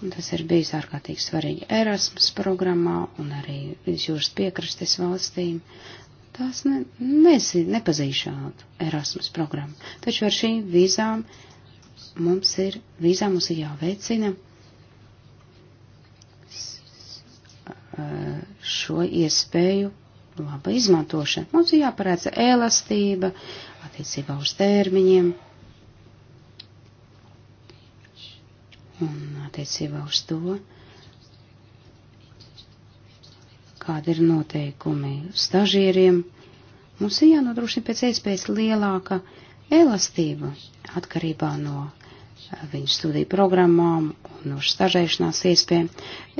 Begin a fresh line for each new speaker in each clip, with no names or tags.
Un tas ir bijis ārkārtīgi svarīgi Erasmus programmā un arī jūras piekrastes valstīm. Tās ne, nezin, nepazīst šādu Erasmus programmu. Taču ar šīm vīzām mums ir, vīzām mums ir jāveicina šo iespēju laba izmantošana. Mums ir jāparāda elastība attiecībā uz termiņiem. un attiecībā uz to, kāda ir noteikumi stažieriem, mums ir jānodrošina pēc iespējas lielāka elastība atkarībā no eh, viņu studiju programmām un no stažēšanās iespējām.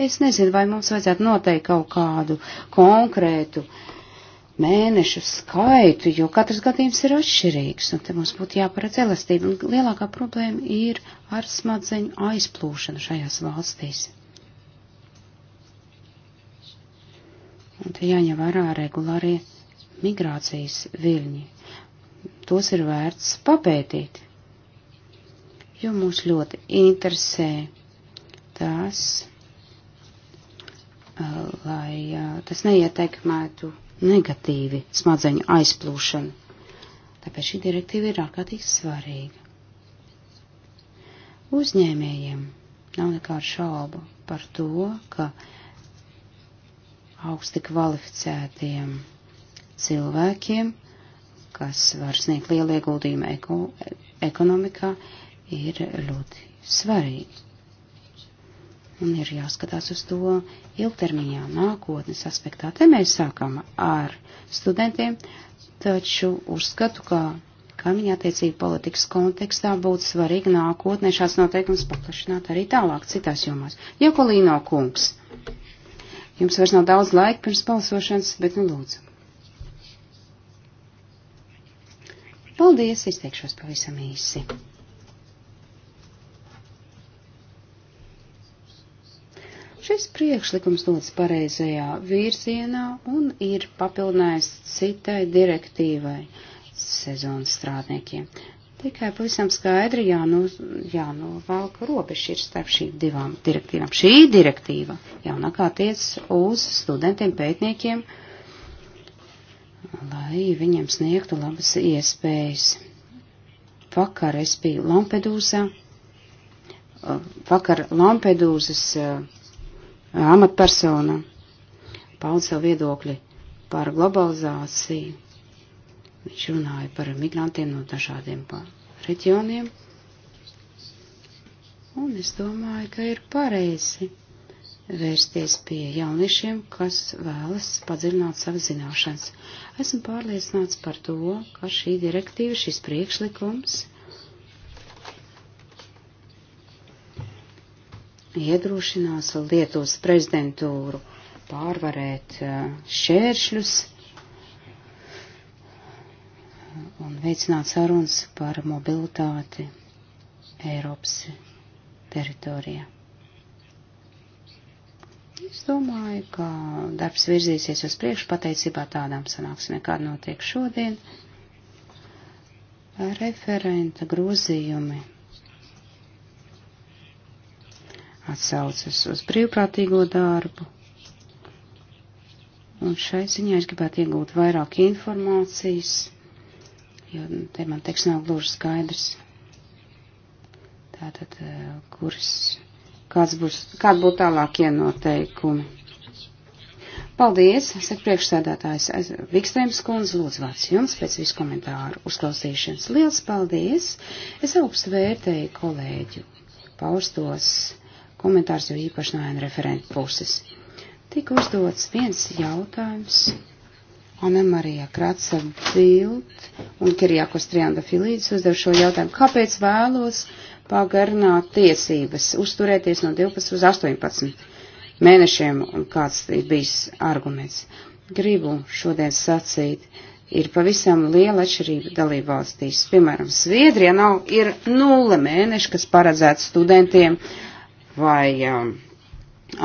Es nezinu, vai mums vajadzētu noteikt kaut kādu konkrētu uh, mēnešu skaitu, jo katrs gadījums ir atšķirīgs, un te mums būtu jāparedz elastība. Un lielākā problēma ir ar smadzeņu aizplūšanu šajās valstīs. Un te jāņem vērā regulārie migrācijas viļņi. Tos ir vērts papētīt, jo mūs ļoti interesē tās, lai tas neietekmētu negatīvi smadzeņu aizplūšanu. Tāpēc šī direktīva ir ārkārtīgi svarīga. Uzņēmējiem nav nekādu šaubu par to, ka augsti kvalificētiem cilvēkiem, kas var sniegt lielu ieguldījumu eko, ekonomikā, ir ļoti svarīgi un ir jāskatās uz to ilgtermiņā, nākotnes aspektā. Te mēs sākam ar studentiem, taču uzskatu, ka kaimiņa attiecību politikas kontekstā būtu svarīgi nākotnē šāds noteikums paplašināt arī tālāk citās jomās. Jokolīno kungs, jums vairs nav daudz laika pirms balsošanas, bet nu lūdzu. Paldies, izteikšos pavisam īsi. Šis priekšlikums dodas pareizajā virzienā un ir papildinājis citai direktīvai sezonas strādniekiem. Tikai pavisam skaidri jāno, jānovelk robeža ir starp šīm divām direktīvām. Šī direktīva jaunākā tiec uz studentiem, pētniekiem, lai viņiem sniegtu labas iespējas. Vakar es biju Lampedūzā, vakar Lampedūzas uh, amatpersonām paudz savu viedokļi par globalizāciju. Viņš runāja par migrantiem no dažādiem reģioniem. Un es domāju, ka ir pareizi vērsties pie jauniešiem, kas vēlas padziļināt savas zināšanas. Esmu pārliecināts par to, ka šī direktīva, šis priekšlikums iedrošinās Lietuvas prezidentūru pārvarēt šķēršļus un veicināt sarunas par mobilitāti Eiropas teritorijā. Es domāju, ka darbs virzīsies uz priekšu pateicībā tādām sanāksmēm, kāda notiek šodien. Referenta grozījumi atsaucas uz brīvprātīgo darbu. Un šai ziņā es gribētu iegūt vairāk informācijas, jo te man teiks nav gluži skaidrs. Tātad, eh, kuras, kāds būs, kāda būtu tālākie noteikumi. Paldies, saka priekšsēdētājs Vikstēms kundze, lūdzu vārds jums pēc visu komentāru uzklausīšanas. Liels paldies! Es augstu vērtēju kolēģu paustos komentārs, jo īpaši no ēna referenta puses. Tik uzdots viens jautājums. Anna Marija Kratsa Bild un Kirjākos Trianda Filīdis uzdev šo jautājumu. Kāpēc vēlos pagarināt tiesības uzturēties no 12 uz 18 mēnešiem un kāds ir bijis arguments? Gribu šodien sacīt, ir pavisam liela atšķirība dalībvalstīs. Piemēram, Sviedrijā nav, ir nulle mēneši, kas paredzēts studentiem. Uh, vai um,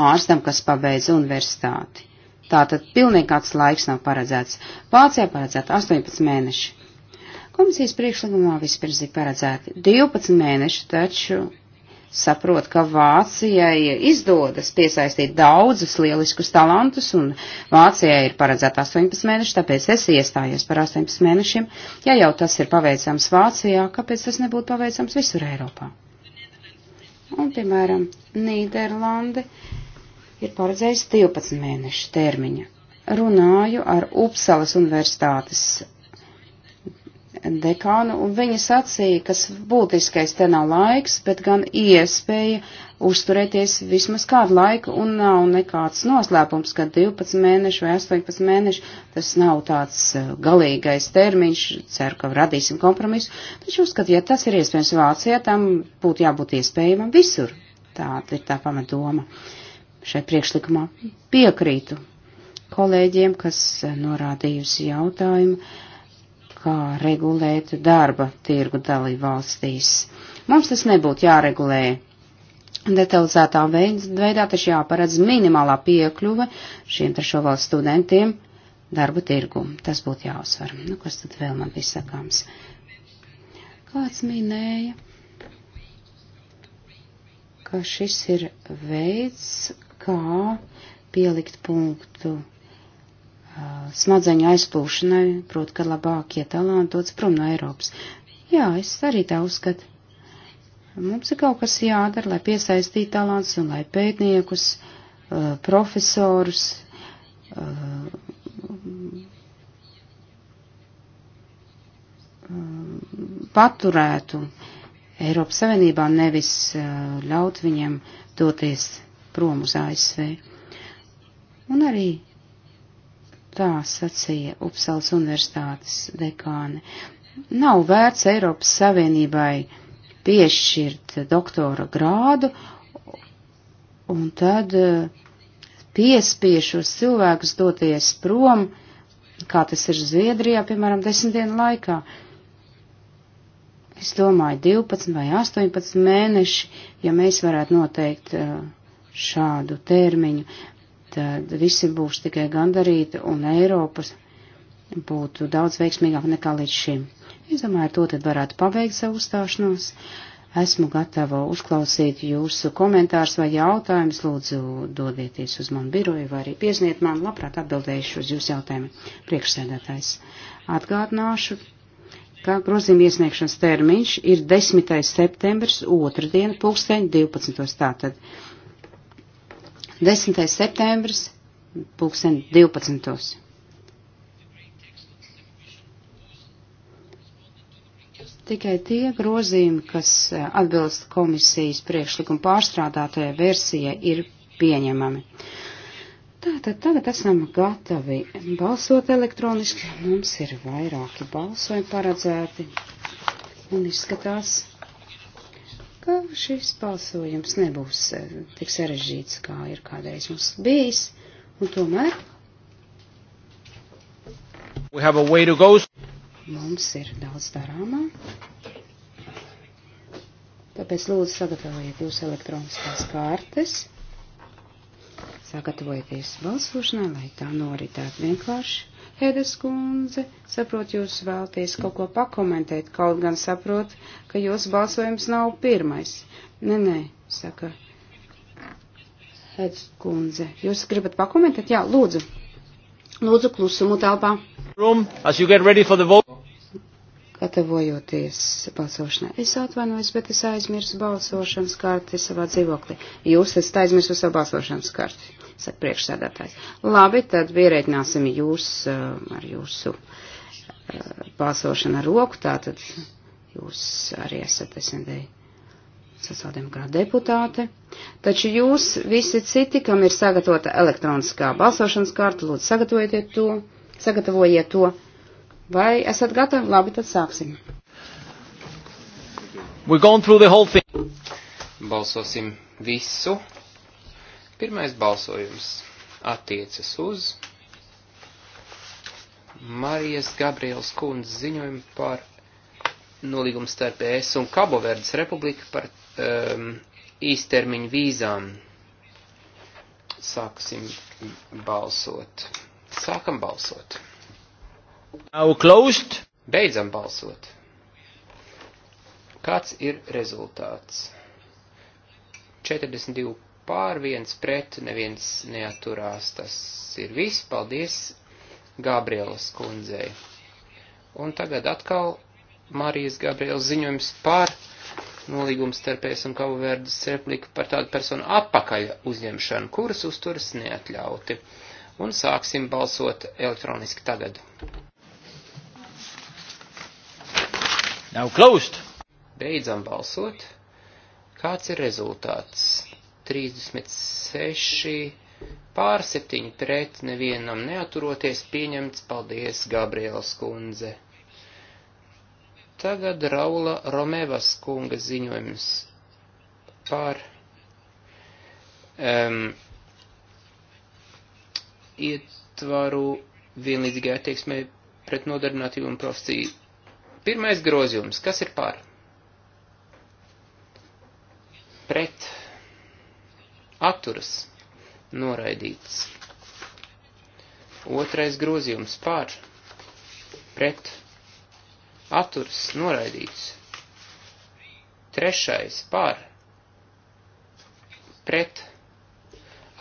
ārstam, kas pabeidz universitāti. Tātad pilnīgi kāds laiks nav paredzēts. Vācijā paredzēta 18 mēneši. Komisijas priekšlikumā vispirms ir paredzēti 12 mēneši, taču saprot, ka Vācijai izdodas piesaistīt daudzus lieliskus talantus, un Vācijai ir paredzēta 18 mēneši, tāpēc es iestājos par 18 mēnešiem. Ja jau tas ir paveicams Vācijā, kāpēc tas nebūtu paveicams visur Eiropā? Un, piemēram, Nīderlandi ir paredzējis 12 mēnešu termiņu. Runāju ar Upsalas universitātes dekānu, un viņa sacīja, ka būtiskais te nav laiks, bet gan iespēja uzturēties vismaz kādu laiku, un nav nekāds noslēpums, ka 12 mēneši vai 18 mēneši tas nav tāds eh, galīgais termiņš, ceru, ka radīsim kompromisu, taču uzskat, ja tas ir iespējams Vācijā, tam būtu jābūt iespējamam visur. Tā ir tā pamatdoma šai priekšlikumā. Piekrītu kolēģiem, kas eh, norādījusi jautājumu kā regulēt darba tirgu dalību valstīs. Mums tas nebūtu jāregulē detalizētā veidā, taču jāparedz minimālā piekļuve šiem trešo valstu studentiem darba tirgu. Tas būtu jāuzsver. Nu, kas tad vēl man bija sakāms? Kāds minēja, ka šis ir veids, kā pielikt punktu smadzeņu aizplūšanai, proti, ka labākie talanti dodas prom no Eiropas. Jā, es arī tā uzskatu. Mums ir kaut kas jādara, lai piesaistītu talants un lai pētniekus, profesorus, paturētu Eiropas Savienībā, nevis ļaut viņiem doties prom uz ASV. Un arī Tā sacīja Upsals universitātes dekāne. Nav vērts Eiropas Savienībai piešķirt doktora grādu un tad eh, piespiešos cilvēkus doties prom, kā tas ir Zviedrijā, piemēram, desmit dienu laikā. Es domāju, 12 vai 18 mēneši, ja mēs varētu noteikt eh, šādu termiņu tad visi būs tikai gandarīti un Eiropas būtu daudz veiksmīgāk nekā līdz šim. Es domāju, to tad varētu pabeigt savu uzstāšanos. Esmu gatava uzklausīt jūsu komentārus vai jautājumus. Lūdzu, dodieties uz manu biroju vai arī piesniet man, labprāt atbildēšu uz jūsu jautājumu. Priekšsēdētājs atgādināšu, ka grozījuma iesniegšanas termiņš ir 10. septembris, otrdiena, pulksteņ 12. Tātad 10. septembris, pulksten 12. Tikai tie grozījumi, kas eh, atbilst komisijas priekšlikuma pārstrādātajai versijai, ir pieņemami. Tātad tagad esam gatavi balsot elektroniski. Mums ir vairāki balsojumi paredzēti. Un izskatās, ka šis balsojums nebūs eh, tik sarežģīts, kā ir kādreiz mums bijis, un tomēr mums ir daudz darāmā. Tāpēc lūdzu sagatavojiet jūs elektroniskās kārtas, sagatavojieties balsošanai, lai tā noritētu vienkārši. Edes kundze, saprot, jūs vēlties kaut ko pakomentēt, kaut gan saprot, ka jūsu balsojums nav pirmais. Nē, nē, saka Edes kundze. Jūs gribat pakomentēt? Jā, lūdzu. Lūdzu, klusumu telpā. Room, Gatavojoties balsošanai. Es atvainojos, bet es aizmirsu balsošanas karti savā dzīvoklī. Jūs esat aizmirsu savu balsošanas karti saka priekšsēdētājs. Labi, tad ierēķināsim jūs eh, ar jūsu eh, balsošanu ar roku, tātad jūs arī esat SND sociāldemokrāta deputāte. Taču jūs visi citi, kam ir sagatavota elektroniskā balsošanas karta, lūdzu sagatavojiet to, sagatavojiet to. Vai esat gatavi? Labi, tad sāksim.
Balsosim visu Pirmais balsojums attiecas uz Marijas Gabrielas kundzes ziņojumu par nolīgumu starp ES un Kaboverdes republiku par um, īstermiņu vīzām. Sāksim balsot. Sākam balsot. Now closed. Beidzam balsot. Kāds ir rezultāts? 42 pār, viens pret, neviens neaturās. Tas ir viss. Paldies Gabrielas kundzei. Un tagad atkal Marijas Gabrielas ziņojums par nolīgums starp ES un Kavuverdes repliku par tādu personu apakaļ uzņemšanu, kuras uzturas neatļauti. Un sāksim balsot elektroniski tagad.
Nav klaust!
Beidzam balsot. Kāds ir rezultāts? 36 pār 7 pret nevienam neaturoties pieņemts. Paldies, Gabriels kundze. Tagad Raula Romevas kunga ziņojums par um, ietvaru vienlīdzīgai attieksmē pret nodarbinātību un profesiju. Pirmais grozījums. Kas ir par? Pret atturas noraidīts. Otrais grozījums pār, pret, atturas noraidīts. Trešais pār, pret,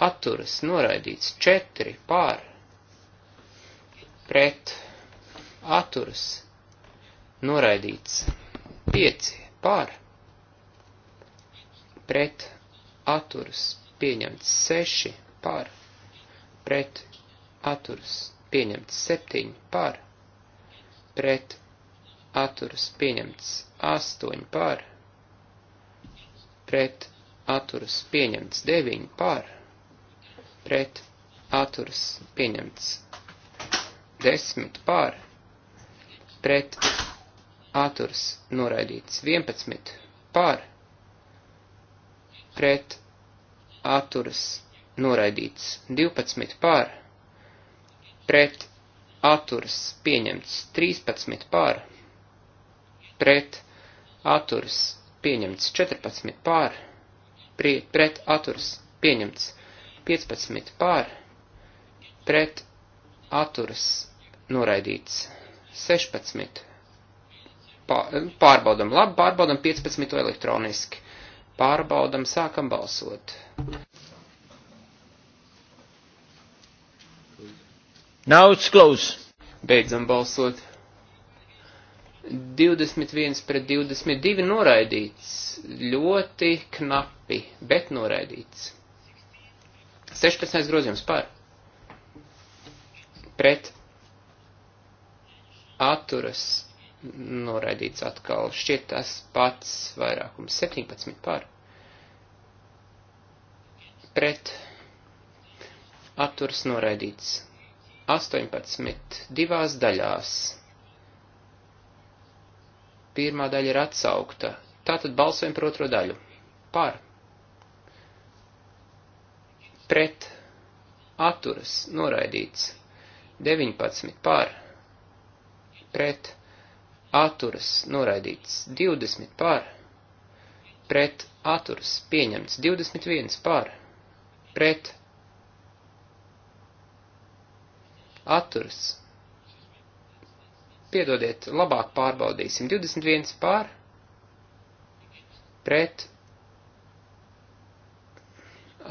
atturas noraidīts. Četri pār, pret, atturas noraidīts. Pieci pār, pret, atturas pieņemts 6 par, pret atturas pieņemts 7 par, pret atturas pieņemts 8 par, pret atturas pieņemts 9 par, pret atturas pieņemts 10 par, pret atturas noraidīts 11 par, pret atturas noraidīts 12 pār, pret atturas pieņemts 13 pār, pret atturas pieņemts 14 pār, pret atturas pieņemts 15 pār, pret atturas noraidīts 16. Pārbaudam labi, pārbaudam 15 elektroniski. Pārbaudam, sākam balsot. Now it's close. Beidzam balsot. 21 pret 22 noraidīts. Ļoti knapi, bet noraidīts. 16. grozījums par. Pret. Atturas noraidīts atkal. Šķiet tas pats vairākums 17 par. Pret atturs noraidīts 18 divās daļās. Pirmā daļa ir atsaukta. Tātad balsojam par otro daļu. Par. Pret atturas noraidīts 19 par. Pret atturas noraidīts 20 par, pret atturas pieņemts 21 par, pret atturas. Piedodiet, labāk pārbaudīsim. 21 par, pret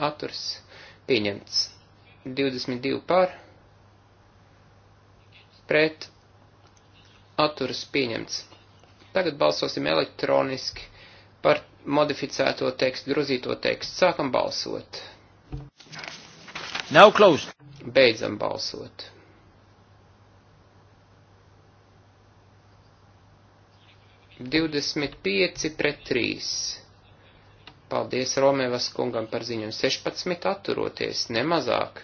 atturas pieņemts 22 par, pret atturas pieņemts. Tagad balsosim elektroniski par modificēto tekstu, grozīto tekstu. Sākam balsot. Nav closed. Beidzam balsot. Divdesmit pieci pret trīs. Paldies Romevas kungam par ziņu 16 atturoties, nemazāk,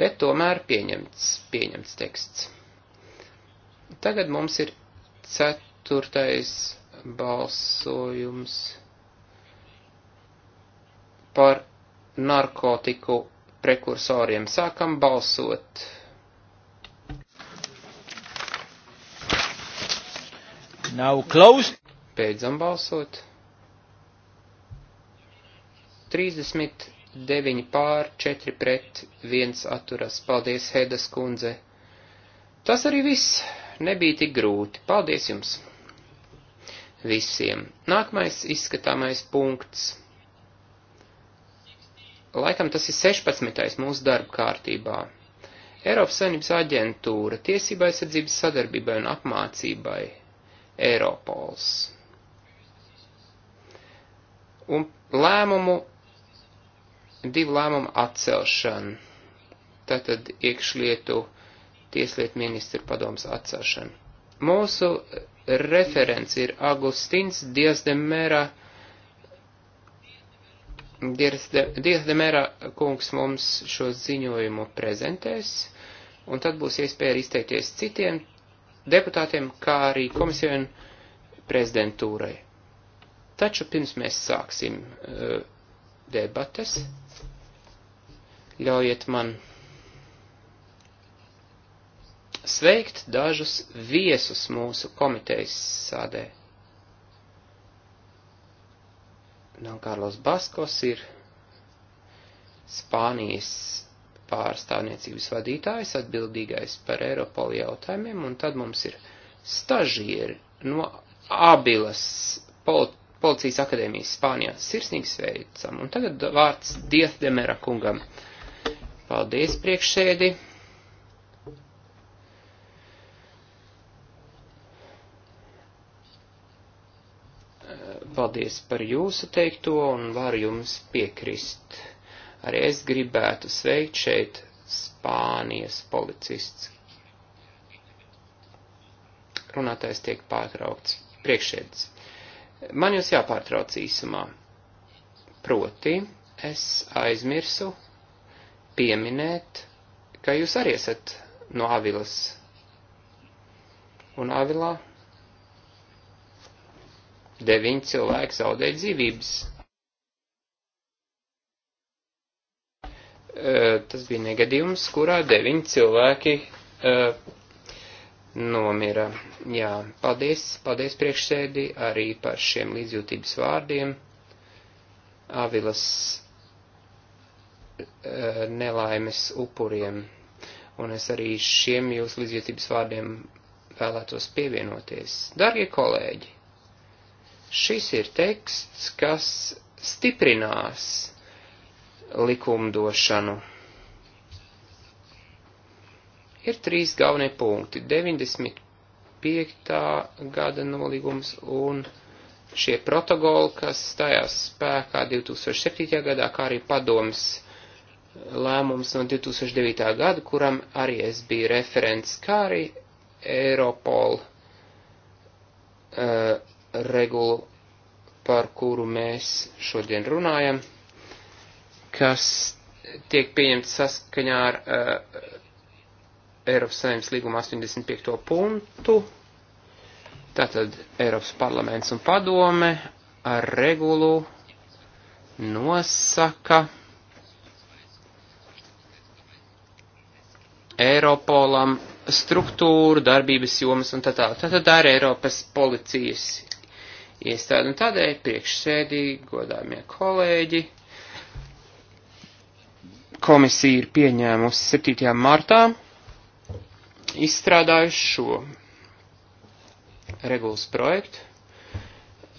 bet tomēr pieņemts, pieņemts teksts. Tagad mums ir ceturtais balsojums par narkotiku prekursoriem. Sākam balsot. Nav klaust. Beidzam balsot. 39 pār 4 pret 1 atturas. Paldies, Hedas kundze. Tas arī viss nebija tik grūti. Paldies jums visiem. Nākamais izskatāmais punkts. Laikam tas ir 16. mūsu darba kārtībā. Eiropas Savienības aģentūra tiesībai sardzības sadarbībai un apmācībai Eiropols. Un lēmumu, divu lēmumu atcelšanu. Tātad iekšlietu tieslietu ministru padoms atcelšanu. Mūsu referents ir Agustins Diezdemēra. Diezdemēra kungs mums šo ziņojumu prezentēs, un tad būs iespēja arī izteikties citiem deputātiem, kā arī komisijai un prezidentūrai. Taču pirms mēs sāksim uh, debates, ļaujiet man sveikt dažus viesus mūsu komitejas sādē. Nav Karlos Baskos ir Spānijas pārstāvniecības vadītājs, atbildīgais par Eiropolu jautājumiem, un tad mums ir stažieri no abilas pol policijas akadēmijas Spānijā. Sirsnīgi sveicam. Un tagad vārds Dievdemera kungam. Paldies priekšsēdi. paldies par jūsu teikto un varu jums piekrist. Arī es gribētu sveikt šeit Spānijas policists. Runātājs tiek pārtraukts. Priekšēdis. Man jūs jāpārtrauc īsumā. Proti, es aizmirsu pieminēt, ka jūs arī esat no Avilas. Un Avilā Deviņi cilvēki zaudēja dzīvības. Tas bija negadījums, kurā deviņi cilvēki nomira. Jā, paldies, paldies priekšsēdi arī par šiem līdzjūtības vārdiem. Avilas nelaimes upuriem, un es arī šiem jūsu līdzjūtības vārdiem vēlētos pievienoties. Darbie kolēģi! Šis ir teksts, kas stiprinās likumdošanu. Ir trīs galvenie punkti - 95. gada nolīgums un šie protokoli, kas stājās spēkā 2007. gadā, kā arī padomas lēmums no 2009. gada, kuram arī es biju referents, kā arī Eiropola. Uh, eh, regulu, par kuru mēs šodien runājam, kas tiek pieņemts saskaņā ar uh, Eiropas Savienības līguma 85. punktu. Tātad Eiropas parlaments un padome ar regulu nosaka Eiropolam struktūru, darbības jomas un tā tālāk. Tātad tā ir Eiropas policijas iestādi. Un nu, tādēļ priekšsēdīgi, godāmie kolēģi, komisija ir pieņēmusi 7. martā izstrādājuši šo regulas projektu.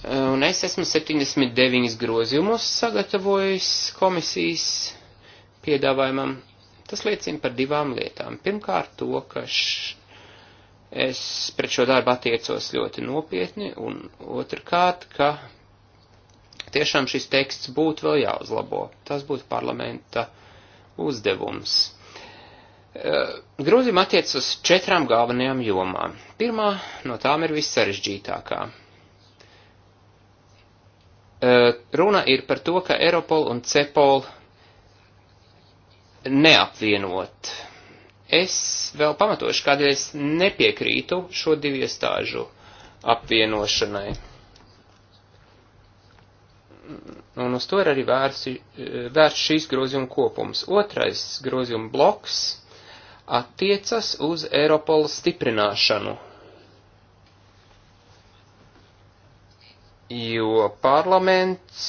Un es esmu 79 grozījumus sagatavojis komisijas piedāvājumam. Tas liecina par divām lietām. Pirmkārt, to, ka š, Es pret šo darbu attiecos ļoti nopietni, un otrkārt, ka tiešām šis teksts būtu vēl jāuzlabo. Tas būtu parlamenta uzdevums. E, Grozījuma attiec uz četrām galvenajām jomām. Pirmā no tām ir vissarežģītākā. E, runa ir par to, ka Eiropol un Cepol neapvienot Es vēl pamatošu, kādēļ es nepiekrītu šo divu iestāžu apvienošanai. Un uz to ir arī vērsi, vērts šīs grozījuma kopums. Otrais grozījuma bloks attiecas uz Eiropola stiprināšanu. Jo parlaments,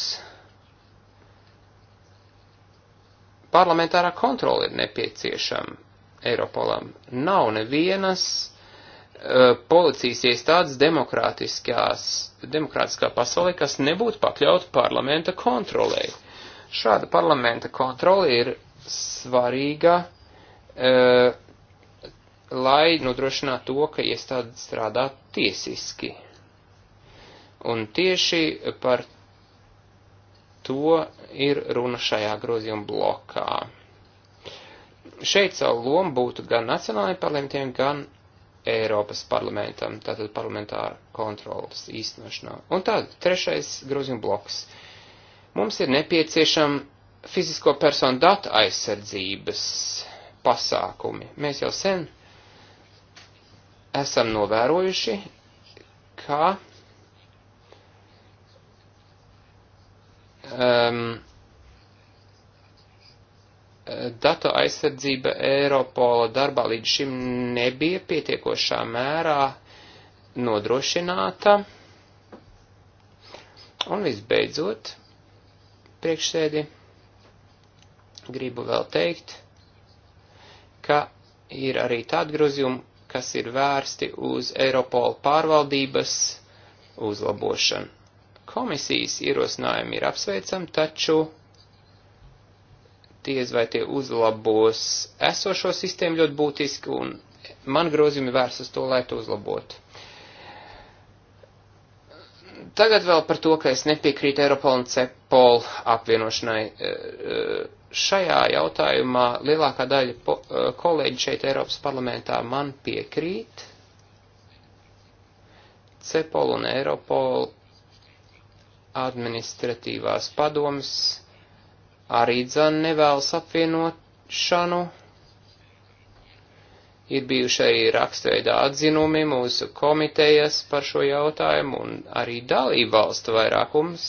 parlamentārā kontrola ir nepieciešama Eiropolam. Nav nevienas uh, policijas iestādes demokrātiskā pasaulē, kas nebūtu pakļauta parlamenta kontrolē. Šāda parlamenta kontrola ir svarīga, uh, lai nodrošinātu to, ka iestāde strādā tiesiski. Un tieši par to ir runa šajā grozījuma blokā šeit savu lomu būtu gan nacionālajiem parlamentiem, gan Eiropas parlamentam, tātad parlamentāra kontrolas īstenošanā. Un tad trešais grozījuma bloks. Mums ir nepieciešama fizisko personu datu aizsardzības pasākumi. Mēs jau sen esam novērojuši, ka um, datu aizsardzība Eiropola darbā līdz šim nebija pietiekošā mērā nodrošināta. Un visbeidzot, priekšsēdi, gribu vēl teikt, ka ir arī tādi grozījumi, kas ir vērsti uz Eiropola pārvaldības uzlabošanu. Komisijas ierosinājumi ir apsveicami, taču diez vai tie uzlabos esošo sistēmu ļoti būtiski, un man grozījumi vērs uz to, lai to uzlabotu. Tagad vēl par to, ka es nepiekrītu Eiropol un Cepol apvienošanai. Šajā jautājumā lielākā daļa kolēģi šeit Eiropas parlamentā man piekrīt. Cepol un Eiropol administratīvās padomas arī dzan nevēlas apvienošanu. Ir bijuši arī rakstveidā atzinumi mūsu komitejas par šo jautājumu un arī dalību valstu vairākums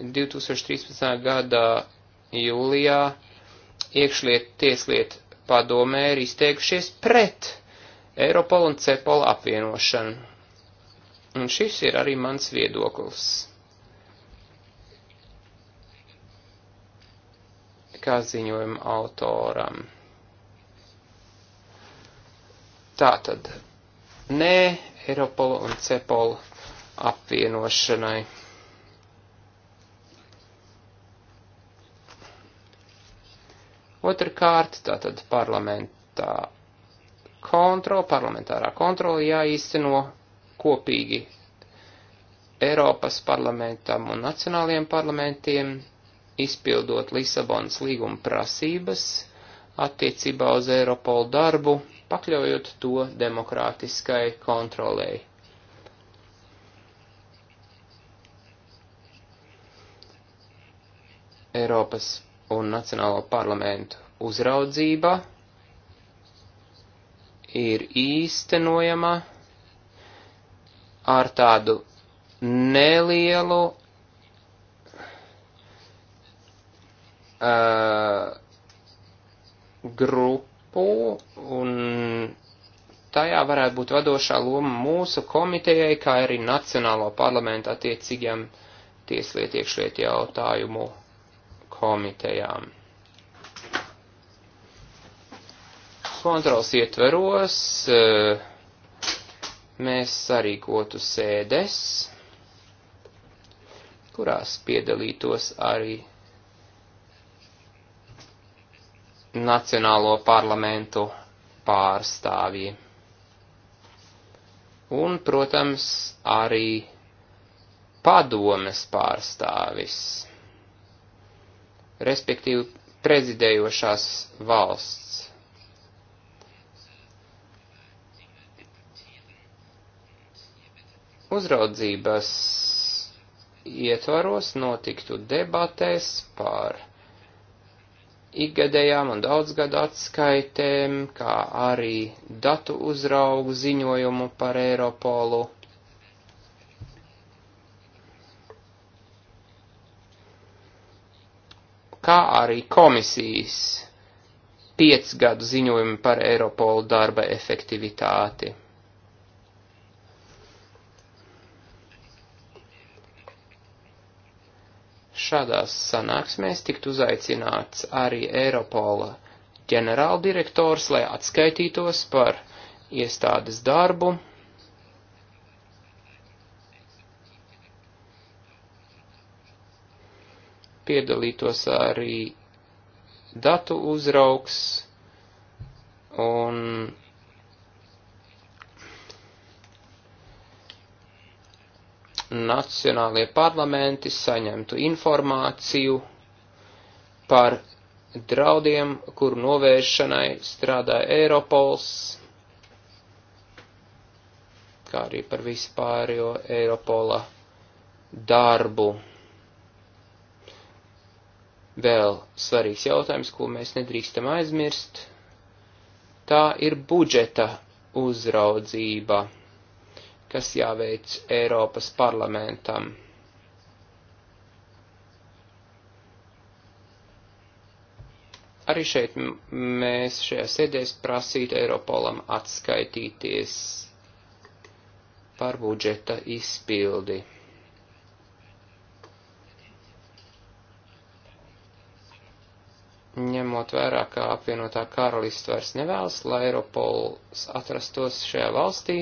2013. gada jūlijā iekšliet tieslietu padomē ir izteikušies pret Eiropol un Cepol apvienošanu. Un šis ir arī mans viedoklis. kā ziņojuma autoram. Tātad, nē Eiropola un Cepola apvienošanai. Otrakārt, tātad parlamentā kontrola, parlamentārā kontrola jāīsteno kopīgi Eiropas parlamentam un nacionālajiem parlamentiem, izpildot Lisabonas līguma prasības attiecībā uz Eiropolu darbu, pakļaujot to demokrātiskai kontrolēji. Eiropas un Nacionālo parlamentu uzraudzība ir īstenojama ar tādu nelielu uh, grupu, un tajā varētu būt vadošā loma mūsu komitejai, kā arī Nacionālo parlamentu attiecīgiem tieslietu iekšlietu jautājumu komitejām. Kontrols ietveros, uh, mēs sarīkotu sēdes, kurās piedalītos arī nacionālo parlamentu pārstāvji. Un, protams, arī padomes pārstāvis, respektīvi prezidējošās valsts. Uzraudzības ietvaros notiktu debatēs par ikgadējām un daudzgadu atskaitēm, kā arī datu uzraugu ziņojumu par Eiropolu. Kā arī komisijas piecgadu ziņojumi par Eiropolu darba efektivitāti. šādās sanāksmēs tiktu uzaicināts arī Eiropola ģenerāldirektors, lai atskaitītos par iestādes darbu. Piedalītos arī datu uzraugs un nacionālie parlamenti saņemtu informāciju par draudiem, kuru novēršanai strādā Eiropols, kā arī par vispārējo Eiropola darbu. Vēl svarīgs jautājums, ko mēs nedrīkstam aizmirst, tā ir budžeta uzraudzība kas jāveic Eiropas parlamentam. Arī šeit mēs šajā sēdēs prasītu Eiropolam atskaitīties par budžeta izpildi. ņemot vērā, ka apvienotā karalista vairs nevēlas, lai Eiropols atrastos šajā valstī,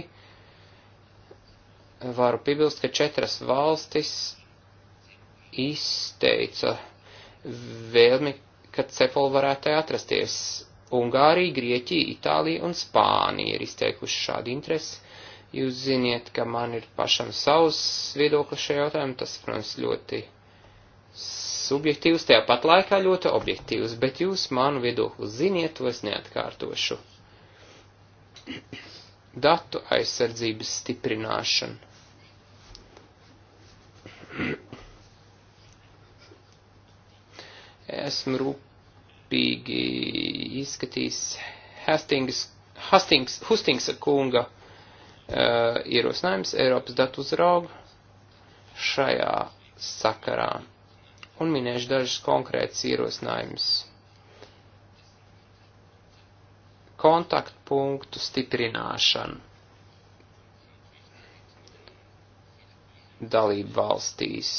varu piebilst, ka četras valstis izteica vēlmi, ka cepola varētu atrasties. Ungārija, Grieķija, Itālija un Spānija ir izteikuši šādu interesi. Jūs ziniet, ka man ir pašam savs viedoklis šajā jautājumā, tas, protams, ļoti subjektīvs, tajā pat laikā ļoti objektīvs, bet jūs manu viedokli ziniet, to es neatkārtošu. Datu aizsardzības stiprināšana. Esmu rūpīgi izskatījis Hastings, Hastings, Hustings kunga uh, ierosinājums Eiropas datu uzraugu šajā sakarā. Un minēšu dažus konkrētus ierosinājumus. Kontaktpunktu stiprināšana. dalību valstīs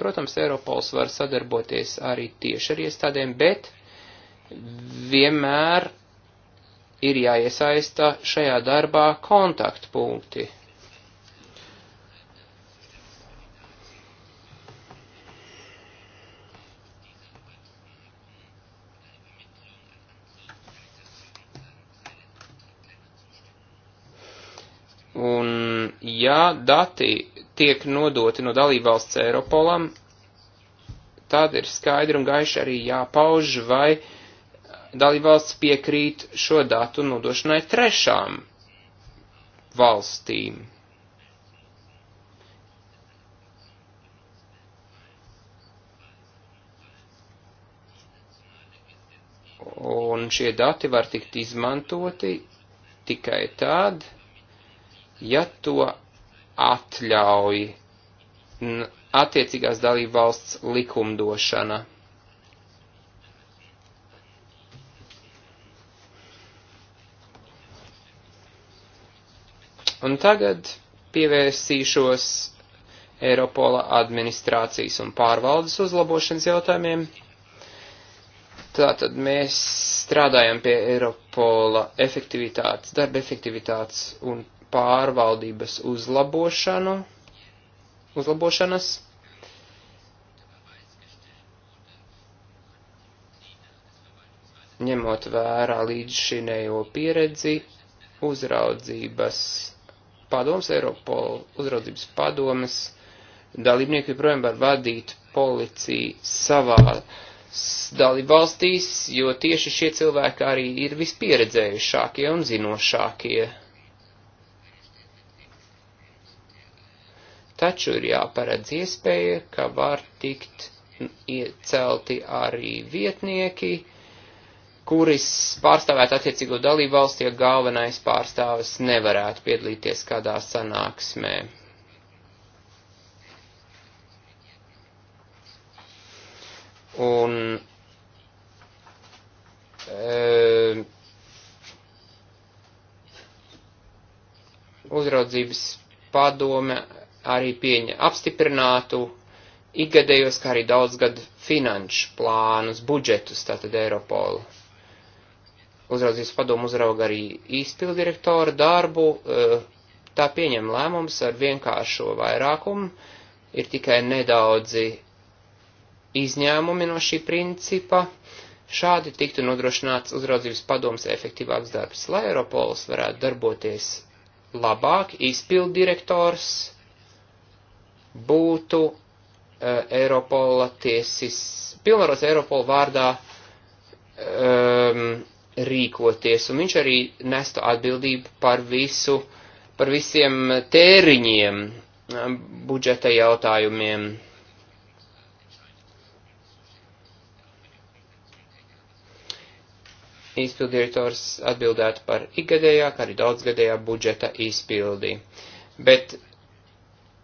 Protams, Eiropols var sadarboties arī tieši ar iestādēm, bet vienmēr ir jāiesaista šajā darbā kontaktpunkti. Un, ja dati tiek nodoti no dalībvalsts Eiropolam, tad ir skaidri un gaiši arī jāpauž, vai dalībvalsts piekrīt šo datu nodošanai trešām valstīm. Un šie dati var tikt izmantoti tikai tad, ja to atļauj attiecīgās dalība valsts likumdošana. Un tagad pievērsīšos Eiropola administrācijas un pārvaldes uzlabošanas jautājumiem. Tātad mēs strādājam pie Eiropola efektivitātes, darba efektivitātes un pārvaldības uzlabošanu, uzlabošanas. ņemot vērā līdzšinējo pieredzi uzraudzības padoms, Eiropola uzraudzības padomas, dalībnieki joprojām var vadīt policiju savā dalībvalstīs, jo tieši šie cilvēki arī ir vispieredzējušākie un zinošākie taču ir jāparedz iespēja, ka var tikt iecelti arī vietnieki, kuris pārstāvētu attiecīgo dalību valsti, ja galvenais pārstāvis nevarētu piedalīties kādā sanāksmē. Un e, uzraudzības padome arī pieņa apstiprinātu ikgadējos, kā arī daudzgadu finanšu plānus, budžetus, tātad Eiropolu. Uzraudzības padomu uzrauga arī īstpildirektora darbu, eh, tā pieņem lēmums ar vienkāršo vairākumu, ir tikai nedaudzi izņēmumi no šī principa. Šādi tiktu nodrošināts uzraudzības padoms efektīvāks darbs, lai Eiropols varētu darboties labāk, izpildirektors direktors būtu uh, Eiropola tiesis, pilnvarots Eiropola vārdā um, rīkoties, un viņš arī nestu atbildību par visu, par visiem tēriņiem, um, budžeta jautājumiem. Izpildirektors atbildētu par ikgadējā, kā arī daudzgadējā budžeta izpildi. Bet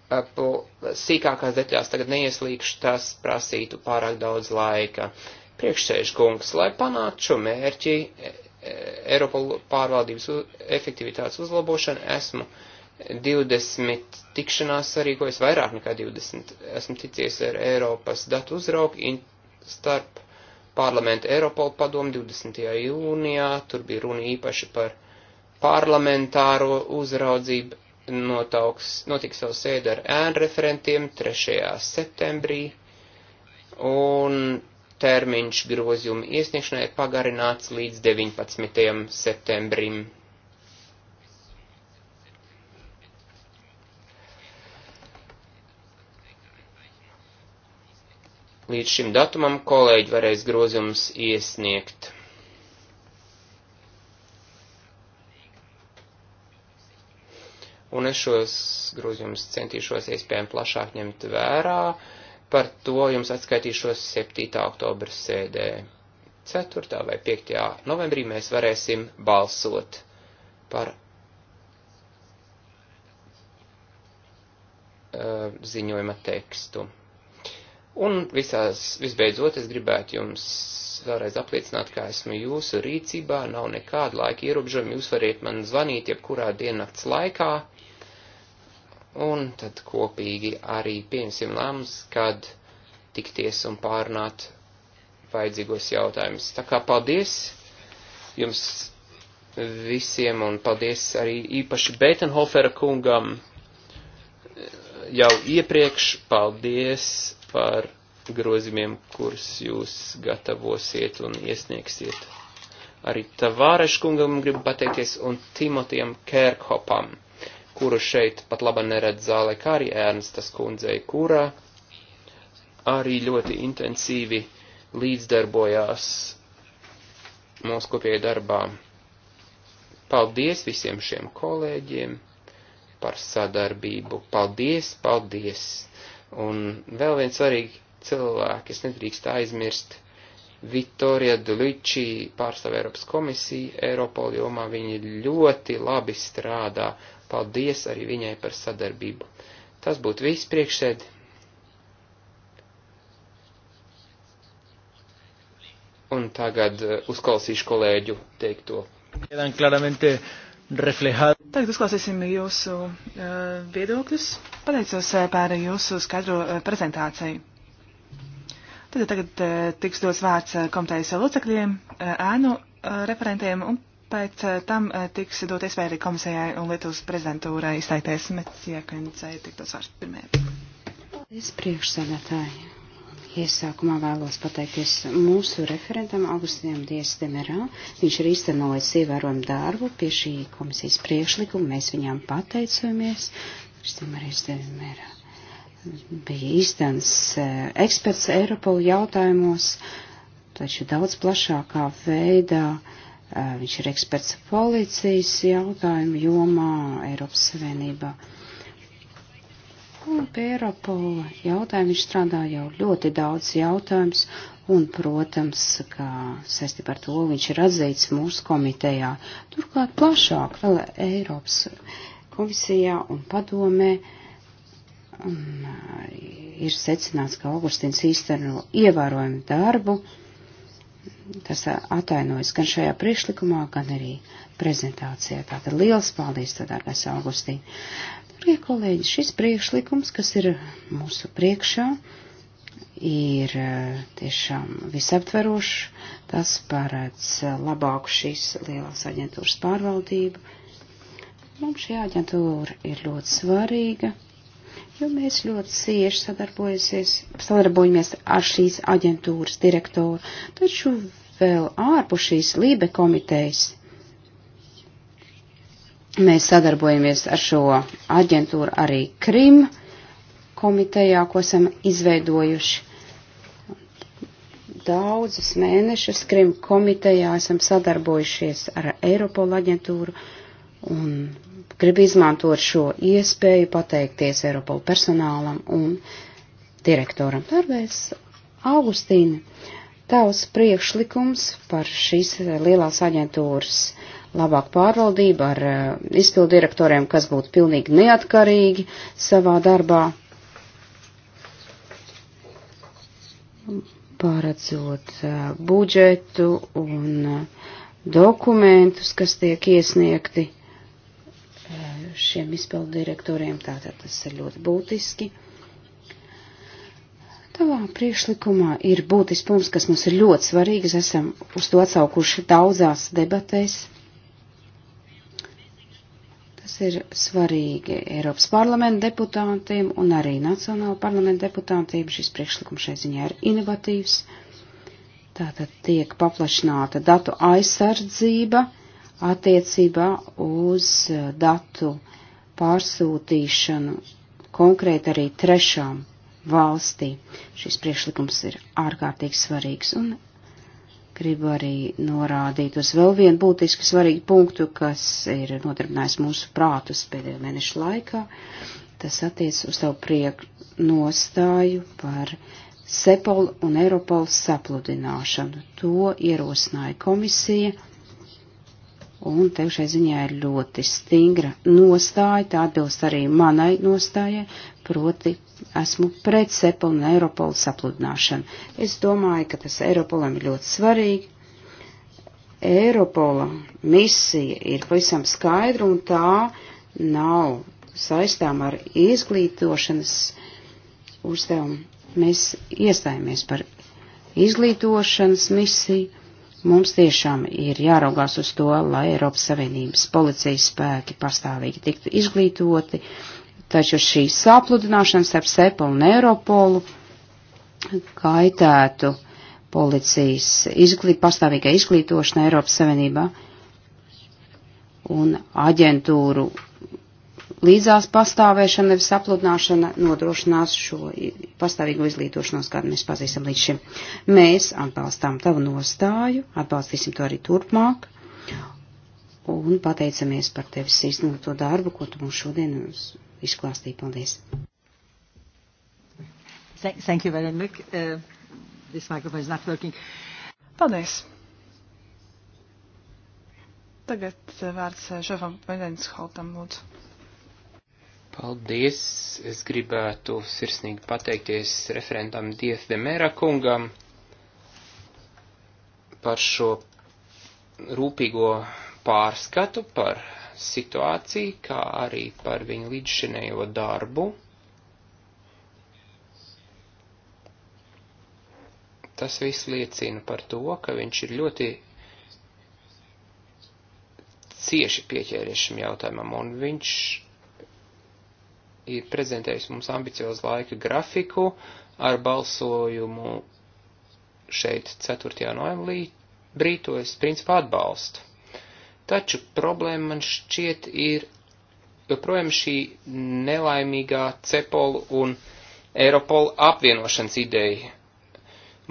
sīkākās detaļās tagad neieslīgšu, tas prasītu pārāk daudz laika. Priekšsēžkungs, lai panāktu šo mērķi, e, e, Eiropa pārvaldības efektivitātes uzlabošana, esmu 20 tikšanās sarīkojis, vairāk nekā 20. Esmu ticies ar Eiropas datu uzraugu starp parlamentu Eiropola padomu 20. jūnijā, tur bija runa īpaši par parlamentāro uzraudzību notauks, notiks savu sēdu ar ēnu referentiem 3. septembrī, un termiņš grozījumu iesniegšanai pagarināts līdz 19. septembrim. Līdz šim datumam kolēģi varēs grozījums iesniegt. un es šos grozījumus centīšos iespējami plašāk ņemt vērā. Par to jums atskaitīšos 7. oktobra sēdē. 4. vai 5. novembrī mēs varēsim balsot par uh, ziņojuma tekstu. Un visās, visbeidzot, es gribētu jums vēlreiz apliecināt, ka esmu jūsu rīcībā, nav nekāda laika ierobežojuma, jūs variet man zvanīt jebkurā diennakts laikā un tad kopīgi arī pieņemsim lēmums, kad tikties un pārunāt vajadzīgos jautājumus. Tā kā paldies jums visiem un paldies arī īpaši Beitenhofera kungam jau iepriekš. Paldies par grozījumiem, kurus jūs gatavosiet un iesniegsiet. Arī Tavāreša kungam gribu pateikties un Timotiem Kērkhopam kuru šeit pat laba neredz zālē, kā arī Ērnstas kundzei, kurā arī ļoti intensīvi līdzdarbojās mūsu kopējai darbā. Paldies visiem šiem kolēģiem par sadarbību. Paldies, paldies! Un vēl viens svarīgi cilvēki, es nedrīkst aizmirst, Vittorija Dulučī pārstāv Eiropas komisiju Eiropol jomā, viņi ļoti labi strādā Paldies arī viņai par sadarbību. Tas būtu viss priekšsēdi. Un tagad uh, uzklausīšu kolēģu teikto. Tagad
uzklausīsim jūsu uh, viedokļus. Pateicos uh, par jūsu skaidro uh, prezentāciju. Tad tagad uh, tiks dots vārds uh, komitejas locekļiem, uh, ēnu uh, referentiem un pēc eh, tam eh, tiks dot iespēja arī komisijai un Lietuvas prezidentūrai izteikties Meciekundze, tik tas vārds pirmajai.
Paldies priekšsēdētāji. Iesākumā vēlos pateikties mūsu referentam Augustinam Diestemerā. Viņš ir īstenojis ievērojumu darbu pie šī komisijas priekšlikuma. Mēs viņām pateicamies. Kristīna Marijas Demerā bija īstenis eh, eksperts Eiropolu jautājumos, taču daudz plašākā veidā. Uh, Viņš ir eksperts policijas jautājumu jomā Eiropas Savienībā. Un pie Eiropola jautājumu viņš strādā jau ļoti daudz jautājums, un, protams, ka saistībā ar to viņš ir atzīts mūsu komitejā. Turklāt plašāk vēl Eiropas komisijā un padomē. Un, ir secināts, ka Augustīns īsteno ievērojumu darbu. Uh, Tas atainojas gan šajā priekšlikumā, gan arī prezentācijā. Tātad liels paldies, dārgais Augustīn. Darbie kolēģi, šis priekšlikums, kas ir mūsu priekšā, ir tiešām visaptverošs. Tas paredz labāku šīs lielās aģentūras pārvaldību. Mums šī aģentūra ir ļoti svarīga jo mēs ļoti cieši sadarbojamies ar šīs aģentūras direktoru, taču vēl ārpus šīs Lībe komitejas. Mēs sadarbojamies ar šo aģentūru arī Krim komitejā, ko esam izveidojuši. Daudzus mēnešus Krim komitejā esam sadarbojušies ar Eiropola aģentūru un Gribu izmantot šo iespēju pateikties Eiropolu personālam un direktoram. Tāpēc, Augustīna, tavs priekšlikums par šīs lielās aģentūras labāku pārvaldību ar eh, izpildu direktoriem, kas būtu pilnīgi neatkarīgi savā darbā, pārredzot eh, budžetu un eh, dokumentus, kas tiek iesniegti šiem izpildu direktoriem, tātad tas ir ļoti būtiski. Tavā priekšlikumā ir būtisks punkts, kas mums ir ļoti svarīgs, esam uz to atsaukuši daudzās debatēs. Tas ir svarīgi Eiropas parlamenta deputātiem un arī Nacionāla parlamenta deputātiem. Šis priekšlikums šai ziņā ir inovatīvs. Tātad tiek paplašināta datu aizsardzība attiecībā uz eh, datu pārsūtīšanu konkrēti arī trešām valstī. Šis priekšlikums ir ārkārtīgi svarīgs un gribu arī norādīt uz vēl vienu būtisku svarīgu punktu, kas ir nodarbinājis mūsu prātus pēdējo mēnešu laikā. Tas attiec uz tavu prieku nostāju par Sepol un Eiropol sapludināšanu. To ierosināja komisija un tev šai ziņā ir ļoti stingra nostāja, tā atbilst arī manai nostājai, proti esmu pret Sepul un Eiropolu sapludināšanu. Es domāju, ka tas Eiropolam ir ļoti svarīgi. Eiropola misija ir pavisam skaidra un tā nav saistām ar izglītošanas uzdevumu. Mēs iestājāmies par izglītošanas misiju Mums tiešām ir jāraugās uz to, lai Eiropas Savienības policijas spēki pastāvīgi tiktu izglītoti, taču šī sāpludināšana starp Sepolu un Eiropolu kaitētu policijas izglīt, pastāvīgai izglītošanai Eiropas Savienībā un aģentūru līdzās pastāvēšana, nevis apludināšana nodrošinās šo pastāvīgo izglītošanos, kādu mēs pazīstam līdz šim. Mēs atbalstām tavu nostāju, atbalstīsim to arī turpmāk un pateicamies par tevis īstenoto darbu, ko tu mums šodien mums izklāstīji. Paldies!
Thank you very much. Uh, this microphone is not working. Paldies! Tagad uh, vārds uh, Žovam Vedenskholtam lūdzu.
Paldies! Es gribētu sirsnīgi pateikties referentam Dievs Demēra kungam par šo rūpīgo pārskatu par situāciju, kā arī par viņu līdzšinējo darbu. Tas viss liecina par to, ka viņš ir ļoti cieši pieķēries šim jautājumam, un viņš ir prezentējusi mums ambiciozu laika grafiku ar balsojumu šeit 4. novembrī, brīto es principā atbalstu. Taču problēma man šķiet ir joprojām šī nelaimīgā cepolu un Eiropola apvienošanas ideja.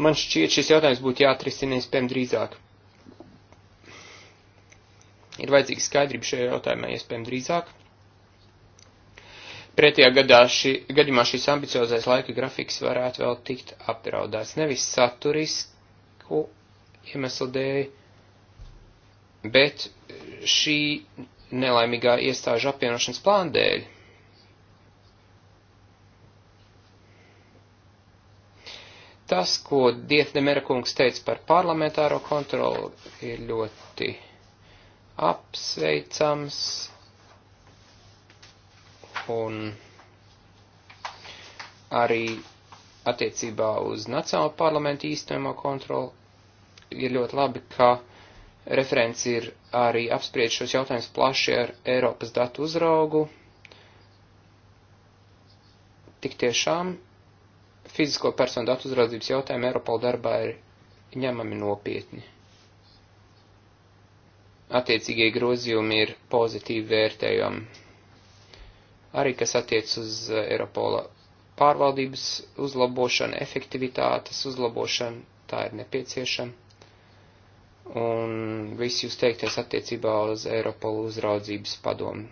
Man šķiet šis jautājums būtu jāatrisina iespējami drīzāk. Ir vajadzīga skaidrība šajā jautājumā iespējami drīzāk. Pretējā gadā šī, gadījumā šis ambiciozais laika grafiks varētu vēl tikt apdraudēts. Nevis saturisku iemeslu dēļ, bet šī nelaimīgā iestāžu apvienošanas plāna dēļ. Tas, ko Dietne Merakungs teica par parlamentāro kontroli, ir ļoti apsveicams un arī attiecībā uz Nacionālo parlamentu īstenojamo kontroli ir ļoti labi, ka referents ir arī apspried šos jautājumus plaši ar Eiropas datu uzraugu. Tik tiešām fizisko personu datu uzraudzības jautājumi Eiropal darbā ir ņemami nopietni. Attiecīgie grozījumi ir pozitīvi vērtējami arī kas attiec uz eh, Eiropola pārvaldības uzlabošanu, efektivitātes uzlabošanu, tā ir nepieciešama. Un viss jūs teikties attiecībā uz Eiropola uzraudzības padomu.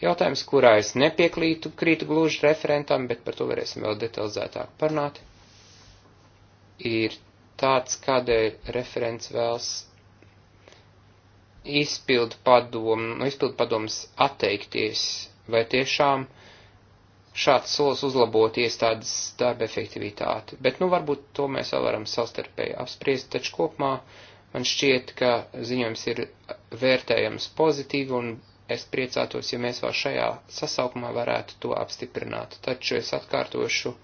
Jautājums, kurā es nepiekrītu, krītu gluži referentam, bet par to varēsim vēl detalizētāk parunāt, ir tāds, kādēļ referents vēlas izpildu padomu, no nu, izpildu padomas atteikties vai tiešām šāds solis uzlabot iestādes darba efektivitāti. Bet, nu, varbūt to mēs vēl varam savstarpēji apspriest, taču kopumā man šķiet, ka ziņojums ir vērtējams pozitīvi un es priecātos, ja mēs vēl šajā sasaukumā varētu to apstiprināt. Taču es atkārtošu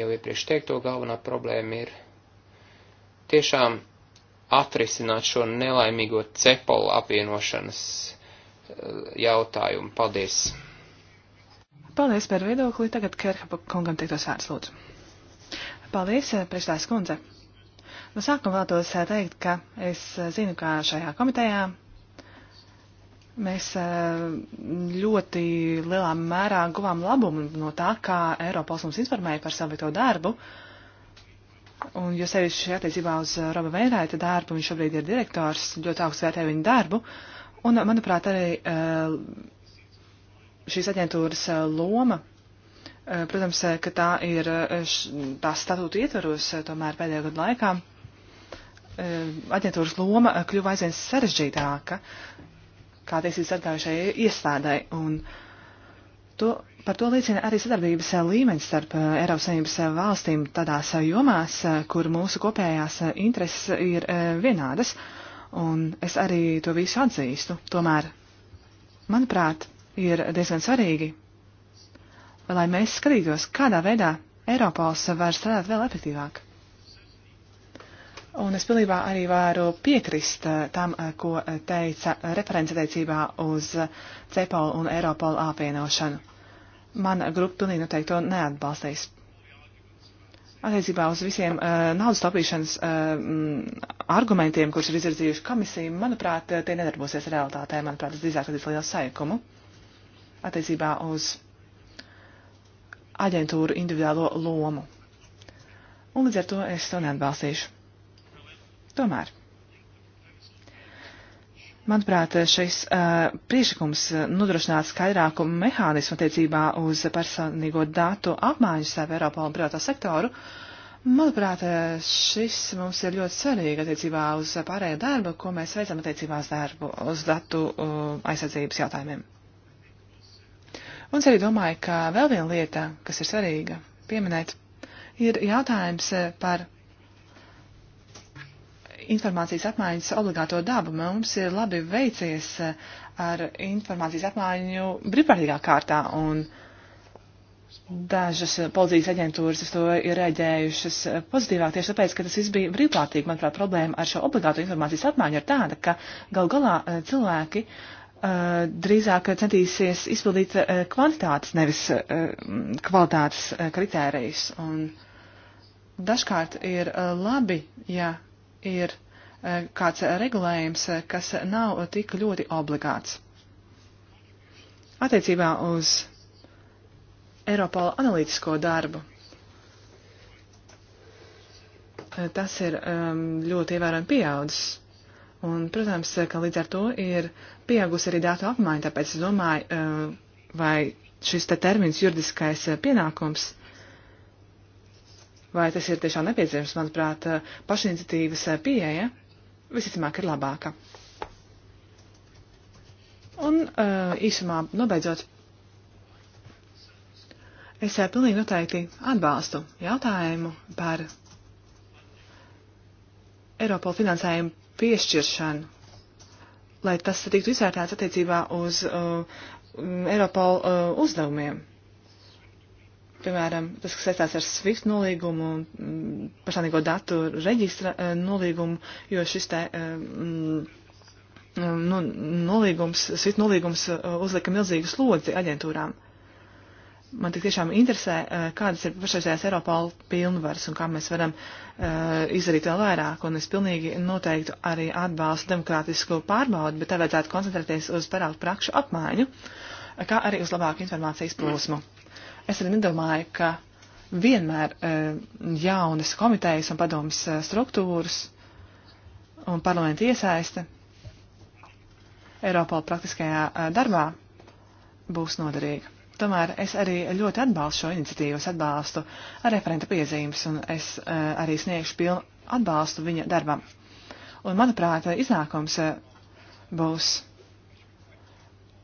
jau iepriekš teikto, galvenā problēma ir tiešām atrisināt šo nelaimīgo cepolu apvienošanas jautājumu. Paldies!
Paldies par viedokli. Tagad Kerhapa kungam teiktos vārds lūdzu. Paldies, eh, priekšstājas kundze. No sākuma vēlētos eh, teikt, ka es eh, zinu, ka šajā komitejā mēs ļoti lielā mērā guvām labumu no tā, kā Eiropas mums informēja par savu to darbu. Un, jo sevišķi attiecībā uz Roba Veinraita darbu, viņš šobrīd ir direktors, ļoti augsts vērtē viņu darbu. Uh, Un, manuprāt, arī eh, šīs aģentūras eh, loma, eh, protams, ka tā ir tā statūta ietvaros tomēr pēdējo gadu laikā, aģentūras loma kļuva aizvien sarežģītāka kā tiesības sargājušai iestādai. Un to, par to liecina arī sadarbības līmenis starp Eiropas Savienības valstīm tādās jomās, kur mūsu kopējās intereses ir vienādas. Uh, un es arī to visu atzīstu. Tomēr, manuprāt, ir diezgan svarīgi, lai mēs skatītos, kādā veidā Eiropols var strādāt vēl efektīvāk. Un es pilnībā arī varu piekrist eh, tam, eh, ko eh, teica referents attiecībā uz CEPOL un Eiropolu apvienošanu. Mana grupa pilnīgi noteikti to neatbalstīs. Attiecībā uz visiem uh, naudas taupīšanas uh, mm, argumentiem, kurus ir izvirzījuši komisija, manuprāt, uh, tie nedarbosies realitātē. Manuprāt, tas drīzāk radīs lielu sajukumu. Attiecībā uz aģentūru individuālo lomu. Un līdz ar to es to neatbalstīšu. Tomēr Manuprāt, šis uh, eh, priekšlikums eh, nodrošināt skaidrāku mehānismu attiecībā uz personīgo datu apmaiņu starp Eiropā un privātā sektoru, manuprāt, šis mums ir ļoti svarīgi attiecībā uz pārējo darbu, ko mēs veicam attiecībā uz darbu, uz datu uh, aizsardzības jautājumiem. Un es arī domāju, ka vēl viena lieta, kas ir svarīga pieminēt, ir jautājums par informācijas apmaiņas obligāto dabu. Mums ir labi veicies eh, ar informācijas apmaiņu brīvprātīgā kārtā, un dažas policijas aģentūras uz to ir rēģējušas eh, pozitīvāk tieši tāpēc, ka tas viss bija brīvprātīgi. Manuprāt, problēma ar šo obligāto informācijas apmaiņu ir tāda, ka gal galā eh, cilvēki drīzāk centīsies izpildīt kvantitātes, nevis kvalitātes kritērijus. Un dažkārt ir labi, ja ir e, kāds regulējums, e, kas nav tik ļoti obligāts. Attiecībā uz Eiropola analītisko darbu. E, tas ir ļoti ievērojami pieaudzis. Un, protams, ka līdz ar to ir pieaugusi arī datu apmaiņa, tāpēc es domāju, vai šis te termins juridiskais pienākums Vai tas ir tiešām nepieciešams, manuprāt, pašiniciatīvas eh, pieeja visticamāk ir labāka. Un eh, īsumā nobeidzot, es eh, pilnīgi noteikti atbalstu jautājumu par Eiropola finansējumu piešķiršanu, lai tas tiktu izvērtēts attiecībā uz uh, Eiropola uh, uzdevumiem piemēram, tas, kas saistās ar SWIFT nolīgumu un mm, personīgo datu reģistra eh, nolīgumu, jo šis te um, nu, nolīgums, SWIFT nolīgums eh, uzlika milzīgu slodzi aģentūrām. Man tik tiešām interesē, kādas ir pašreizējās Eiropāla pilnvaras un kā mēs varam uh, izdarīt vēl vairāk, un es pilnīgi noteikti arī atbalstu demokrātisko pārbaudu, bet tā vajadzētu koncentrēties uz parādu prakšu apmaiņu, kā arī uz labāku informācijas plūsmu. Mm. Es arī nedomāju, ka vienmēr e, jaunas komitejas un padomjas e, struktūras un parlamenta iesaiste Eiropā praktiskajā e, darbā būs noderīga. Tomēr es arī ļoti atbalstu šo iniciatīvu, es atbalstu referenta piezīmes un es arī sniegšu pilnu atbalstu viņa darbam. Un, manuprāt, iznākums būs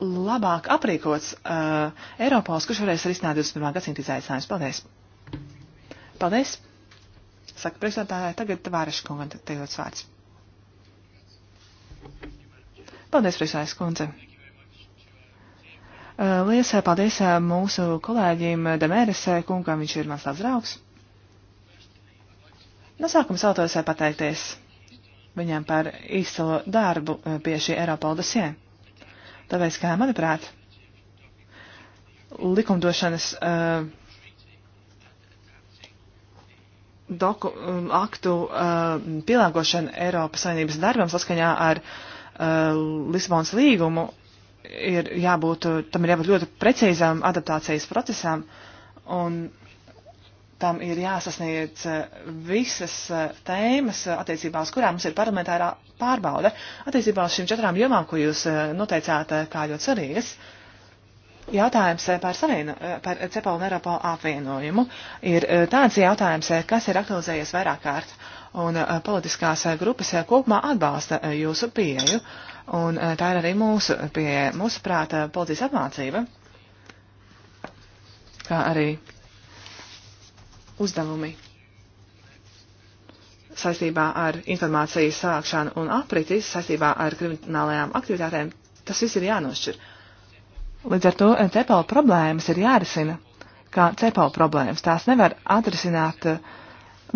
labāk aprīkots uh, Eiropols, kurš varēs risināt 21. gadsimta izaicinājumus. Paldies! Paldies! Saka priekšstādātāja, tagad Vāreša kunga teikt vārds. Paldies, priekšstādājas kundze! Uh, Liels uh, paldies uh, mūsu kolēģim uh, Demēres kungam, viņš ir mans labs draugs. No sākuma sautos pateikties viņam par izcilu darbu pie šī Eiropola dosiem. Tāpēc, kā manuprāt, likumdošanas uh, doku, eh, aktu uh, pielāgošana Eiropas Savienības darbam saskaņā ar uh, Lisabonas līgumu ir jābūt, tam ir jābūt ļoti precīzām adaptācijas procesām. Un tam ir jāsasniedz eh, visas eh, tēmas, eh, attiecībā uz kurām mums ir parlamentārā pārbauda, attiecībā uz šīm četrām jomām, ko jūs noteicāt kā ļoti svarīgas. Jautājums par, savienu, par CEPA un Eiropā apvienojumu ir tāds jautājums, kas ir aktualizējies vairāk kārt, un politiskās grupas kopumā atbalsta jūsu pieeju, un tā ir arī mūsu pieeja, mūsu prāta policijas apmācība, kā arī uzdevumi saistībā ar informācijas savākšanu un apriti, saistībā ar kriminālajām aktivitātēm, tas viss ir jānošķir. Līdz ar to eh, CEPAL problēmas ir jārisina kā CEPAL problēmas. Tās nevar atrisināt eh,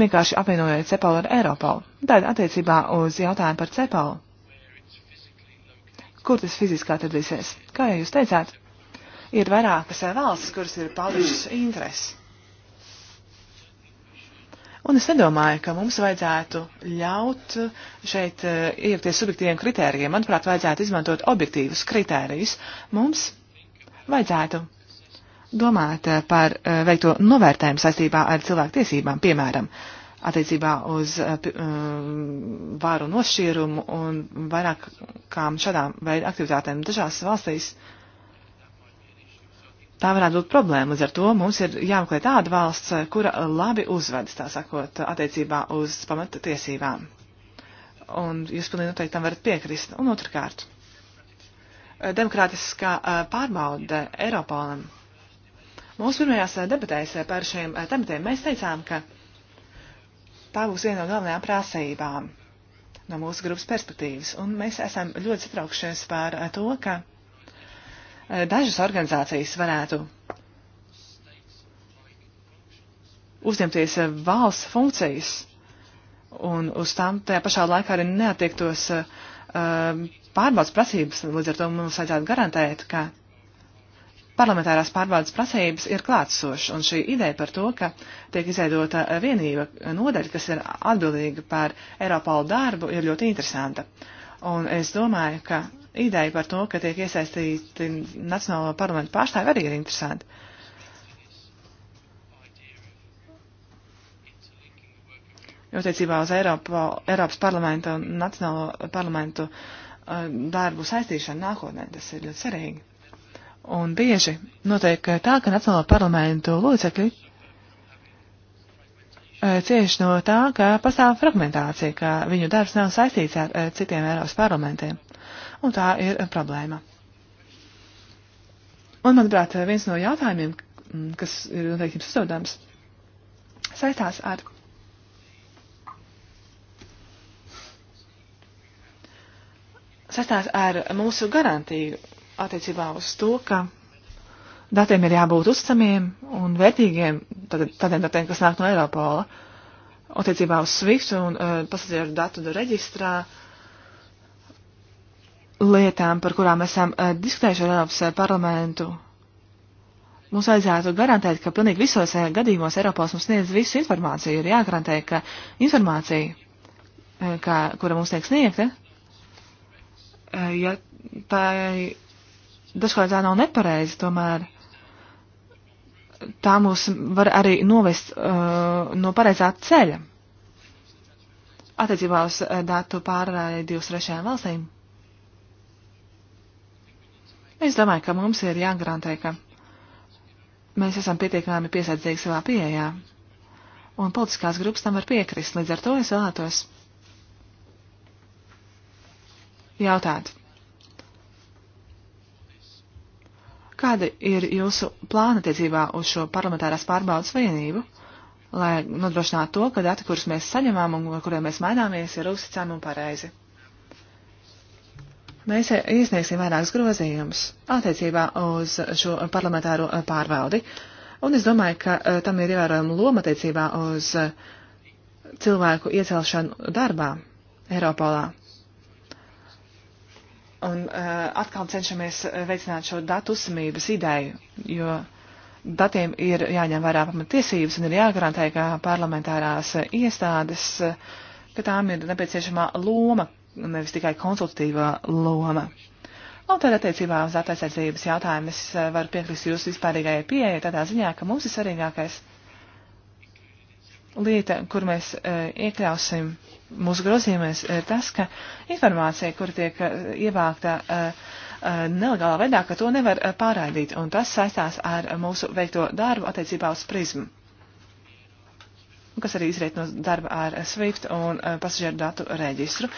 vienkārši apvienojot CEPAL ar Eiropolu. Tad attiecībā uz jautājumu par CEPAL. Kur tas fiziski atradīsies? Kā jau jūs teicāt, ir vairākas eh, valstis, kuras ir paudušas interesi Un es nedomāju, ka mums vajadzētu ļaut šeit eh, iejaukties subjektīviem kritērijiem. Manuprāt, vajadzētu izmantot objektīvus kritērijus. Mums vajadzētu domāt eh, par eh, veikto novērtējumu saistībā ar cilvēku tiesībām, piemēram, attiecībā uz vāru nošķīrumu un vairākām šādām veidu aktivitātēm dažās valstīs. Uh, tā varētu būt problēma. Līdz ar to mums ir jāmeklē tāda valsts, kura labi uzvedas, tā sakot, attiecībā uz pamata tiesībām. Un jūs pilnīgi noteikti tam varat piekrist. Un otrkārt, demokrātiskā pārbauda Eiropolam. Mūsu pirmajās debatēs par šiem tematiem mēs teicām, ka tā būs viena no galvenajām prasībām no mūsu grupas perspektīvas. Un mēs esam ļoti satraukšies par to, ka Eh, dažas organizācijas varētu uzņemties eh, valsts funkcijas un uz tām tajā pašā laikā arī neatiektos uh, pārbaudas prasības. Līdz ar to mums vajadzētu garantēt, ka parlamentārās pārbaudas prasības ir klātsošas, un šī ideja par to, ka tiek izveidota vienība nodaļa, kas ir atbildīga par Eiropālu darbu, ir ļoti interesanta. Un es domāju, ka ideja par to, ka tiek iesaistīti Nacionālo parlamentu pārstāvi, arī ir interesanti. Jo attiecībā uz Eiropa, Eiropas parlamentu un Nacionālo parlamentu uh, darbu saistīšanu nākotnē tas ir ļoti svarīgi. Un bieži notiek uh, tā, ka Nacionālo parlamentu locekļi uh, cieši no tā, ka pastāv fragmentācija, ka viņu darbs nav saistīts ar citiem Eiropas parlamentiem un tā ir problēma. Un, manuprāt, viens no jautājumiem, kas ir noteikti jums uzdodams, saistās ar sastās ar mūsu garantiju attiecībā uz to, ka datiem ir jābūt uzticamiem un vērtīgiem, tādiem datiem, kas nāk no Eiropola, attiecībā uz SWIFT un uh, pasažieru datu reģistrā lietām, par kurām esam uh, diskutējuši ar Eiropas eh, parlamentu, mums vajadzētu garantēt, ka pilnīgi visos uh, gadījumos Eiropās mums sniedz visu informāciju. Ir jāgarantē, ka informācija, uh, kā, kura mums tiek sniegta, uh, ja tā dažkārt tā nav nepareizi, tomēr tā mūs var arī novest uh, no pareizā ceļa attiecībā uz datu pārraidi uz trešajām valstīm. Es domāju, ka mums ir jāgarantē, ka mēs esam pietiekami piesardzīgi savā pieejā, un politiskās grupas tam var piekrist, līdz ar to es vēlētos jautāt. Kādi ir jūsu plāni attiecībā uz šo parlamentārās pārbaudas vienību, lai nodrošinātu to, ka dati, kurus mēs saņemam un ar kuriem mēs maināmies, ir uzticami un pareizi? Mēs iesniegsim vairākus grozījumus attiecībā uz šo parlamentāro pārvaldi. Un es domāju, ka eh, tam ir ievērojama loma attiecībā uz eh, cilvēku iecelšanu darbā Eiropolā. Un uh, atkal cenšamies veicināt šo datu uzsamības ideju, jo datiem ir jāņem vērā pamatiesības un ir jāgarantē, ka parlamentārās iestādes, ka tām ir nepieciešamā loma nevis tikai konsultatīvā loma. Un tad attiecībā uz attaisaidzības jautājumu es eh, varu piekrist jūsu vispārīgajai pieeja tādā ziņā, ka mums ir svarīgākais lieta, kur mēs eh, iekļausim mūsu grozījumies, ir tas, ka informācija, kur tiek eh, ievākta nelegālā veidā, ka to nevar pārraidīt, un tas saistās ar mūsu veikto darbu attiecībā uz prizmu kas arī izriet no darba ar SWIFT un pasažieru datu reģistru. Uh,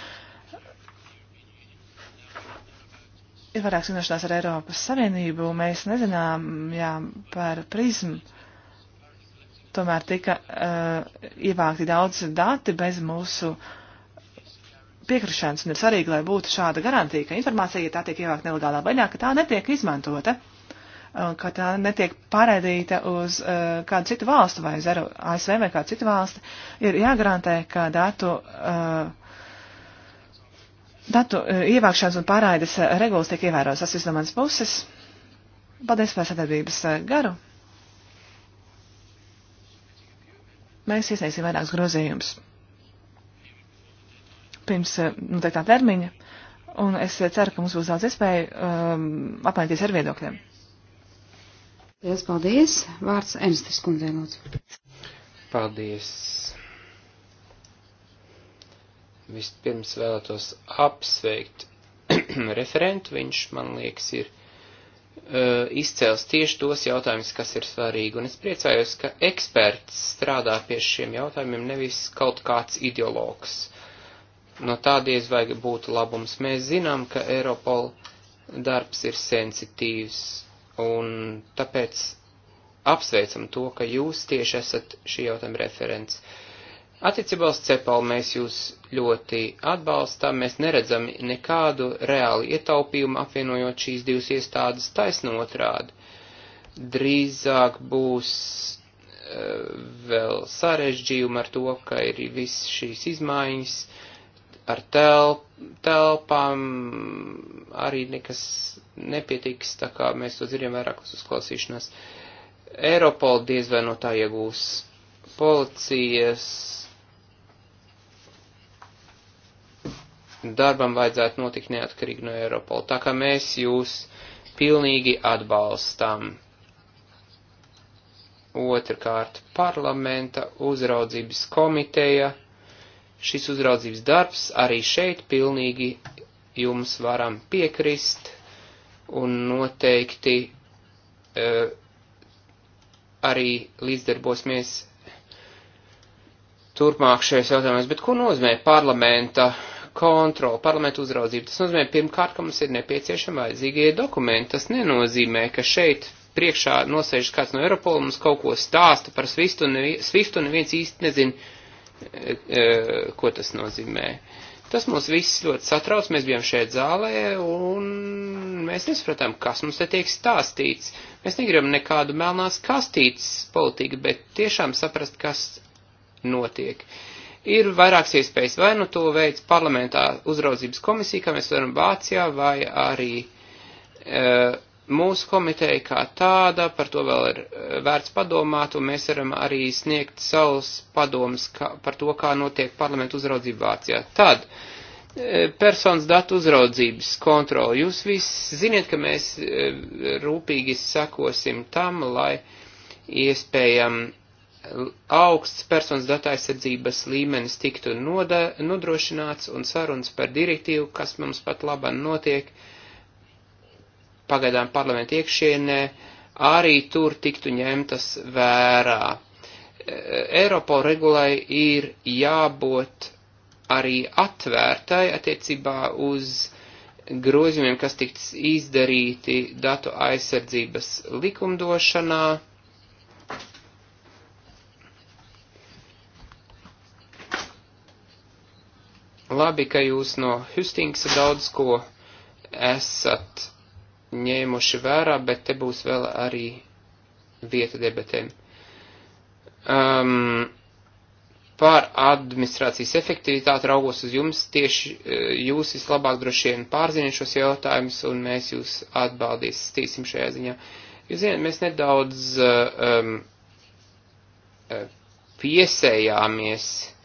ir vairāk zināšanās ar Eiropas Savienību, mēs nezinām jā, par prizmu. Tomēr tika uh, ievākti daudz dati bez mūsu piekrišanas, un ir svarīgi, lai būtu šāda garantija, ka informācija, ja tā tiek ievākta nelegālā veidā, ka tā netiek izmantota, un eh, ka tā netiek pārēdīta uz uh, kādu citu valstu vai uz ASV vai kādu citu valsti, ir jāgarantē, ka datu. Uh, datu e, ievākšanas un pārraides e, regulas tiek ievēros. Tas viss no manas puses. Paldies par sadarbības e, garu. Mēs iesniegsim vairākus grozījumus pirms nu, tā termiņa, un es ceru, ka mums būs daudz iespēju um, apmainīties ar viedokļiem. Lielas paldies! Vārds Ernstes kundzei lūdzu.
Paldies! Vispirms vēlētos apsveikt referentu, viņš, man liekas, ir uh, eh, izcēls tieši tos jautājumus, kas ir svarīgi, un es priecājos, ka eksperts strādā pie šiem jautājumiem, nevis kaut kāds ideologs. No tādies vajag būt labums. Mēs zinām, ka Eiropol darbs ir sensitīvs, un tāpēc apsveicam to, ka jūs tieši esat šī jautājuma referents. Uh, Attiecībā uz cepalu mēs jūs ļoti atbalstām, mēs neredzam nekādu reālu ietaupījumu apvienojot šīs divas iestādes taisno otrādi. Drīzāk būs uh, vēl sarežģījumi ar to, ka ir viss šīs izmaiņas ar telp, telpām, arī nekas nepietiks, tā kā mēs to dzirdējam vairākas uzklausīšanās. Eiropola diez vai no tā iegūs policijas darbam vajadzētu notikt neatkarīgi no Eiropola. Tā kā mēs jūs pilnīgi atbalstam. Otrakārt, parlamenta uzraudzības komiteja. Šis uzraudzības darbs arī šeit pilnīgi jums varam piekrist un noteikti e, arī līdzdarbosimies turpmāk šajos jautājumos. Bet ko nozīmē parlamenta? kontroli, parlamentu uzraudzību. Tas nozīmē, pirmkārt, ka mums ir nepieciešama vajadzīgie dokumenti. Tas nenozīmē, ka šeit priekšā nosēžas kāds no Europola, mums kaut ko stāsta par Swift un, nevi, Swift un neviens īsti nezin, e, e, ko tas nozīmē. Tas mūs visus ļoti satrauc, mēs bijām šeit zālē un mēs nesapratām, kas mums te tiek stāstīts. Mēs negribam nekādu melnās kastītes politiku, bet tiešām saprast, kas notiek. Uh, Ir vairākas iespējas, vai nu to veids parlamentā uzraudzības komisija, kā mēs varam Vācijā, vai arī e, mūsu komiteja kā tāda, par to vēl ir e, vērts padomāt, un mēs varam arī sniegt savus padomus par to, kā notiek parlamentu uzraudzība Vācijā. Tad, e, personas datu uzraudzības kontroli. Jūs visi ziniet, ka mēs e, rūpīgi sakosim tam, lai iespējam augsts personas datu aizsardzības līmenis tiktu noda, nodrošināts un sarunas par direktīvu, kas mums pat labam notiek, pagaidām parlamenta iekšienē, arī tur tiktu ņemtas vērā. E, Eiropo regulai ir jābūt arī atvērtai attiecībā uz grozījumiem, kas tiks izdarīti datu aizsardzības likumdošanā Labi, ka jūs no Hustingsa daudz ko esat ņēmuši vērā, bet te būs vēl arī vieta debatēm. Um, par administrācijas efektivitāti raugos uz jums, tieši eh, jūs vislabāk droši vien pārziniet šos jautājumus, un mēs jūs atbaldīsim šajā ziņā. Jūs zināt, mēs nedaudz eh, um, eh, piesējāmies uh,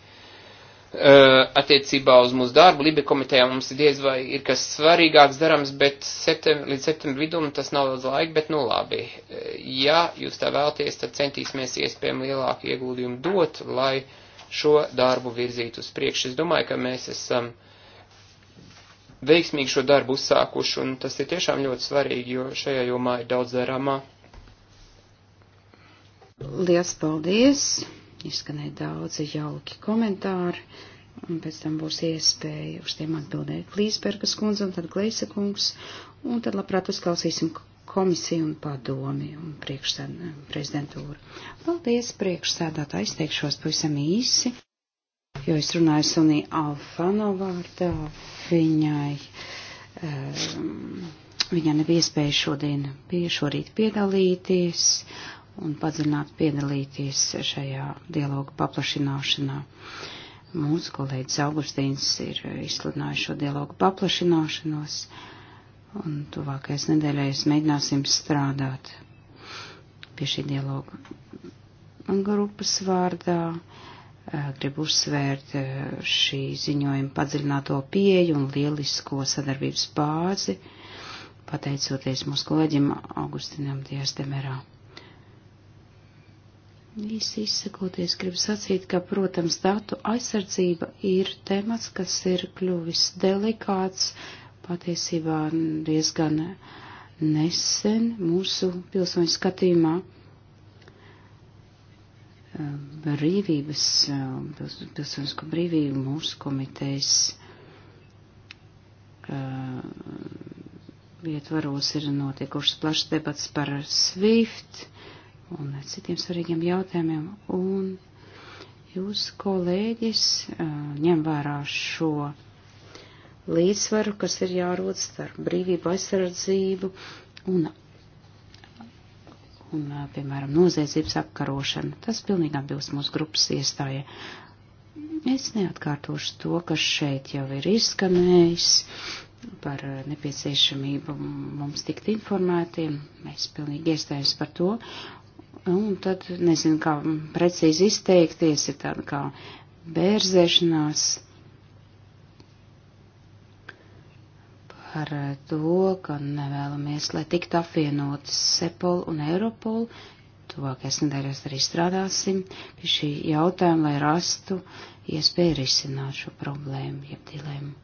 Eh, attiecībā uz mūsu darbu. Libe komitejā mums diez vai ir kas svarīgāks darams, bet septem, līdz septembra vidum nu tas nav daudz laika, bet nu labi. Eh, ja jūs tā vēlties, tad centīsimies iespējami lielāku ieguldījumu dot, lai šo darbu virzītu uz priekšu. Es domāju, ka mēs esam veiksmīgi šo darbu uzsākuši, un tas ir tiešām ļoti svarīgi, jo šajā jomā ir daudz darāmā.
Lielas paldies! Izskanēja daudzi jauki komentāri, un pēc tam būs iespēja uz tiem atbildēt Līsbergas kundze un tad Gleisa kungs, un tad labprāt uzklausīsim komisiju un padomi un prezidentūru. Paldies, priekšsēdātā, izteikšos pavisam īsi, jo es runāju Sonī Alfano vārdā, viņai. Um, ehm, Viņa nebija iespēja šodien, bija šorīt piedalīties. Uh, un padziļināt piedalīties šajā dialogu paplašināšanā. Mūsu kolēģis Augustīns ir izsludinājis šo dialogu paplašināšanos, un tuvākais nedēļais mēģināsim strādāt pie šī dialogu grupas vārdā. Eh, gribu uzsvērt eh, šī ziņojuma padziļināto pieeju un lielisko sadarbības bāzi, pateicoties mūsu kolēģim Augustinam Dievstemerā. Īsi izsakoties, gribu sacīt, ka, protams, datu aizsardzība ir temats, kas ir kļuvis delikāts patiesībā diezgan nesen mūsu pilsoņu skatījumā. Um, brīvības, um, pilsonisko brīvību mūsu komitejas uh, ietvaros ir notikušas plašas debats par SWIFT un citiem svarīgiem jautājumiem. Un jūs, kolēģis, ņem vērā šo līdzsvaru, kas ir jārod starp brīvību aizsardzību un, un piemēram, noziedzības apkarošanu. Tas pilnīgi atbilst mūsu grupas iestājai. Es neatkārtošu to, kas šeit jau ir izskanējis par nepieciešamību mums tikt informētiem. Mēs pilnīgi iestājos par to. Un tad nezinu, kā precīzi izteikties, ir tāda kā bērzēšanās par to, ka nevēlamies, lai tiktu apvienotas Sepol un Europol. Tuvākais nedēļas arī strādāsim pie šī jautājuma, lai rastu iespēju risināt šo problēmu, jeb dilēmu.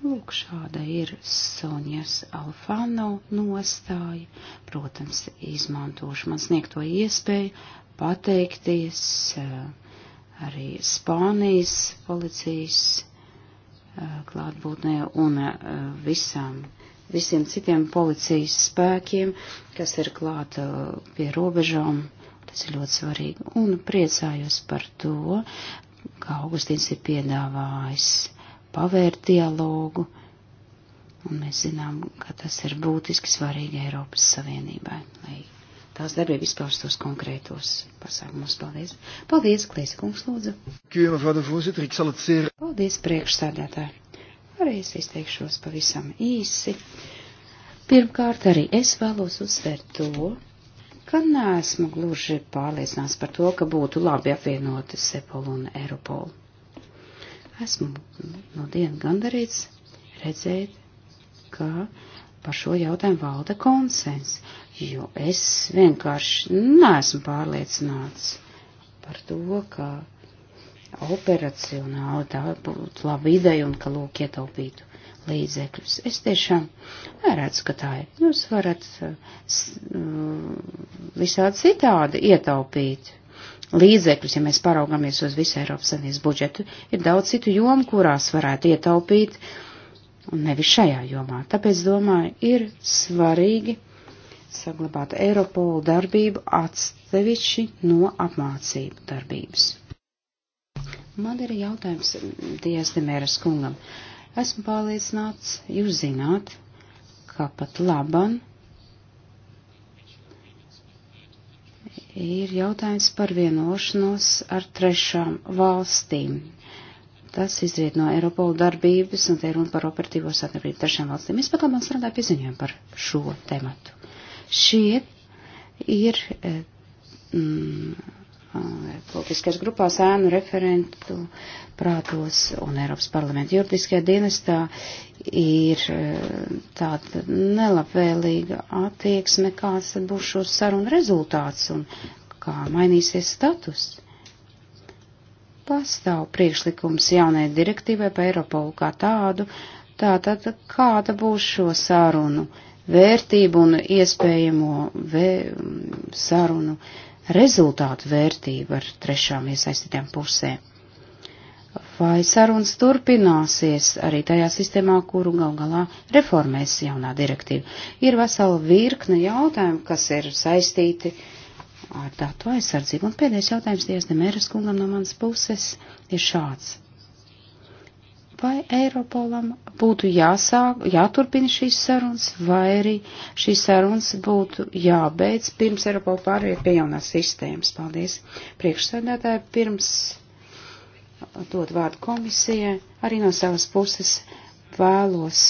Lūk, šāda ir Sonjas Alfano nostāja. Protams, izmantošu man sniegto iespēju pateikties eh, arī Spānijas policijas eh, klātbūtnē un eh, visām, visiem citiem policijas spēkiem, kas ir klāt pie robežām. Tas ir ļoti svarīgi un priecājos par to, ka Augustīns ir piedāvājis pavērt dialogu, un mēs zinām, ka tas ir būtiski svarīgi Eiropas Savienībai, lai tās darbība izpaustos konkrētos pasākumos. Paldies! Paldies, Klēsa kungs, lūdzu! Paldies, priekšsādātāji! Arī es izteikšos pavisam īsi. Pirmkārt, arī es vēlos uzsvērt to, ka neesmu gluži pārliecināts par to, ka būtu labi apvienoti Sepol un Eiropolu. Esmu no dienu gandarīts redzēt, ka par šo jautājumu valda konsens, jo es vienkārši neesmu pārliecināts par to, ka operacionāli tā būtu laba ideja un ka lūk ietaupītu līdzekļus. Es tiešām redzu, ka tā ir. Jūs varat uh, uh visādi citādi ietaupīt līdzekļus, ja mēs paraugamies uz visu Eiropas Savienības budžetu, ir daudz citu jomu, kurās varētu ietaupīt, un nevis šajā jomā. Tāpēc, domāju, ir svarīgi saglabāt Eiropolu darbību atsevišķi no apmācību darbības. Man ir jautājums Dievs Demēras kungam. Esmu pārliecināts, jūs zināt, ka pat laban ir jautājums par vienošanos ar trešām valstīm. Tas izriet no Eiropola darbības, un te ir runa par operatīvo sadarbību trešām valstīm. Es pat labāk strādāju pie ziņojumu par šo tematu. Šie ir eh, mm, politiskās grupās ēnu referentu prātos un Eiropas parlamenta juridiskajā dienestā ir tāda nelabvēlīga attieksme, kāds tad būs šo sarunu rezultāts un kā mainīsies status. Pastāv priekšlikums jaunai direktīvai par Eiropolu kā tādu, tātad kāda būs šo sarunu vērtību un iespējamo vē, sarunu uh, rezultātu vērtību ar trešām iesaistītām pusēm. Vai sarunas turpināsies arī tajā sistēmā, kuru gal galā reformēs jaunā direktīva? Ir vesela virkne jautājumu, kas ir saistīti ar datu aizsardzību. Un pēdējais jautājums, Dievs, Demēras kungam no manas puses, ir šāds. Vai Eiropolam būtu jāsāk, jāturpina šīs sarunas, vai arī šīs sarunas būtu jābeidz pirms Eiropola pāriet pie jaunās sistēmas? Paldies. Priekšsēdētāji, pirms uh, dot vārdu komisijai, arī no savas puses vēlos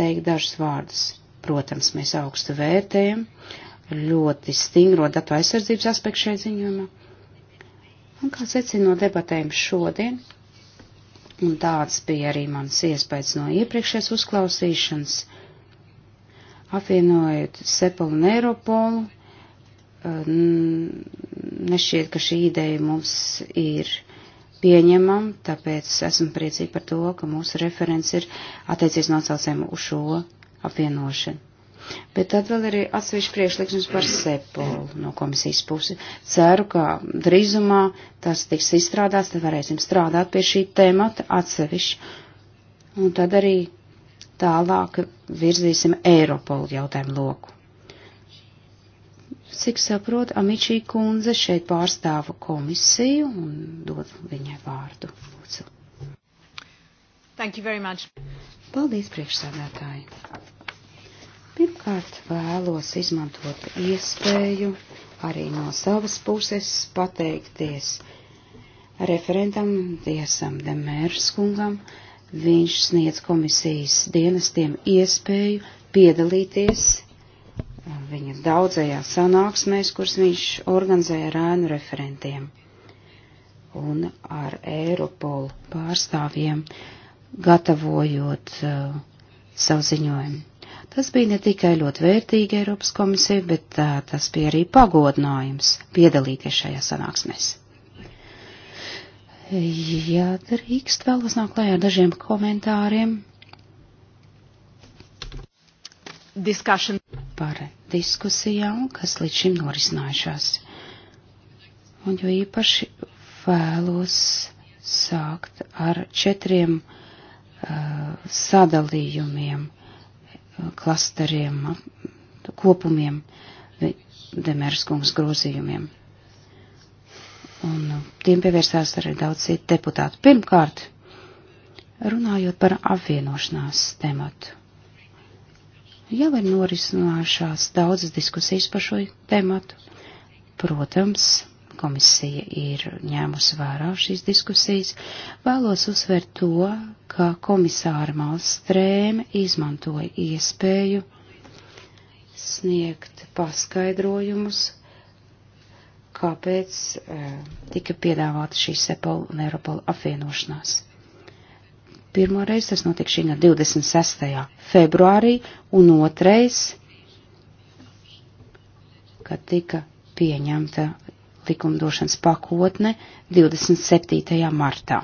teikt dažus vārdus. Protams, mēs augstu vērtējam ļoti stingro datu aizsardzības aspektu šeit ziņojumā. Un kā secina no debatēm šodien, Un tāds bija arī mans iespējas no iepriekšējās uzklausīšanas. Apvienojot Sepelu un Eiropolu, eh, nešķiet, ka šī ideja mums ir pieņemam, tāpēc esmu priecīgi par to, ka mūsu referents ir attiecies nocelsēm uz šo apvienošanu. Bet tad vēl ir atsevišķi priekšlikums par sepolu no komisijas puses. Ceru, ka drīzumā tas tiks izstrādāts, tad varēsim strādāt pie šī temata atsevišķi. Un tad arī tālāk virzīsim Eiropolu jautājumu loku. Cik saprotu, Amičī kundze šeit pārstāva komisiju un dod viņai vārdu. Lūdzu. Thank you very much. Paldies, priekšsādātāji. Pirmkārt, vēlos izmantot iespēju arī no savas puses pateikties referentam Diesam Demērs kungam. Viņš sniedz komisijas dienestiem iespēju piedalīties viņa daudzajās sanāksmēs, kuras viņš organizēja ar ēnu referentiem un ar Eiropolu pārstāvjiem, gatavojot uh, savu ziņojumu. Tas bija ne tikai ļoti vērtīgi Eiropas komisija, bet tā, tas bija arī pagodinājums piedalīties šajā sanāksmēs. Jā, drīkst vēlos nāk klājā ar dažiem komentāriem. Discussion. Par diskusijām, kas līdz šim norisinājušās. Un jo īpaši vēlos sākt ar četriem uh, sadalījumiem. Uh, Uh, klasteriem, uh, kopumiem, Demērskungs grozījumiem. Un uh, tiem pievērstās arī daudz citu deputātu. Pirmkārt, runājot par apvienošanās tematu. Jau ir norisinājušās daudzas diskusijas par šo tematu. Protams, Komisija ir ņēmusi vērā šīs diskusijas. Vēlos uzsvērt to, ka komisāra Malstrēme izmantoja iespēju sniegt paskaidrojumus, kāpēc e, tika piedāvāta šī Sepal un Eiropola apvienošanās. Pirmoreiz tas notika šī gada 26. februārī un otrais, kad tika pieņemta likumdošanas pakotne 27. martā.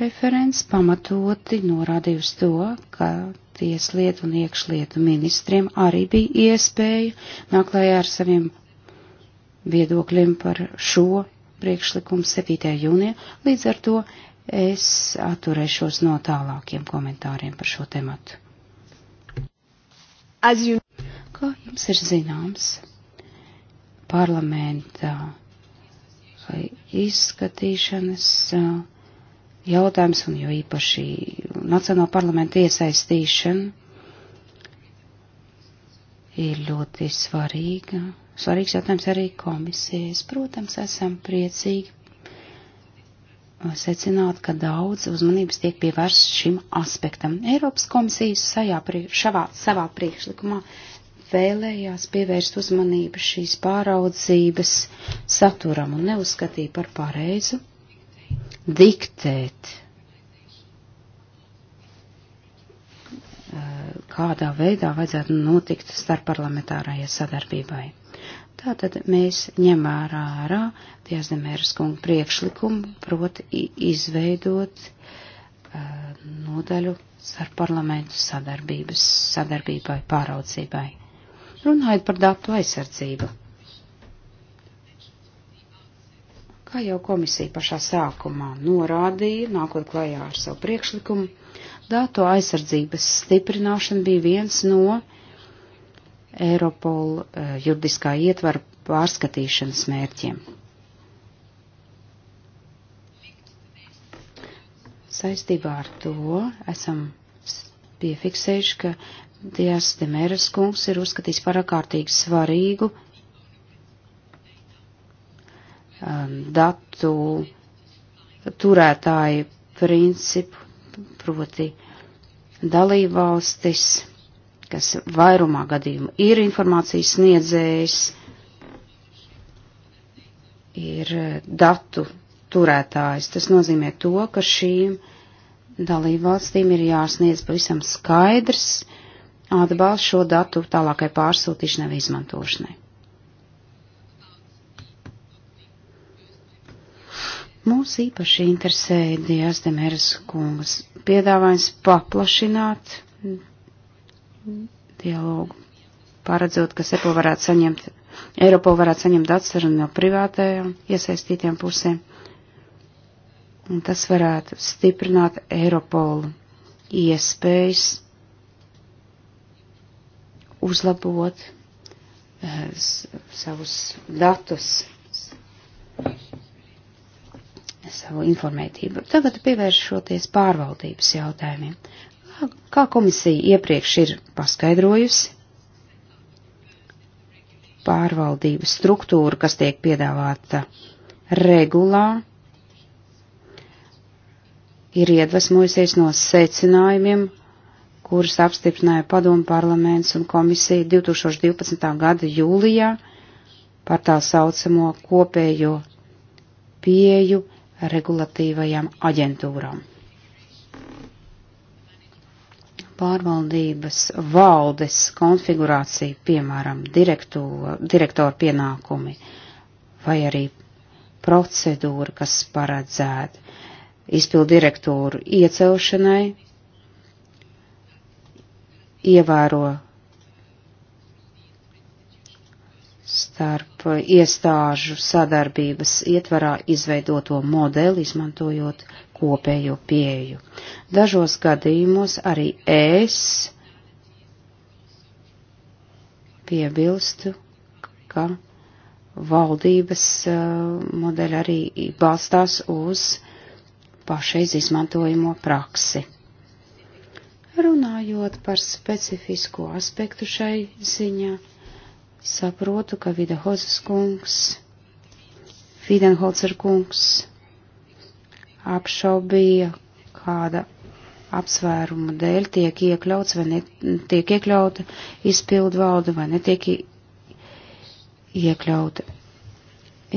Referents pamatoti norādīja uz to, ka tieslietu un iekšlietu ministriem arī bija iespēja nāklājā ar saviem viedokļiem par šo priekšlikumu 7. jūnija, līdz ar to es atturēšos no tālākiem komentāriem par šo tematu. Kā jums ir zināms, parlamenta izskatīšanas jautājums un jo īpaši Nacionāla parlamenta iesaistīšana ir ļoti svarīga. Svarīgs jautājums arī komisijas. Protams, esam priecīgi secināt, ka daudz uzmanības tiek pievērsts šim aspektam. Eiropas komisijas sajā, savā, savā priekšlikumā vēlējās pievērst uzmanību šīs pāraudzības saturam un neuzskatīja par pareizu diktēt, eh, kādā veidā vajadzētu notikt starpparlamentārajai sadarbībai. Tātad mēs ņem ārā ārā Diazdemēras kunga priekšlikumu, proti izveidot uh, nodaļu starp parlamentu sadarbības, sadarbībai, pāraudzībai. Runājot par datu aizsardzību. Kā jau komisija pašā sākumā norādīja, nākot klajā ar savu priekšlikumu, datu aizsardzības stiprināšana bija viens no Eiropola eh, juridiskā ietvara pārskatīšanas mērķiem. Saistībā ar to esam piefiksējuši, ka Dijas Demēras kungs ir uzskatījis par ārkārtīgi svarīgu um, datu turētāju principu, proti dalībvalstis, kas vairumā gadījumu ir informācijas sniedzējs, ir datu turētājs. Tas nozīmē to, ka šīm dalībvalstīm ir jāsniedz pavisam skaidrs, uh, atbalsta šo datu tālākai pārsūtīšanai vai izmantošanai. Mūs īpaši interesēja Dijas Demeras kungas piedāvājums paplašināt dialogu, paredzot, ka SEPO varētu saņemt, Eiropo varētu saņemt atsarunu no privātajām iesaistītiem pusēm, un tas varētu stiprināt Eiropolu iespējas uzlabot eh, savus datus, savu informētību. Tagad pievēršoties pārvaldības jautājumiem. Kā komisija iepriekš ir paskaidrojusi, pārvaldības struktūra, kas tiek piedāvāta regulā, ir iedvesmojusies no secinājumiem, kuras apstiprināja padomu parlaments un komisija 2012. gada jūlijā par tā saucamo kopējo pieju regulatīvajām aģentūrām. Pārvaldības valdes konfigurācija, piemēram, direktora pienākumi vai arī procedūra, kas paredzēta izpildu direktoru iecelšanai, ievēro starp iestāžu sadarbības ietvarā izveidoto modeli, izmantojot kopējo pieeju. Dažos gadījumos arī es piebilstu, ka valdības modeļi arī balstās uz pašreiz izmantojamo praksi. Runājot par specifisko aspektu šai ziņā, saprotu, ka Vida Hozas kungs, Fidenholzer kungs apšaubīja, kāda apsvēruma dēļ tiek iekļauts vai netiek iekļauta izpildu valde vai netiek iekļauta.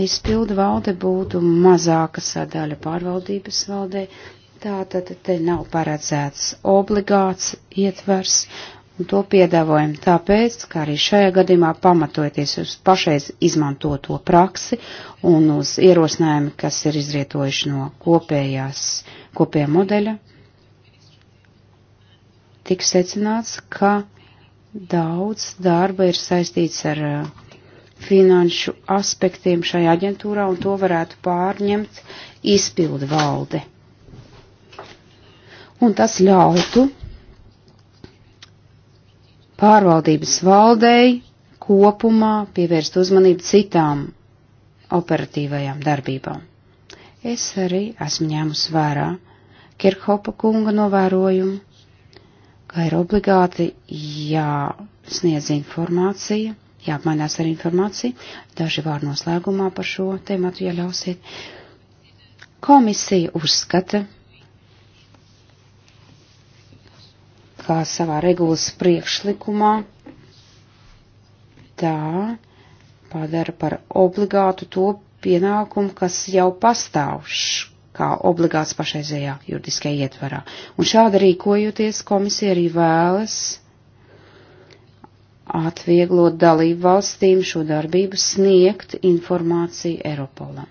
Izpildu valde būtu mazāka sadaļa pārvaldības valdē, Tātad te nav paredzēts obligāts ietvers, un to piedāvājam tāpēc, ka arī šajā gadījumā pamatojoties uz pašreiz izmantoto praksi un uz ierosinājumu, kas ir izrietojuši no kopējās, kopējā modeļa, tik secināts, ka daudz darba ir saistīts ar uh, finanšu aspektiem šajā aģentūrā, un to varētu pārņemt izpildu valde un tas ļautu pārvaldības valdei kopumā pievērst uzmanību citām operatīvajām darbībām. Es arī esmu ņēmusi vērā Kirkhopa kunga novērojumu, ka ir obligāti jāsniedz informācija, jāapmainās ar informāciju, daži vārdi noslēgumā par šo tēmatu, ja ļausiet. Komisija uzskata, kā savā regulas priekšlikumā, tā padara par obligātu to pienākumu, kas jau pastāv kā obligāts pašreizējā juridiskajā ietvarā. Un šādi rīkojoties komisija arī vēlas atvieglot dalību valstīm šo darbību sniegt informāciju Eiropolam.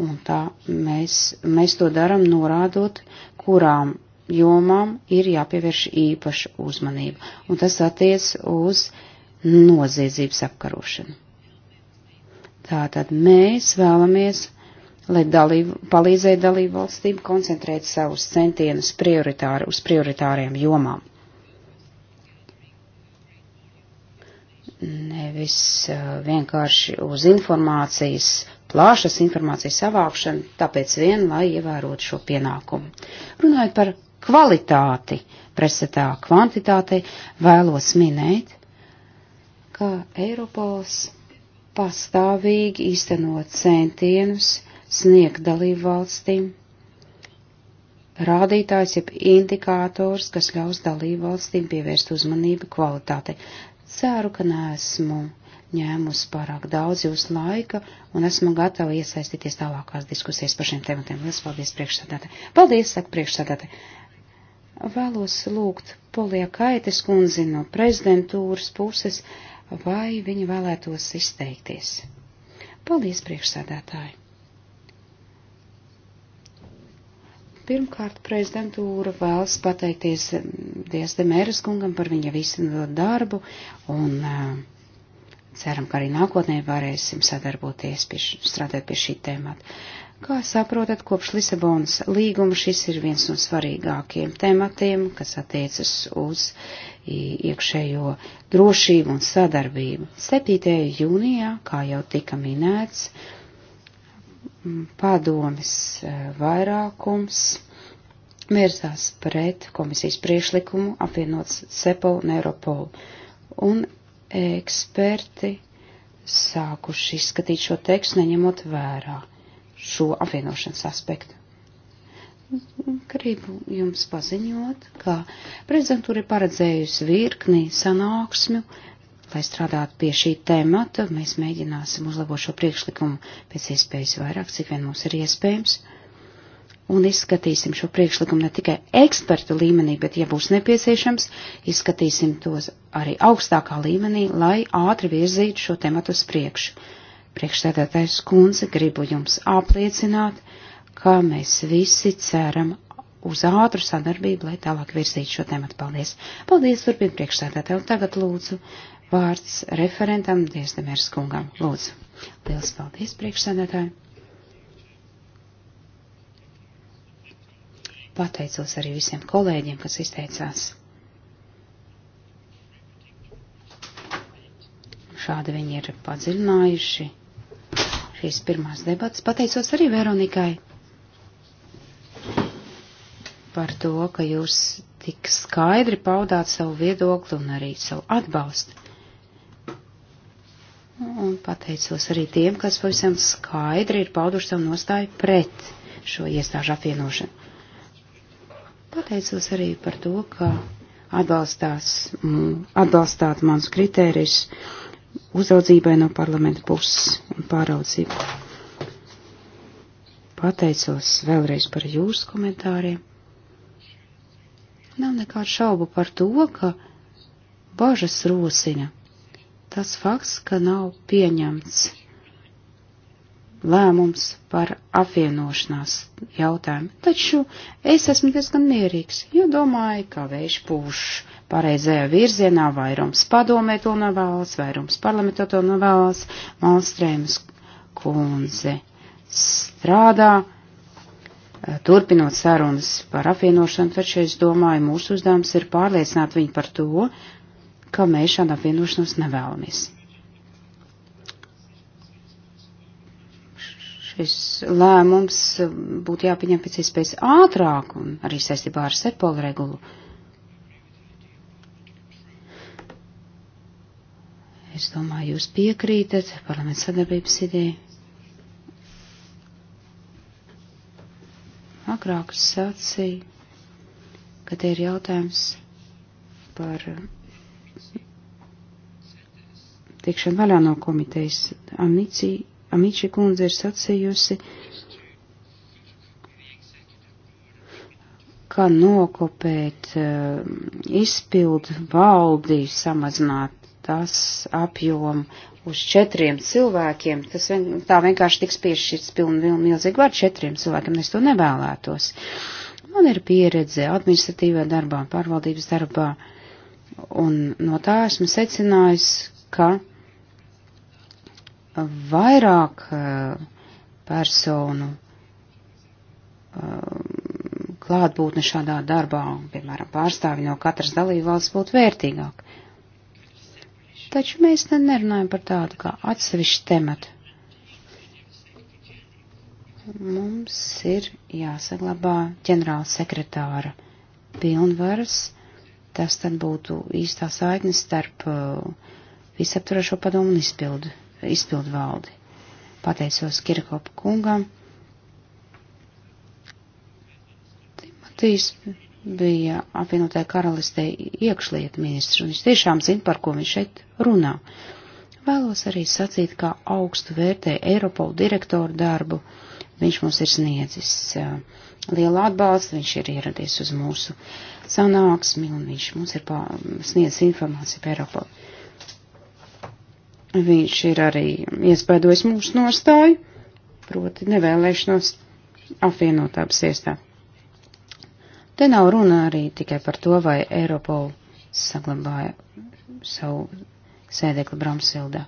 Un tā mēs, mēs to daram norādot, kurām jomām ir jāpievērš īpaša uzmanība, un tas attiec uz noziedzības apkarošanu. Tātad mēs vēlamies, lai dalību, palīdzētu dalību valstīm koncentrēt savus centienus prioritāri, uz prioritāriem jomām. Nevis uh, vienkārši uz informācijas plāšas informācijas savākšanu, tāpēc vien, lai ievērotu šo pienākumu. Runājot par kvalitāti presetā kvantitātei, vēlos minēt, ka Eiropols pastāvīgi īsteno centienus sniegt dalību valstīm rādītājs, jeb indikātors, kas ļaus dalību valstīm pievērst uzmanību kvalitātei. Ceru, ka neesmu ņēmusi pārāk daudz jūsu laika un esmu gatava iesaistīties tālākās diskusijas par šiem tematiem. Lielas paldies priekšsādātē. Paldies, saka priekšsādātē. Vēlos lūgt Polijā Kaites kundzi no prezidentūras puses, vai viņa vēlētos izteikties. Paldies, priekšsēdētāji! Pirmkārt, prezidentūra vēlas pateikties Diezde Mēras kungam par viņa visu darbu un eh, ceram, ka arī nākotnē varēsim sadarboties, pie, strādāt pie šī tēmata. Kā saprotat, kopš Lisabonas līguma šis ir viens no svarīgākiem tematiem, kas attiecas uz iekšējo drošību un sadarbību. 7. jūnijā, kā jau tika minēts, padomis e, vairākums mērsās pret komisijas priešlikumu apvienot Sepol un Europol. Un eksperti sākuši izskatīt šo tekstu, neņemot vērā šo apvienošanas aspektu. Gribu jums paziņot, ka prezidentūra ir paredzējusi virkni sanāksmju, lai strādātu pie šī temata. Mēs mēģināsim uzlabot šo priekšlikumu pēc iespējas vairāk, cik vien mums ir iespējams. Un izskatīsim šo priekšlikumu ne tikai ekspertu līmenī, bet, ja būs nepieciešams, izskatīsim tos arī augstākā līmenī, lai ātri virzītu šo tematu uz priekšu Priekšstādātais kundze, gribu jums apliecināt, ka mēs visi ceram uz ātru sadarbību, lai tālāk virzītu šo tematu. Paldies! Paldies, turpin priekšstādātāju. Tagad lūdzu vārds referentam Diezdemērs kungam. Lūdzu! Liels paldies, priekšstādātāju! Pateicos arī visiem kolēģiem, kas izteicās. Šādi viņi ir padziļinājuši šīs pirmās debatas. Pateicos arī Veronikai par to, ka jūs tik skaidri paudāt savu viedokli un arī savu atbalstu. Un pateicos arī tiem, kas pavisam skaidri ir pauduši savu nostāju pret šo iestāžu apvienošanu. Pateicos arī par to, ka atbalstās, atbalstāt manus kritērijus uzraudzībai no parlamenta puses un pāraudzību. Pateicos vēlreiz par jūsu komentāriem. Nav nekādu šaubu par to, ka bažas rosina tas fakts, ka nav pieņemts lēmums par apvienošanās jautājumu. Taču es esmu diezgan mierīgs, jo domāju, ka vējš pūš pareizajā virzienā, vairums padomē to nevēlas, vairums parlamentā to nevēlas, Malstrēmas kundze strādā, eh, turpinot sarunas par apvienošanu, taču es domāju, mūsu uzdevums ir pārliecināt viņu par to, ka mēs šādu apvienošanos nevēlamies. Šis lēmums būtu jāpieņem pēc iespējas ātrāk un arī saistībā ar sepolu regulu. Uh, Es domāju, jūs piekrītat parlamentu sadarbības idejai. Agrāk es sacīju, ka te ir jautājums par eh, tikšanu vaļā no komitejas. Amici, Amici kundze ir sacījusi, kā nokopēt uh, izpildu valdi, samazināt tās apjomu uz četriem cilvēkiem. Tas vien, tā vienkārši tiks piešķirts pilnīgi milzīgi vārdu četriem cilvēkiem, es to nevēlētos. Man ir pieredze administratīvā darbā, pārvaldības darbā, un no tā esmu secinājis, ka vairāk eh, personu eh, klātbūtne šādā darbā, piemēram, pārstāvi no katras dalībvalsts būtu vērtīgāk. Taču mēs nerunājam par tādu kā atsevišķu tematu. Mums ir jāsaglabā ģenerāla sekretāra pilnvaras. Tas tad būtu īstā saikne starp uh, visaptvarošo padomu un izpildu, izpildu valdi. Pateicos Kirkopu kungam. Matīs bija apvienotāja karalistē iekšlietu ministrs, un viņš tiešām zina, par ko viņš šeit runā. Vēlos arī sacīt, kā augstu vērtē Eiropolu direktoru darbu. Viņš mums ir sniedzis lielu atbalstu, viņš ir ieradies uz mūsu sanāksmi, un viņš mums ir sniedzis informāciju par Eiropolu. Viņš ir arī iespēdojis mūsu nostāju, proti nevēlēšanos apvienot abas iestādes. Te nav runa arī tikai par to, vai Eiropola saglabāja savu sēdekli Bramsildā.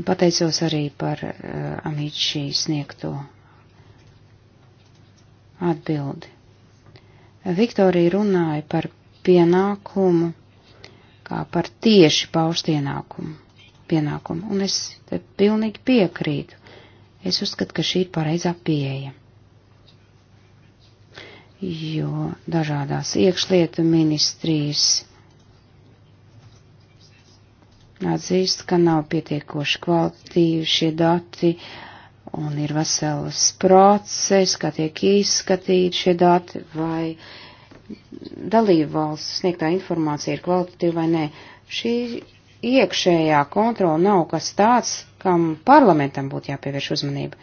Un pateicos arī par uh, eh, Amīčī sniegto atbildi. Viktorija runāja par pienākumu, kā par tieši paust ienākumu, pienākumu, un es te pilnīgi piekrītu. Es uzskatu, ka šī ir pareizā pieeja jo dažādās iekšlietu ministrijas atzīst, ka nav pietiekoši kvalitīvi šie dati un ir vesels process, kā tiek izskatīti šie dati, vai dalību valsts sniegtā informācija ir kvalitatīva vai nē. Šī iekšējā kontrola nav kas tāds, kam parlamentam būtu jāpievērš uzmanība.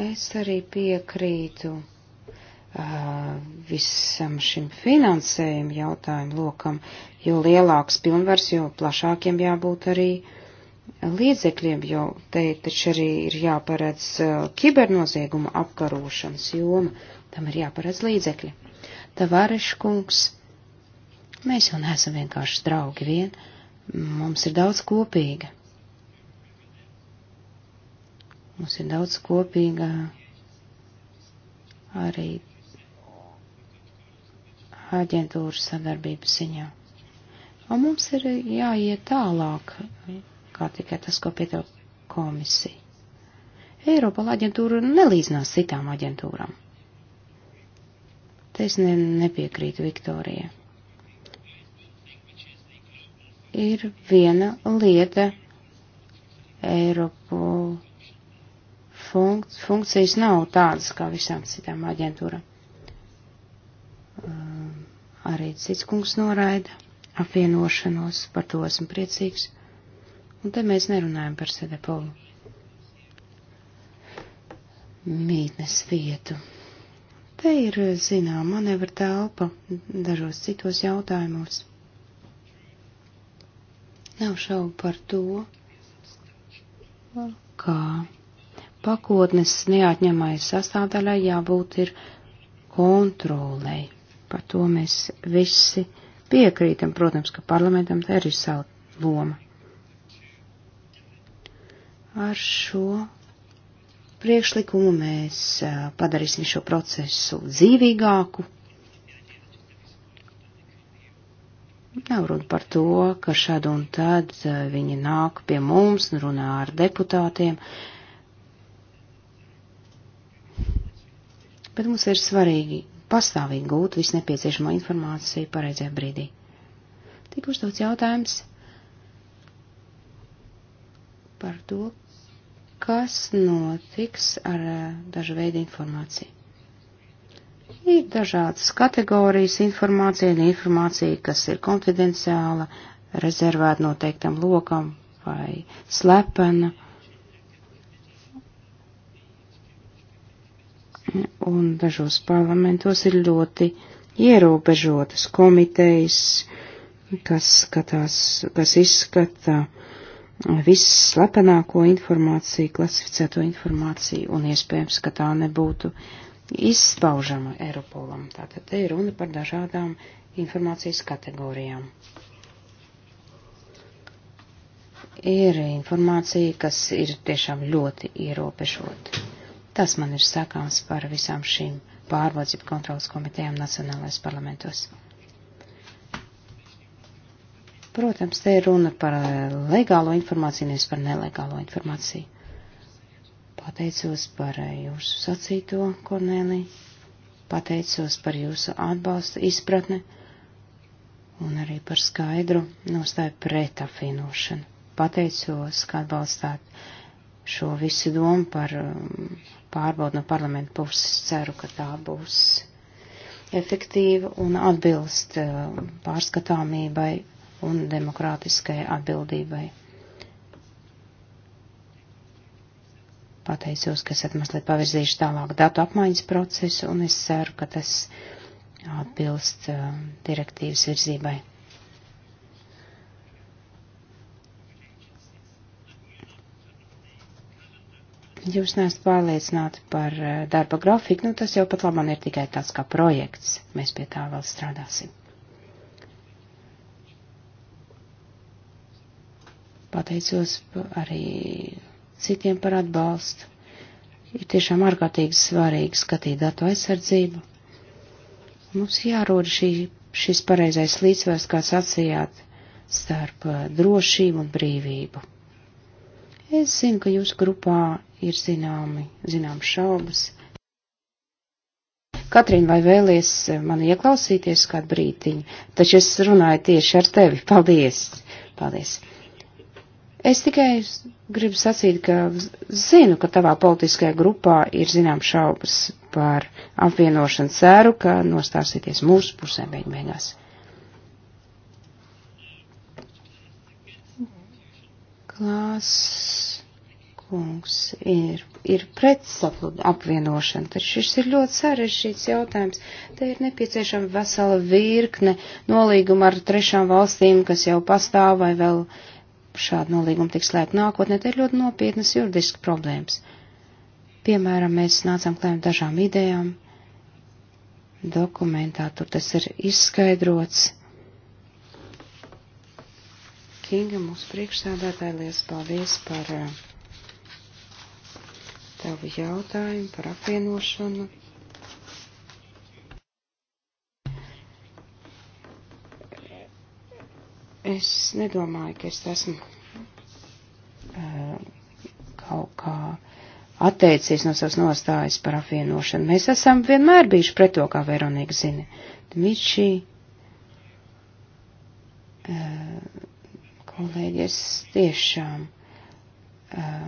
Es arī piekrītu uh, visam šim finansējumu jautājumu lokam, jo lielāks pilnvars, jo plašākiem jābūt arī līdzekļiem, jo te taču arī ir jāparedz uh, kibernozieguma apkarošanas joma, tam ir jāparedz līdzekļi. Tavareškungs, mēs jau neesam vienkārši draugi vien, mums ir daudz kopīga. Mums ir daudz kopīga arī aģentūras sadarbības ziņā. Un mums ir jāiet tālāk, kā tikai tas, ko pietev komisija. Eiropa aģentūra nelīdzinās citām aģentūram. Te es ne, nepiekrītu Viktorija. Ir viena lieta Eiropu funk funkcijas nav tādas kā visām citām aģentūram. Um, arī cits kungs noraida apvienošanos, par to esmu priecīgs. Un te mēs nerunājam par Sedepolu mītnes vietu. Te ir, zinām, manevra telpa dažos citos jautājumos. Nav šaubu par to, kā pakotnes neatņemai sastāvdaļai jābūt ir kontrolei. Par to mēs visi piekrītam. Protams, ka parlamentam tā ir sava loma. Ar šo priekšlikumu mēs padarīsim šo procesu dzīvīgāku. Nav runa par to, ka šad un tad viņi nāk pie mums un runā ar deputātiem. Uh, bet mums ir svarīgi pastāvīgi gūt visu nepieciešamo informāciju pareizajā brīdī. Tik uzdots jautājums par to, kas notiks ar eh, dažu veidu informāciju. Ir dažādas kategorijas informācija, informācija, kas ir konfidenciāla, rezervēta noteiktam lokam vai slepena. Uh, un dažos parlamentos ir ļoti ierobežotas komitejas, kas skatās, kas izskata viss slepenāko informāciju, klasificēto informāciju, un iespējams, ka tā nebūtu izspaužama Eiropolam. Tātad te ir runa par dažādām informācijas kategorijām. Ir informācija, kas ir tiešām ļoti ierobežota. Tas man ir sakāms par visām šīm pārvaldzību kontrolas komitejām nacionālais parlamentos. Protams, te ir runa par eh, legālo informāciju, nevis par nelegālo informāciju. Pateicos par eh, jūsu sacīto, Kornēlī, pateicos par jūsu atbalstu, izpratni un arī par skaidru nostāju pret apvienošanu. Pateicos, ka atbalstāt šo visu domu par um, pārbaudu no parlamenta puses. Ceru, ka tā būs efektīva un atbilst uh, pārskatāmībai un demokrātiskai atbildībai. Pateicos, ka esat mazliet pavirzījuši tālāk datu apmaiņas procesu, un es ceru, ka tas atbilst uh, direktīvas virzībai. Jūs neesat pārliecināti par eh, darba grafiku, nu tas jau pat labam ir tikai tāds kā projekts. Mēs pie tā vēl strādāsim. Pateicos arī citiem par atbalstu. Ir tiešām ārkārtīgi svarīgi skatīt datu aizsardzību. Mums jārod šī, šis pareizais līdzsvars, kā sacījāt, starp eh, drošību un brīvību. Es zinu, ka jūsu grupā ir zināmi, zināmas šaubas. Katrīna, vai vēlies man ieklausīties kādu brītiņu? Taču es runāju tieši ar tevi. Paldies! Paldies! Es tikai gribu sacīt, ka zinu, ka tavā politiskajā grupā ir zināmas šaubas par apvienošanu. Ceru, ka nostāsieties mūsu pusē beigās. Klās kungs ir, ir pretsaplud apvienošana, taču šis ir ļoti sarežģīts jautājums. Te ir nepieciešama vesela virkne nolīguma ar trešām valstīm, kas jau pastāv vai vēl šādu nolīgumu tiks slēgt nākotnē. Te ir ļoti nopietnas juridiskas problēmas. Piemēram, mēs nācām klājām dažām idejām. Dokumentā tur tas ir izskaidrots Kinga, mūsu priekšsēdētāji, liels paldies par eh, tavu jautājumu, par apvienošanu. Es nedomāju, ka es esmu eh, kaut kā atteicies no savas nostājas par apvienošanu. Mēs esam vienmēr bijuši pret to, kā Veronika zina. Dmitrī uh, eh, kolēģi, es tiešām uh,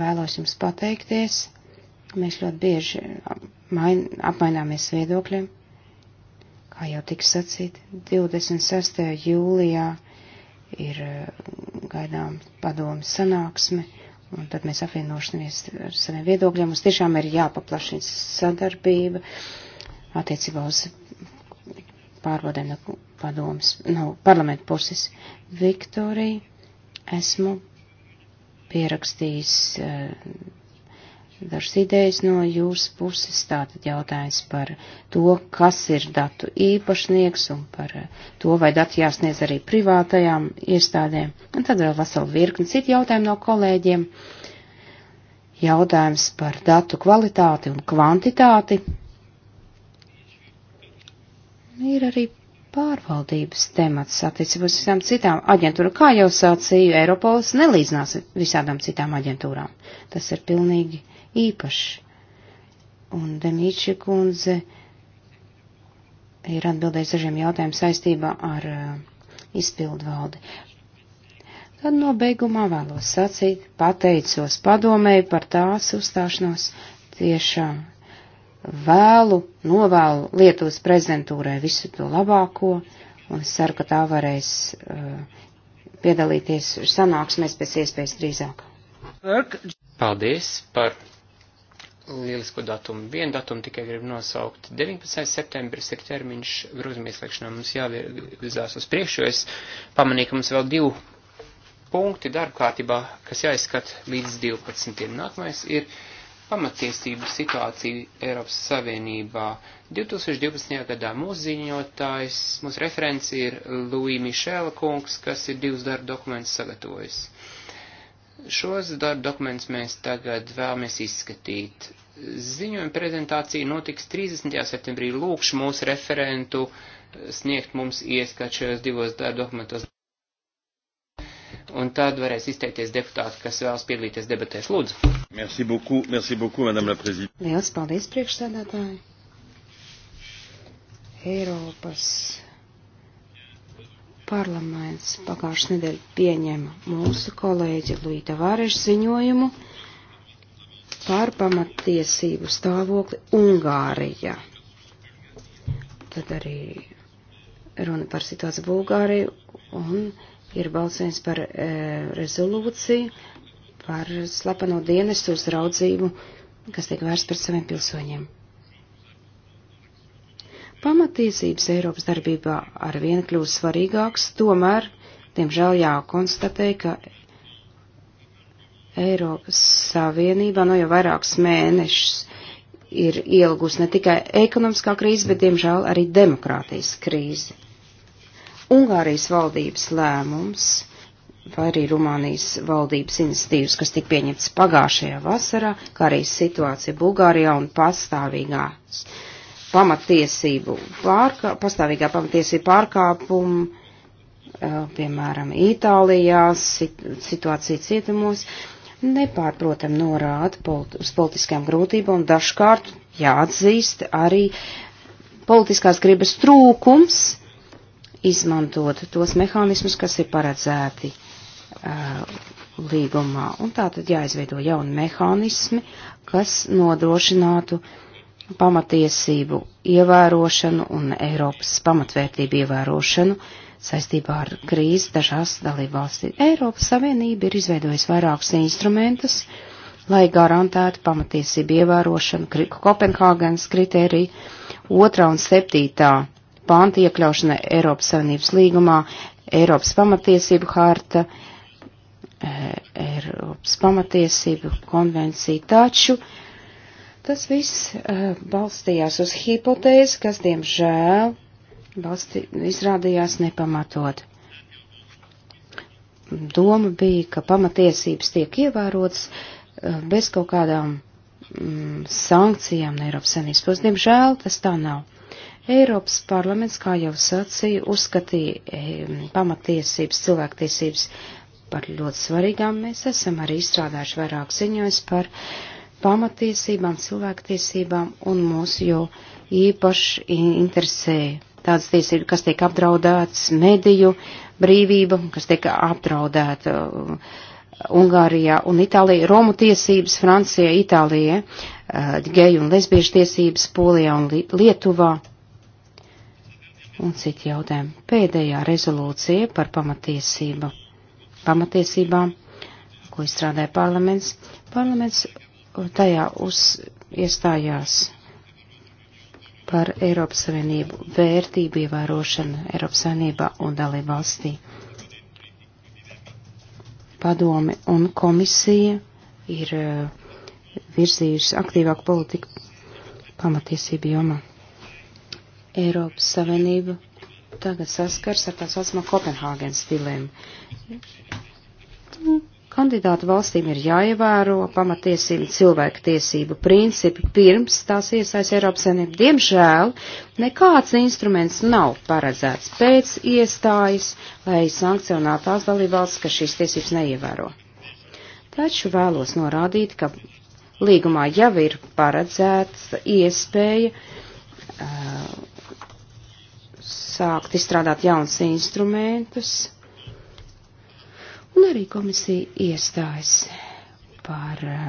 vēlos jums pateikties. Mēs ļoti bieži main, apmaināmies viedokļiem. Kā jau tika sacīt, 26. jūlijā ir gaidām padomu sanāksme, un tad mēs apvienošamies ar saviem viedokļiem. Mums tiešām ir jāpaplašina sadarbība attiecībā uz pārbaudēm no padomas, no parlamenta puses. Viktorija, esmu pierakstījis eh, dažas idejas no jūsu puses, tātad jautājums par to, kas ir datu īpašnieks un par eh, to, vai dati jāsniedz arī privātajām iestādēm. Un tad vēl vesela virkni citu jautājumu no kolēģiem. Jautājums par datu kvalitāti un kvantitāti. Ir arī pārvaldības temats attiecībā uz visām citām aģentūrām. Kā jau sācīju, Eiropols nelīdzinās visādām citām aģentūrām. Tas ir pilnīgi īpašs. Un Demīči kundze ir atbildējis dažiem jautājumiem saistībā ar uh, izpildu valdi. Tad nobeigumā vēlos sacīt, pateicos padomēju par tās uzstāšanos tiešām vēlu, novēlu Lietuvas prezidentūrai visu to labāko un ceru, ka tā varēs uh, piedalīties sanāksmēs pēc iespējas drīzāk.
Paldies par lielisko datumu. Vienu datumu tikai gribu nosaukt. 19. septembris ir termiņš grūzuma ieslēgšanā. Mums jāvirzās uz priekšu, jo es pamanīju, ka mums vēl divu punkti darba kārtībā, kas jāizskata līdz 12. Nākamais ir pamatiesību situāciju Eiropas Savienībā. 2012. gadā mūsu ziņotājs, mūsu referents ir Louis Michela kungs, kas ir divus darba dokumentus sagatavojis. Šos darba dokumentus mēs tagad vēlamies izskatīt. Ziņojuma prezentācija notiks 30. septembrī. Lūkšu mūsu referentu sniegt mums ieskat šajos divos darba dokumentos. Un tad varēs izteikties deputāti, kas vēlas piedalīties debatēs. Lūdzu.
Merci beaucoup, merci beaucoup, madame la présidente.
Liels paldies, priekšsēdētāji. Eiropas parlaments pagājušas nedēļa pieņēma mūsu kolēģi Luīta Vāreša ziņojumu par pamatiesību stāvokli Ungārijā. Tad arī runa par situāciju Bulgāriju un ir balsojums par e, rezolūciju, par slepeno dienestu uzraudzību, kas tiek vērsts pret saviem pilsoņiem. Pamatīsības Eiropas darbībā ar vienu kļūst svarīgāks, tomēr, diemžēl jākonstatē, ka Eiropas Savienībā no jau vairākus mēnešus ir ielgus ne tikai ekonomiskā krīze, bet, diemžēl, arī demokrātijas krīze. Ungārijas valdības lēmums vai arī Rumānijas valdības iniciatīvas, kas tika pieņemtas pagājušajā vasarā, kā arī situācija Bulgārijā un pastāvīgā pamatiesību pārkā, pastāvīgā pamatiesību pārkāpumu, piemēram, Itālijā, situācija cietumos, nepārprotam norāda politi uz politiskajām grūtībām un dažkārt jāatzīst arī politiskās gribas trūkums, izmantot tos mehānismus, kas ir paredzēti uh, līgumā. Un tā tad jāizveido jauni mehānismi, kas nodrošinātu pamatiesību ievērošanu un Eiropas pamatvērtību ievērošanu saistībā ar krīzi dažās dalībvalstī. Eiropas Savienība ir izveidojusi vairākus instrumentus, lai garantētu pamatiesību ievērošanu, Kopenhāgenes kritēriju, otrā un septītā pānta iekļaušana Eiropas Savienības līgumā, Eiropas pamatiesību harta, e, Eiropas pamatiesību konvencija. Taču tas viss e, balstījās uz hipotēzi, kas, diemžēl, balsti, izrādījās nepamatot. Doma bija, ka pamatiesības tiek ievērotas e, bez kaut kādām mm, sankcijām no Eiropas Savienības puses. Diemžēl tas tā nav. Eiropas parlaments, kā jau sacīja, uzskatīja e, pamatiesības, cilvēktiesības par ļoti svarīgām. Mēs esam arī izstrādājuši vairāk ziņojums par pamatiesībām, cilvēktiesībām, un mūs jau īpaši interesē tādas tiesības, kas tiek apdraudētas mediju brīvība, kas tiek apdraudēta uh, Ungārijā un Itālijā, Romu tiesības, Francijā, Itālijā, uh, geju un lesbiešu tiesības, Polijā un Lietuvā un citi jautājumi. Pēdējā rezolūcija par pamatiesību. pamatiesībām, ko izstrādāja parlaments, parlaments tajā uz, iestājās par Eiropas Savienību vērtību ievērošanu Eiropas Savienībā un dalību valstī. Padomi un komisija ir eh, virzījusi aktīvāku politiku pamatiesību jomā. Eiropas Savienība tagad saskars ar tā saucamo Kopenhāgenes dilemmu. Nu, kandidātu valstīm ir jāievēro pamatiesību cilvēku tiesību principi pirms tās iesaist Eiropas Savienību. Diemžēl nekāds instruments nav paredzēts pēc iestājas, lai sankcionētu tās dalībvalstis, kas šīs tiesības neievēro. Taču vēlos norādīt, ka līgumā jau ir paredzēts iespēja uh, sākt izstrādāt jauns instrumentus, un arī komisija iestājas par eh,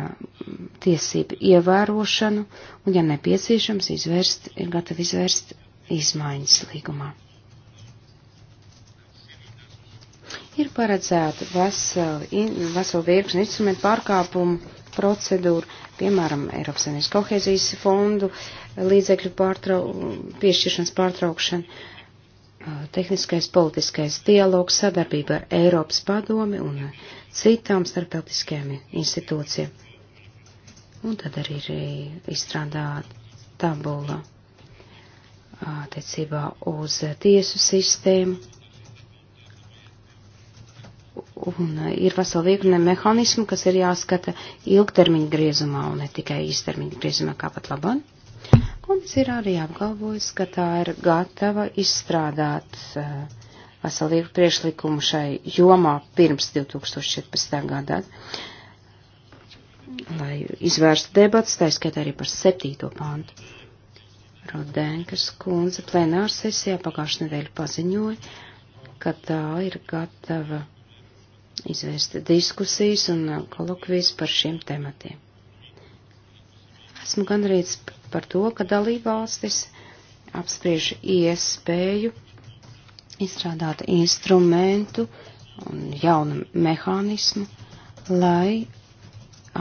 tiesību ievērošanu, un, ja nepieciešams, izvērst, ir gatavi izvērst izmaiņas līgumā. Ir paredzēta vesela virkni instrumentu pārkāpumu procedūru, piemēram, Eiropas Savienības kohēzijas fondu līdzekļu pārtrau, piešķiršanas pārtraukšana, tehniskais politiskais dialogs, sadarbība ar Eiropas padomi un citām starptautiskajām institūcijām. Un tad arī ir izstrādāta tabula attiecībā uz tiesu sistēmu. Un ir vesela virkne mehānismu, kas ir jāskata ilgtermiņa griezumā un ne tikai īstermiņa griezumā, kā pat labāk. Komisija ir arī apgalvojusi, ka tā ir gatava izstrādāt eh, veselīgu priešlikumu šai jomā pirms 2014. gadā, lai izvērstu debats, tā skaitā arī par septīto pāntu. Rodēnkas kundze plenāra sesijā pagājušajā nedēļā paziņoja, ka tā ir gatava izvērst diskusijas un kolokvijas par šiem tematiem. Esmu gandrīz par to, ka dalībvalstis apspriež iespēju izstrādāt instrumentu un jaunu mehānismu, lai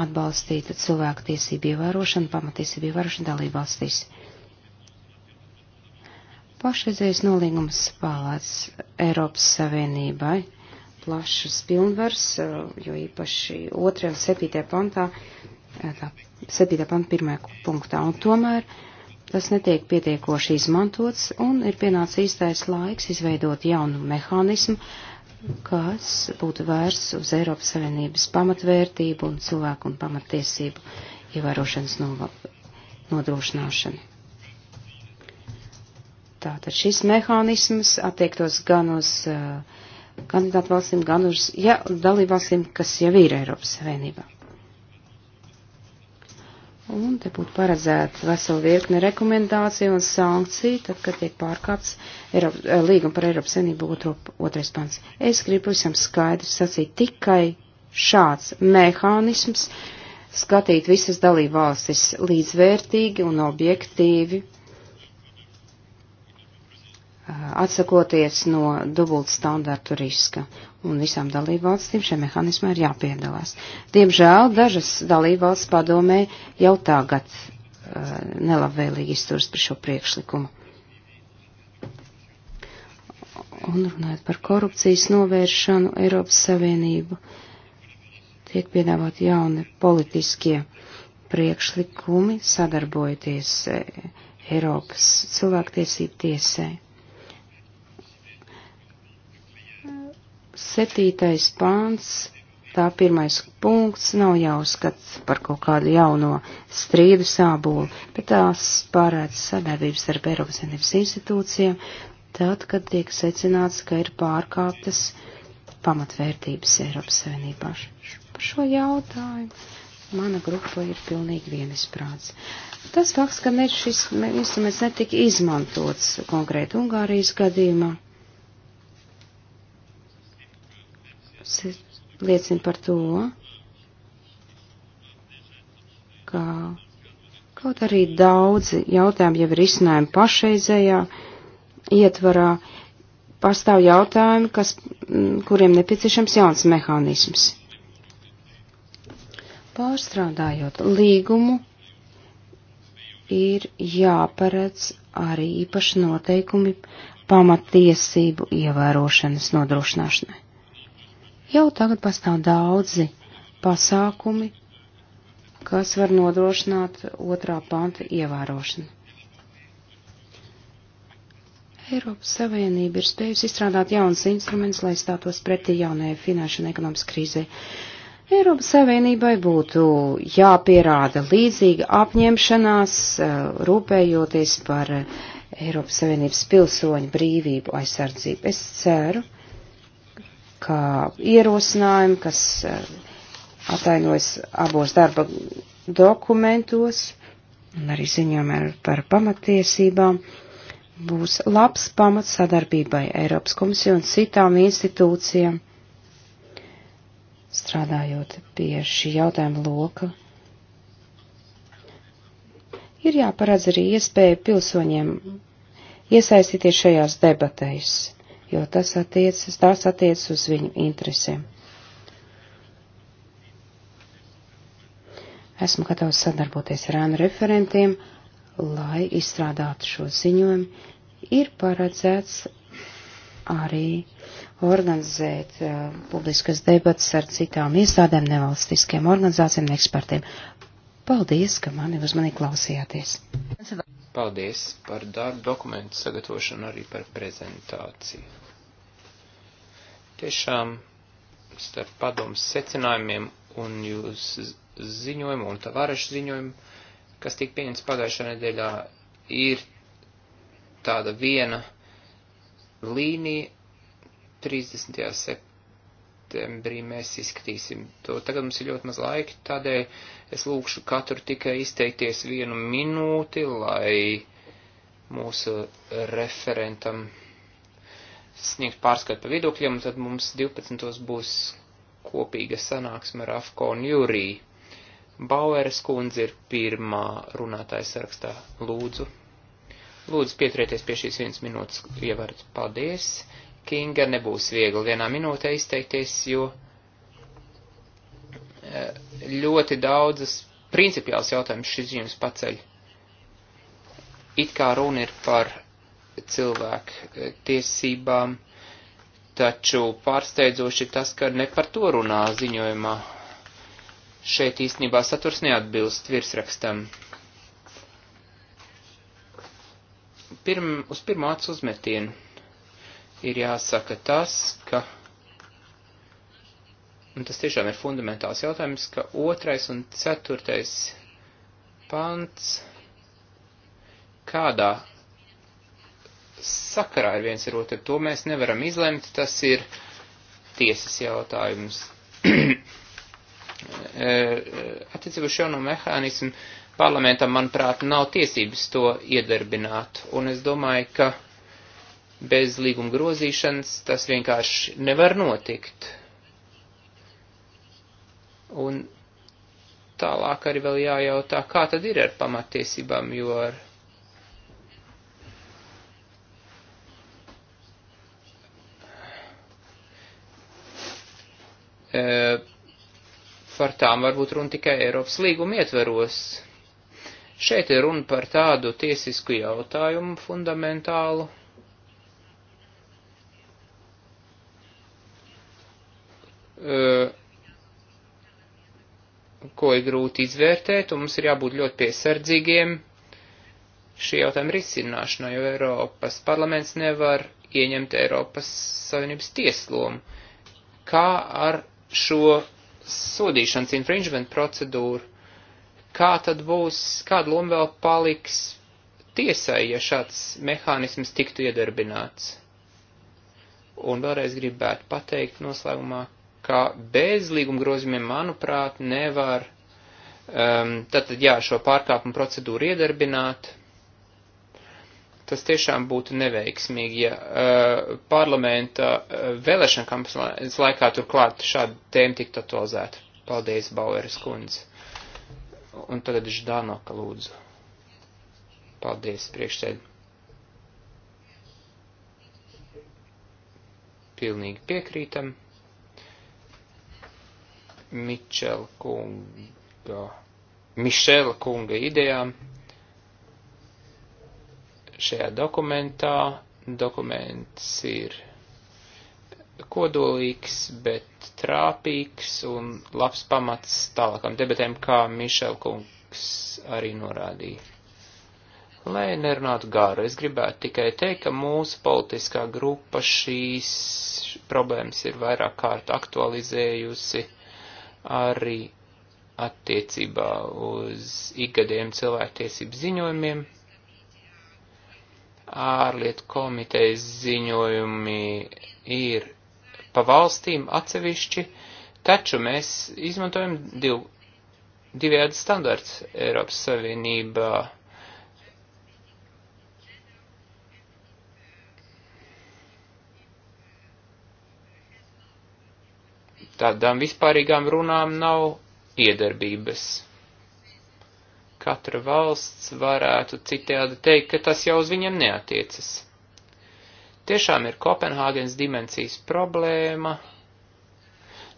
atbalstītu cilvēku tiesību ievērošanu, pamatiesību ievērošanu dalībvalstīs. Pašreizējais nolīgums palāts Eiropas Savienībai plašas pilnvars, jo īpaši 2. un 7. pantā tā, 7. panta 1. punktā, un tomēr tas netiek pietiekoši izmantots, un ir pienācis īstais laiks izveidot jaunu mehānismu, kas būtu vērsts uz Eiropas Savienības pamatvērtību un cilvēku un pamatiesību ievērošanas nodrošināšanu. Tātad šis mehānisms attiektos gan uz uh, kandidātu valstīm, gan uz ja, dalībvalstīm, kas jau ir Eiropas Savienībā. Un te būtu paredzēta vesela virkne rekomendāciju un sankciju, tad, kad tiek pārkāpts eh, līguma par Eiropas Savienību otro, otrais pants. Es gribu visam skaidri sacīt, tikai šāds mehānisms skatīt visas dalību valstis līdzvērtīgi un objektīvi, eh, atsakoties no dubult standartu riska un visām dalībvalstīm šajā mehānismā ir jāpiedalās. Diemžēl dažas dalībvalsts padomē jau tagad uh, nelabvēlīgi izturas par šo priekšlikumu. Un runājot par korupcijas novēršanu Eiropas Savienību, tiek piedāvāt jauni politiskie priekšlikumi sadarbojoties eh, Eiropas cilvēktiesību tiesai Septītais pāns, tā pirmais punkts nav jāuzskata par kaut kādu jauno strīdu sābolu, bet tās pārēdz sadarbības ar Eiropas Savienības institūcijām, tad, kad tiek secināts, ka ir pārkāptas pamatvērtības Eiropas Savienībā. Par šo jautājumu mana grupa ir pilnīgi vienisprāts. Tas fakts, ka ne šis instruments netika izmantots konkrēti Ungārijas gadījumā Tas ir, liecina par to, ka kaut arī daudzi jautājumi jau ir izcinājumi pašreizējā ietvarā, pastāv jautājumi, kas, mm, kuriem nepieciešams jauns mehānisms. Pārstrādājot līgumu, ir jāparedz arī īpaši noteikumi pamatiesību ievērošanas nodrošināšanai. Jau tagad pastāv daudzi pasākumi, kas var nodrošināt otrā panta ievērošanu. Eiropas Savienība ir spējusi izstrādāt jaunas instrumentus, lai stātos pretī jaunajai finanšu un ekonomiskai krīzē. Eiropas Savienībai būtu jāpierāda līdzīga apņemšanās, eh, rūpējoties par Eiropas Savienības pilsoņu brīvību aizsardzību. Es ceru, kā ierosinājumi, kas eh, atainojas abos darba dokumentos un arī ziņojumā par pamatiesībām, būs labs pamats sadarbībai Eiropas komisiju un citām institūcijām, strādājot pie šī jautājuma loka. Ir jāparedz arī iespēja pilsoņiem iesaistīties šajās debatēs jo tas attiecas, tās attiecas uz viņu interesēm. Esmu gatavs sadarboties ar ēnu referentiem, lai izstrādātu šo ziņojumu. Ir paredzēts arī organizēt uh, publiskas debatas ar citām iestādēm, nevalstiskiem organizācijām un ekspertiem. Paldies, ka mani uzmanīgi klausījāties.
Paldies par darbu dokumentu sagatavošanu arī par prezentāciju. Tiešām starp padomus secinājumiem un jūs ziņojumu un tavarešu ziņojumu, kas tika pieņemts pagājušā nedēļā, ir tāda viena līnija. 30. septembrī mēs izskatīsim to. Tagad mums ir ļoti maz laika, tādēļ es lūkšu katru tikai izteikties vienu minūti, lai mūsu referentam sniegt pārskatu par vidokļiem, un tad mums 12. būs kopīga sanāksme ar Afko un Juriju. Baueres kundze ir pirmā runātāja sarakstā. Lūdzu. Lūdzu, pieturieties pie šīs vienas minūtes, ievarat. Paldies. Kinga nebūs viegli vienā minūtē izteikties, jo eh, ļoti daudzas principiāls jautājums šis jums paceļ. It kā runa ir par cilvēku e, tiesībām, taču pārsteidzoši tas, ka ne par to runā ziņojumā. Šeit īstenībā saturs neatbilst virsrakstam. Pirm, uz pirmā acu uzmetienu ir jāsaka tas, ka, un tas tiešām ir fundamentāls jautājums, ka otrais un ceturtais pants kādā sakarā ar viens ar otru. To mēs nevaram izlemt, tas ir tiesas jautājums. Eh, attiecībā šo no mehānismu parlamentam, manuprāt, nav tiesības to iedarbināt, un es domāju, ka bez līguma grozīšanas tas vienkārši nevar notikt. Un tālāk arī vēl jājautā, kā tad ir ar pamatiesībām, jo ar E, par tām varbūt runa tikai Eiropas līguma ietveros. Šeit ir runa par tādu tiesisku jautājumu fundamentālu. E, ko ir grūti izvērtēt, un mums ir jābūt ļoti piesardzīgiem šī jautājuma risināšanā, jo Eiropas parlaments nevar ieņemt Eiropas Savienības tieslomu. Kā ar šo sodīšanas infringement procedūru, kā tad būs, kāda loma vēl paliks tiesai, ja šāds mehānisms tiktu iedarbināts? Un vēlreiz gribētu pateikt noslēgumā, ka bez līguma grozījumiem, manuprāt, nevar um, tātad jā, šo pārkāpumu procedūru iedarbināt, tas tiešām būtu neveiksmīgi, ja uh, parlamenta uh, vēlēšana kampaņas laikā turklāt šāda tēma tiktu aktualizēta. Paldies, Baueris kundze. Un tagad Ždanoka lūdzu. Paldies, priekšsēd. Pilnīgi piekrītam. Mičela kunga, Mišela kunga idejām šajā dokumentā. Dokuments ir kodolīgs, bet trāpīgs un labs pamats tālākam debatēm, kā Mišelkungs arī norādīja. Lai nerunātu garu, es gribētu tikai teikt, ka mūsu politiskā grupa šīs problēmas ir vairāk kārt aktualizējusi arī attiecībā uz ikgadiem cilvēktiesību ziņojumiem ārlietu komitejas ziņojumi ir pa valstīm atsevišķi, taču mēs izmantojam div, divējādi standarts Eiropas Savienībā. Tādām vispārīgām runām nav iedarbības katra valsts varētu citādi teikt, ka tas jau uz viņiem neatiecas. Tiešām ir Kopenhāgens dimensijas problēma,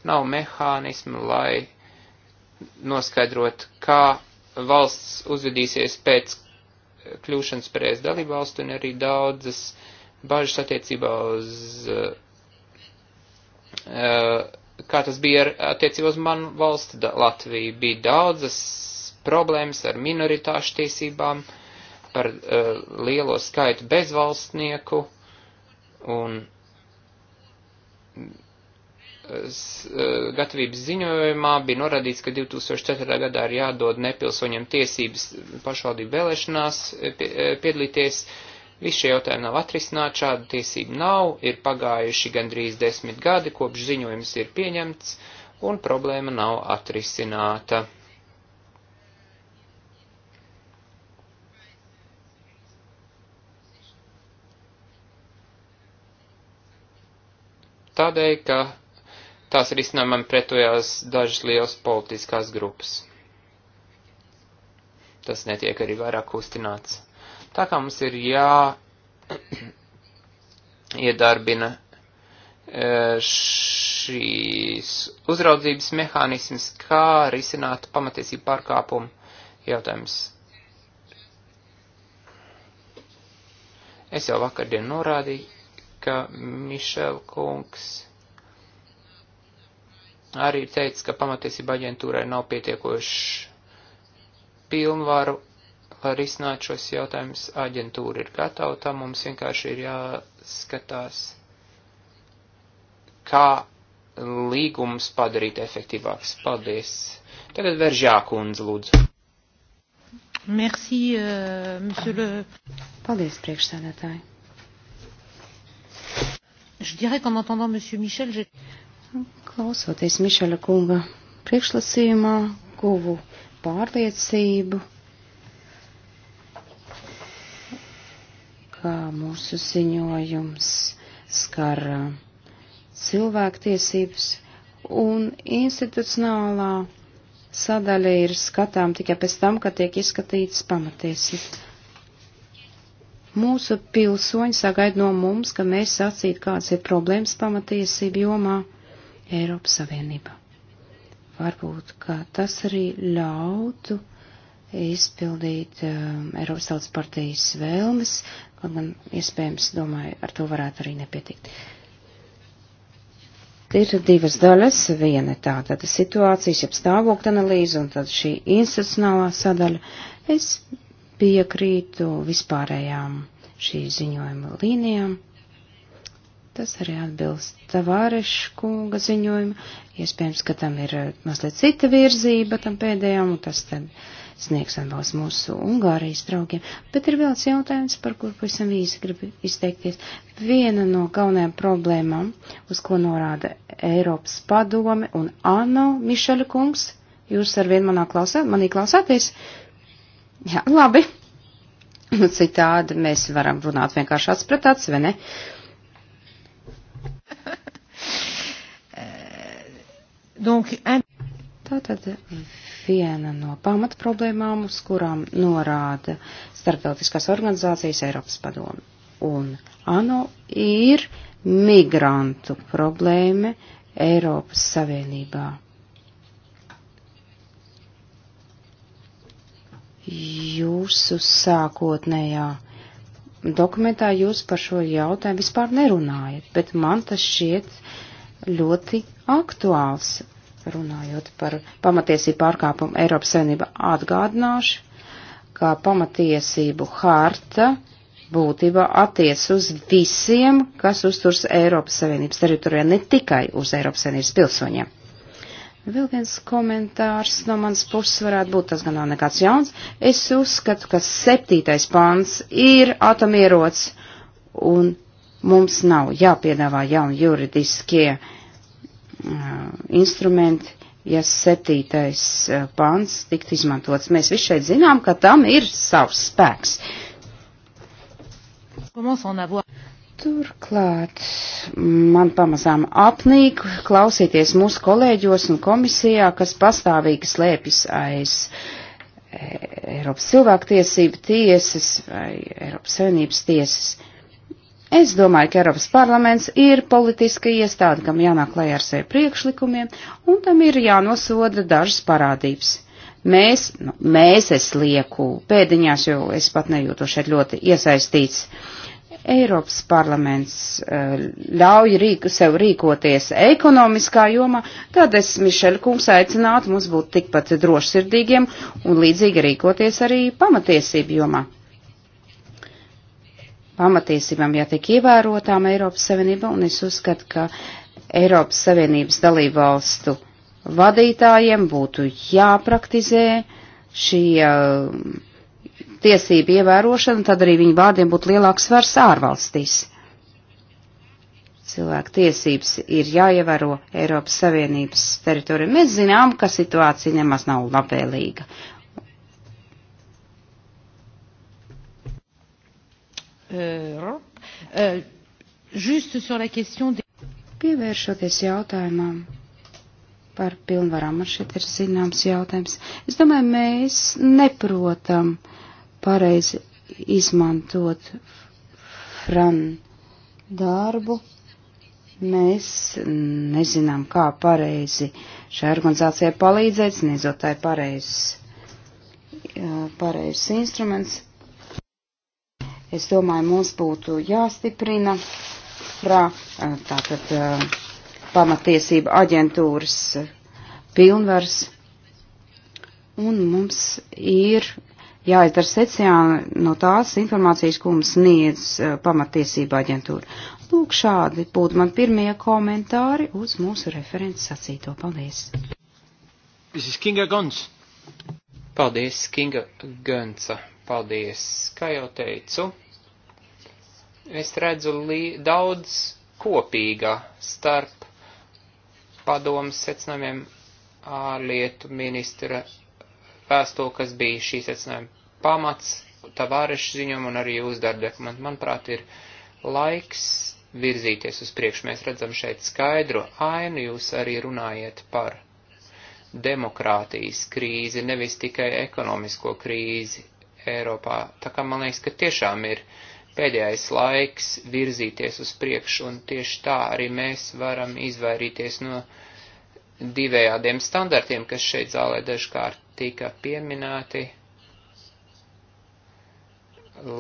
nav mehānismu, lai noskaidrot, kā valsts uzvedīsies pēc kļūšanas par ES dalību valstu un arī daudzas bažas attiecībā uz, eh, eh, kā tas bija attiecībā uz manu valsti, Latviju, bija daudzas problēmas ar minoritāšu tiesībām, par uh, lielo skaitu bezvalstnieku un eh, eh, gatavības ziņojumā bija norādīts, ka 2004. gadā ir jādod nepilsoņiem tiesības pašvaldību vēlēšanās piedalīties. Visi šie jautājumi nav atrisināti, šāda tiesība nav, ir pagājuši gandrīz desmit gadi, kopš ziņojums ir pieņemts, un problēma nav atrisināta. tādēļ, ka tās risinājumam pretojās dažas lielas politiskās grupas. Tas netiek arī vairāk kustināts. Tā kā mums ir jā iedarbina e, šīs uzraudzības mehānisms, kā risināt pamatiesību pārkāpumu jautājums. Es jau vakardien norādīju, ka Mišel kungs arī ir teicis, ka pamatiesība aģentūrai nav pietiekoši pilnvaru, lai risinātu šos jautājumus. Aģentūra ir gatava tam, mums vienkārši ir jāskatās, kā līgums padarīt efektīvāks. Paldies! Tagad veržā kundze, lūdzu.
Merci, uh, monsieur le... Paldies, priekšsēdētāji. Je dirais qu'en entendant Monsieur Michel, j'ai... Klausoties Mišela kunga priekšlasījumā, guvu pārliecību, ka mūsu ziņojums skar cilvēktiesības un institucionālā sadaļa ir skatām tikai pēc tam, kad tiek izskatītas pamatiesības Mūsu pilsoņi sagaida no mums, ka mēs sacītu, kādas ir problēmas pamatiesību jomā Eiropas Savienībā. Varbūt, ka tas arī ļautu izpildīt um, Eiropas Tautas partijas vēlmes, kaut gan iespējams, domāju, ar to varētu arī nepietikt. Ir divas daļas, viena tāda situācijas, jeb stāvokļa analīze, un tad šī institucionālā sadaļa. Es piekrītu vispārējām šī ziņojuma līnijām. Tas arī atbilst Tavāreša kunga ziņojumu. Iespējams, ka tam ir eh, mazliet cita virzība tam pēdējām, un tas tad sniegs atbalsts mūsu Ungārijas draugiem. Bet ir vēl viens jautājums, par kur pavisam īsi gribu izteikties. Viena no galvenajām problēmām, uz ko norāda Eiropas padome un ANO Mišeļa kungs, jūs ar vienu manā klausā, manī klausāties, Jā, labi. Nu, citādi mēs varam runāt vienkārši atspratāts, vai ne? Tātad viena no pamat problēmām, uz kurām norāda starptautiskās organizācijas Eiropas padomu un ANO, ir migrantu problēma Eiropas Savienībā Jūsu sākotnējā dokumentā jūs par šo jautājumu vispār nerunājat, bet man tas šķiet ļoti aktuāls, runājot par pamatiesību pārkāpumu Eiropas Savienība atgādināšu, ka pamatiesību harta būtībā attiec uz visiem, kas uzturs Eiropas Savienības teritorijā, ne tikai uz Eiropas Savienības pilsoņiem. Vēl viens komentārs no manas puses varētu būt, tas gan nav nekāds jauns. Es uzskatu, ka septītais pāns ir atomierots un mums nav jāpiedāvā jauni juridiskie uh, instrumenti, ja septītais uh, pāns tiktu izmantots. Mēs visi šeit zinām, ka tam ir savs spēks. Turklāt man pamazām apnīk klausīties mūsu kolēģos un komisijā, kas pastāvīgi slēpjas aiz e, Eiropas cilvēktiesība tiesas vai Eiropas savienības tiesas. Es domāju, ka Eiropas parlaments ir politiska iestāde, kam jānāk lai ar sevi priekšlikumiem, un tam ir jānosoda dažas parādības. Mēs, nu, mēs es lieku pēdiņās, jo es pat nejūtu šeit ļoti iesaistīts. Uh, Eiropas parlaments eh, ļauj rīku, sev rīkoties ekonomiskā jomā, tad es Mišeļa kungs aicinātu mums būt tikpat drošsirdīgiem un līdzīgi rīkoties arī pamatiesību jomā. Pamatiesībām jātiek ievērotām Eiropas Savienība, un es uzskatu, ka Eiropas Savienības dalību valstu vadītājiem būtu jāpraktizē šī uh, tiesību ievērošanu, tad arī viņu vārdiem būtu lielāks svars ārvalstīs. Cilvēku tiesības ir jāievēro Eiropas Savienības teritorijā. Mēs zinām, ka situācija nemaz nav labvēlīga. Euh, euh, Pievēršoties jautājumam par pilnvarām, man šeit ir zināms jautājums. Es domāju, mēs neprotam uh, pareizi izmantot fran darbu. Mēs nezinām, kā pareizi šai organizācijai palīdzēt, sniedzot tai pareizes pareizs instruments. Es domāju, mums būtu jāstiprina fra, tātad pamatiesība aģentūras pilnvars, un mums ir jāizdara secinājumi no tās informācijas, ko mums sniedz uh, pamatiesība aģentūra. Lūk, šādi būtu man pirmie komentāri uz mūsu referents sacīto. Paldies!
Kinga Gons. Paldies, Kinga Gonca. Paldies, kā jau teicu. Es redzu daudz kopīga starp padomas secinājumiem ārlietu ministra vēstuli, kas bija šī secinājuma pamats, tavāreša ziņojuma un arī jūsu darba dokumentu. Manuprāt, ir laiks virzīties uz priekšu. Mēs redzam šeit skaidru ainu, jūs arī runājat par demokrātijas krīzi, nevis tikai ekonomisko krīzi Eiropā. Tā kā man liekas, ka tiešām ir pēdējais laiks virzīties uz priekšu, un tieši tā arī mēs varam izvairīties no divējādiem standartiem, kas šeit zālē dažkārt tika pieminēti,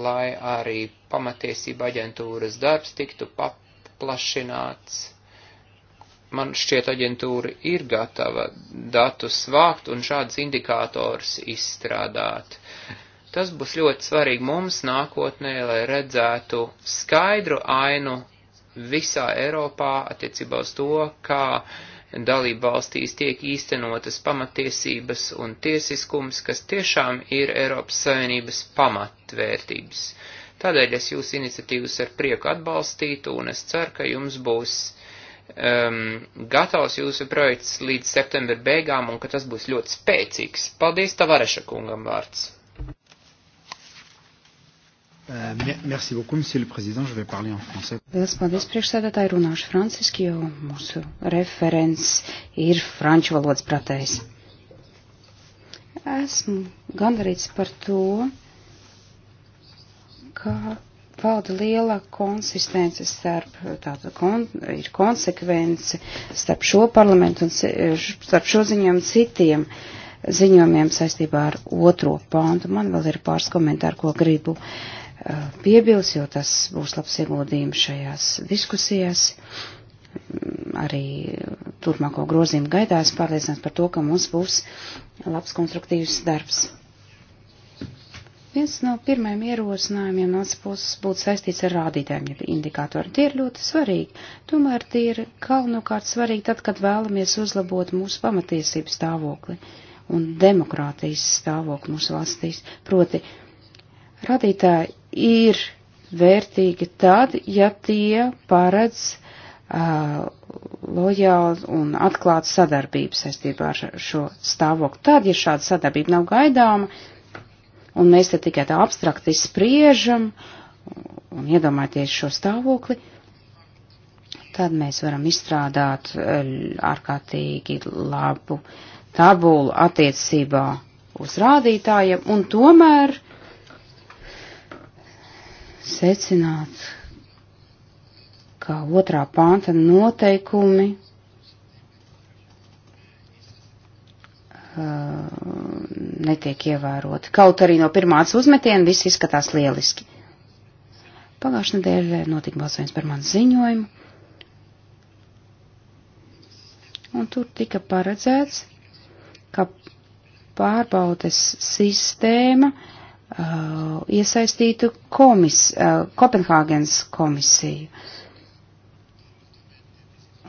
lai arī pamatiesība aģentūras darbs tiktu paplašināts. Man šķiet, aģentūra ir gatava datus vākt un šādus indikātors izstrādāt. Tas būs ļoti svarīgi mums nākotnē, lai redzētu skaidru ainu visā Eiropā attiecībā uz to, kā uh, dalību valstīs tiek īstenotas pamatiesības un tiesiskums, kas tiešām ir Eiropas Savienības pamatvērtības. Tādēļ es jūs iniciatīvas ar prieku atbalstītu un es ceru, ka jums būs um, gatavs jūsu projekts līdz septembra beigām un ka tas būs ļoti spēcīgs. Paldies, Tavareša kungam vārds! Euh, merci beaucoup, monsieur le président. Je vais parler en français.
Lielas paldies priekšsēdētāji, runāšu franciski, jo mūsu referents ir franču valodas pratējs. Esmu gandarīts par to, ka valda liela konsistence starp, tāda kon, ir konsekvence starp šo parlamentu un starp šo ziņojumu citiem ziņojumiem saistībā ar otro pāntu. Man vēl ir pāris komentāru, ko gribu uh, piebils, jo tas būs labs ieguldījums šajās diskusijās. Arī turpmāko grozījumu gaidās pārliecināts par to, ka mums būs labs konstruktīvs darbs. Viens no pirmajiem ierosinājumiem no puses būtu saistīts ar rādītājiem, ja indikātori. Tie ir ļoti svarīgi, tomēr tie ir galvenokārt svarīgi tad, kad vēlamies uzlabot mūsu pamatiesību stāvokli un demokrātijas stāvokli mūsu valstīs. Proti, uh, Radītāji ir vērtīgi tad, ja tie paredz uh, lojāli un atklātu sadarbību saistībā ar šo stāvokli. Tad, ja šāda sadarbība nav gaidāma, un mēs te tikai tā abstrakti spriežam un iedomāties šo stāvokli, tad mēs varam izstrādāt ārkārtīgi labu tabulu attiecībā uz rādītājiem, un tomēr secināt, ka otrā panta noteikumi uh, netiek ievēroti. Kaut arī no pirmās uzmetiena viss izskatās lieliski. Pagājušajā nedēļā notika balsojums par manu ziņojumu, un tur tika paredzēts, ka pārbaudes sistēma uh, uh, iesaistītu komis, uh, Kopenhāgens komisiju.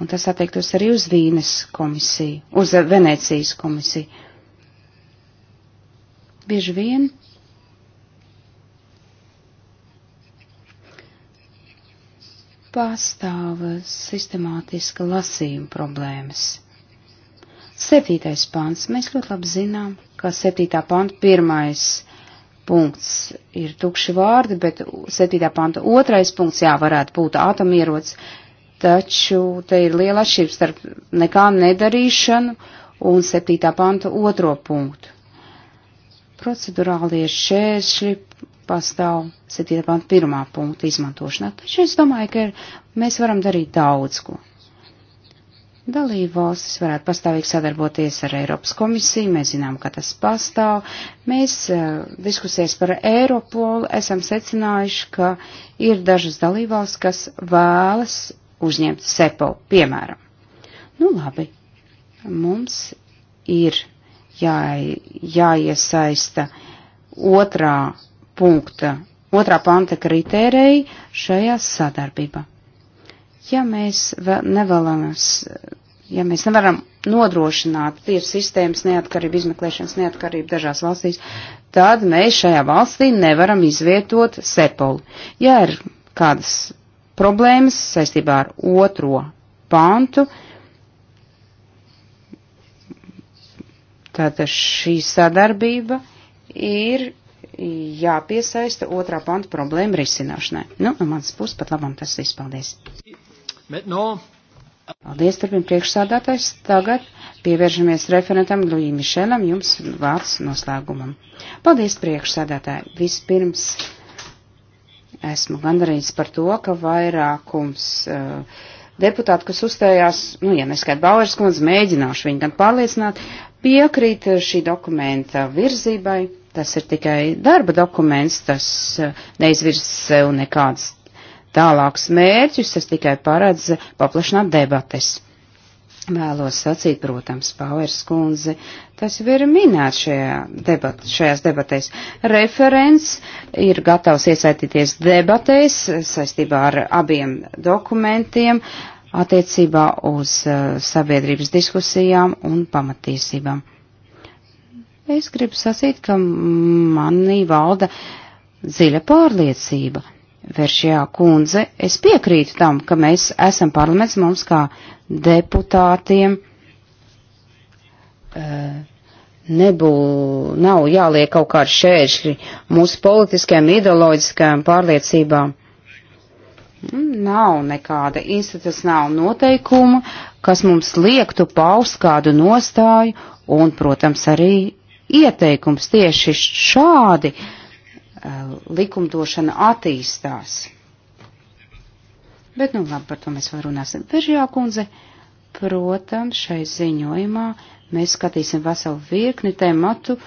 Un tas attiektos arī uz Vīnes komisiju, uz Venecijas komisiju. Bieži vien pastāv sistemātiska lasījuma problēmas. Septītais pants. Mēs ļoti labi zinām, ka septītā panta pirmais punkts ir tukši vārdi, bet 7. panta otrais punkts, jā, varētu būt atomierots, taču te ir liela atšķirība starp nekā nedarīšanu un 7. panta otro punktu. Procedurālie šēršļi pastāv 7. panta pirmā punkta izmantošanā, taču es domāju, ka mēs varam darīt daudz ko. Dalību valstis varētu pastāvīgi sadarboties ar Eiropas komisiju, mēs zinām, ka tas pastāv. Mēs eh, diskusijas par Eiropolu esam secinājuši, ka ir dažas dalībvalstis, kas vēlas uzņemt SEPO, piemēram. Nu labi, mums ir jā, jāiesaista otrā punkta, otrā panta kritērija šajā sadarbībā. Ja mēs nevēlamies, ja mēs nevaram nodrošināt tiesu sistēmas neatkarību, izmeklēšanas neatkarību dažās valstīs, tad mēs šajā valstī nevaram izvietot sepoli. Ja ir kādas problēmas saistībā ar otro pantu, tad šī sadarbība ir jāpiesaista otrā panta problēma risināšanai. Nu, no nu manas puses pat labam tas viss. Paldies!
Maintenant, nu,
Paldies, turpin priekšsādātais. Tagad pievēršamies referentam Lūjī Mišelam, jums vārds noslēgumam. Paldies, priekšsādātāji. Vispirms esmu gandarīts par to, ka vairākums uh, eh, deputāti, kas uzstājās, nu, ja neskait Bauers kundze, mēģināšu viņu gan pārliecināt, piekrīt eh, šī dokumenta virzībai. Tas ir tikai darba dokuments, tas uh, neizvirs sev nekādas tālākus mērķus, tas tikai paredz paplašināt debates. Vēlos sacīt, protams, Pāvērs kundze, tas jau ir minēts šajā debat, šajās debatēs. Referents ir gatavs iesaistīties debatēs saistībā ar abiem dokumentiem attiecībā uz eh, sabiedrības diskusijām un pamatiesībām. Es gribu sacīt, ka manī valda dziļa pārliecība Veršajā kundze, es piekrītu tam, ka mēs esam parlaments, mums kā deputātiem eh, nebū, nav jāliek kaut kādi šēršļi mūsu politiskajām, ideoloģiskajām pārliecībām. Mm, nav nekāda institucionāla noteikuma, kas mums liektu paust kādu nostāju un, protams, arī ieteikums tieši šādi. Uh, Eh, likumdošana attīstās. Bet, nu, labi, par to mēs vēl runāsim. Viržjā kundze, protams, šai ziņojumā mēs skatīsim veselu virkni tematu,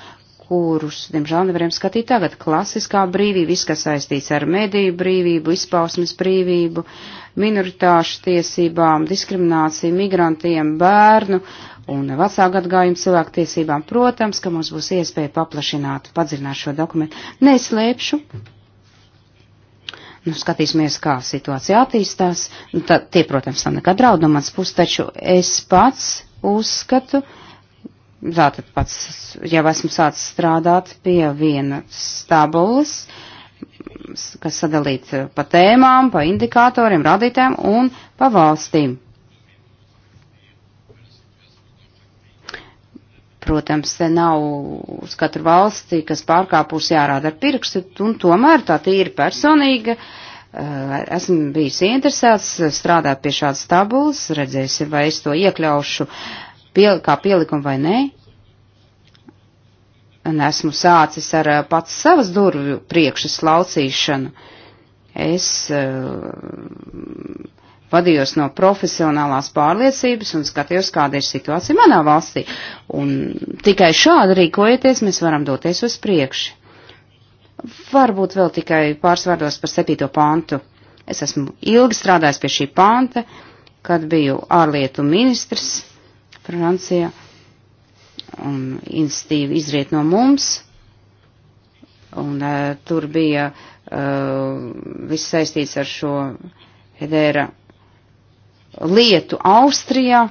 kurus, diemžēl, nevaram skatīt tagad. Klasiskā brīvība, viss, kas saistīts ar mediju brīvību, izpausmes brīvību, minoritāšu tiesībām, diskrimināciju, migrantiem, bērnu un vecāku atgājumu cilvēku tiesībām. Protams, ka mums būs iespēja paplašināt, padzināt šo dokumentu. Neslēpšu. Nu, skatīsimies, kā situācija attīstās. Nu, tā, tie, protams, nav nekad draudi no manas puses, taču es pats uzskatu, tātad pats jau esmu sācis strādāt pie viena stabulas, kas sadalīta pa tēmām, pa indikatoriem, radītēm un pa valstīm. Protams, te nav uz katru valsti, kas pārkāpus jārāda ar pirkstu, un tomēr tā tīri personīga. Eh, esmu bijis interesēts strādāt pie šādas tabulas, redzēsim, vai es to iekļaušu piel, kā pielikumu vai nē. Un esmu sācis ar eh, pats savas durvju priekšas laucīšanu. Es uh, vadījos no profesionālās pārliecības un skatījos, kāda ir situācija manā valstī. Un tikai šādi rīkojieties, mēs varam doties uz priekšu. Varbūt vēl tikai pāris vārdos par septīto pantu. Es esmu ilgi strādājis pie šī panta, kad biju ārlietu ministrs Francijā, un institīva izriet no mums, un uh, tur bija uh, viss saistīts ar šo Hedēra lietu Austrijā.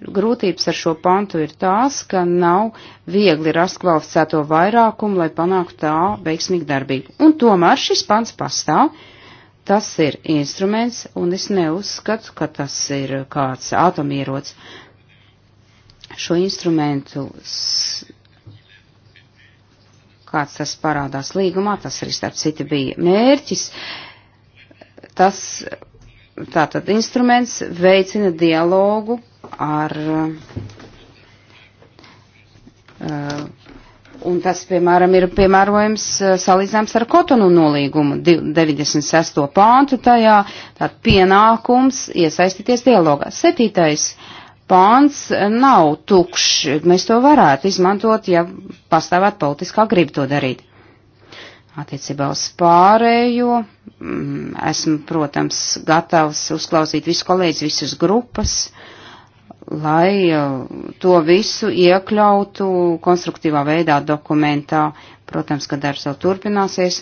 Grūtības ar šo pantu ir tās, ka nav viegli rast kvalificēto vairākumu, lai panāktu tā veiksmīgu darbību. Un tomēr šis pants pastāv. Tas ir instruments, un es neuzskatu, ka tas ir kāds atomierots. Šo instrumentu, kāds tas parādās līgumā, tas arī starp citu bija mērķis, tas Tātad instruments veicina dialogu ar, uh, un tas, piemēram, ir piemērojams uh, salīdzināms ar Kotonu nolīgumu 96. pāntu tajā, tātad pienākums iesaistīties dialogā. Septītais pāns uh, nav tukšs, mēs to varētu izmantot, ja pastāvētu politiskā grib to darīt. Attiecībā uz pārējo mm, esmu, protams, gatavs uzklausīt visus kolēģis, visas grupas, lai uh, to visu iekļautu konstruktīvā veidā dokumentā. Protams, ka darbs vēl turpināsies,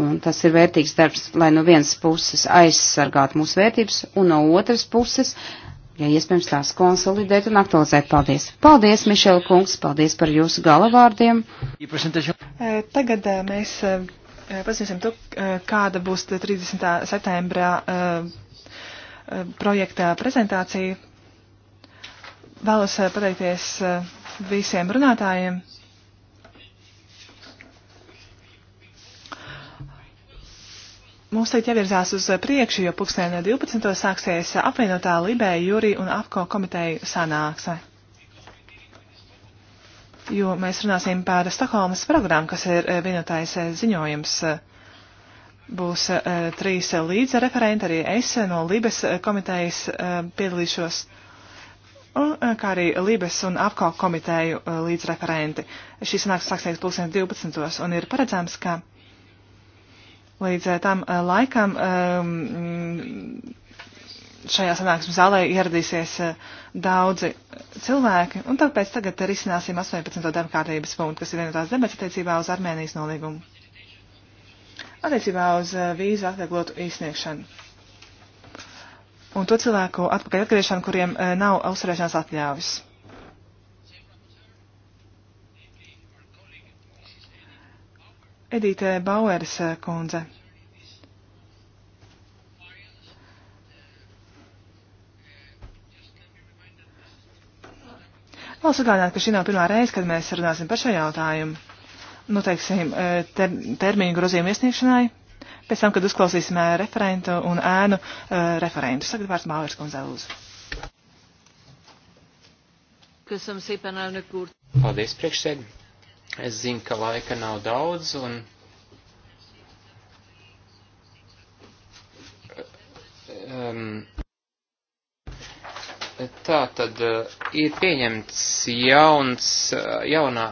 un tas ir vērtīgs darbs, lai no vienas puses aizsargātu mūsu vērtības, un no otras puses uh, ja iespējams tās konsolidēt un aktualizēt. Paldies! Paldies, Mišela kungs! Paldies par jūsu galavārdiem!
Eh, tagad eh, mēs eh, pazīsim to, kāda būs 30. septembrā projekta prezentācija. Vēlos pateikties visiem runātājiem. Mums tagad jāvirzās uz priekšu, jo pulkstenē 12. sāksies apvienotā Libēja Jurija un Afko komiteju sanāksme. Jo mēs runāsim par Stokholmas programmu, kas ir eh, vienotais eh, ziņojums. Būs eh, trīs līdzreferenti, arī es no Libes komitejas piedalīšos, un, kā arī Libes un Afko komiteju līdzreferenti. Šī sanāksme sāksies pulkstenē 12. un ir paredzams, ka. Līdz eh, tam eh, laikam ehm, šajā sanāksmes zālē ieradīsies eh, daudzi cilvēki, un tāpēc tagad risināsim 18. darba kārtības punktu, kas ir vienotās debats attiecībā uz Armēnijas nolīgumu. Attiecībā uz vīzu atvieglotu izsniegšanu. Un to cilvēku atpakaļ atgriešanu, kuriem nav uzturēšanās atļaujas. Edīte Baueris eh, kundze. Vēl sagādāt, ka šī nav pirmā reize, kad mēs runāsim par šo jautājumu. Nu, teiksim, eh, ter termiņu grozījumu iesniegšanai, pēc tam, kad uzklausīsim eh, referentu un ēnu referentu. Tagad vārds Baueris kundze lūdzu. Köszönöm szépen, elnök úr!
Paldies, priekšsēdētāj! Es zinu, ka laika nav daudz un um, tā tad uh, ir pieņemts jauns, uh, jaunā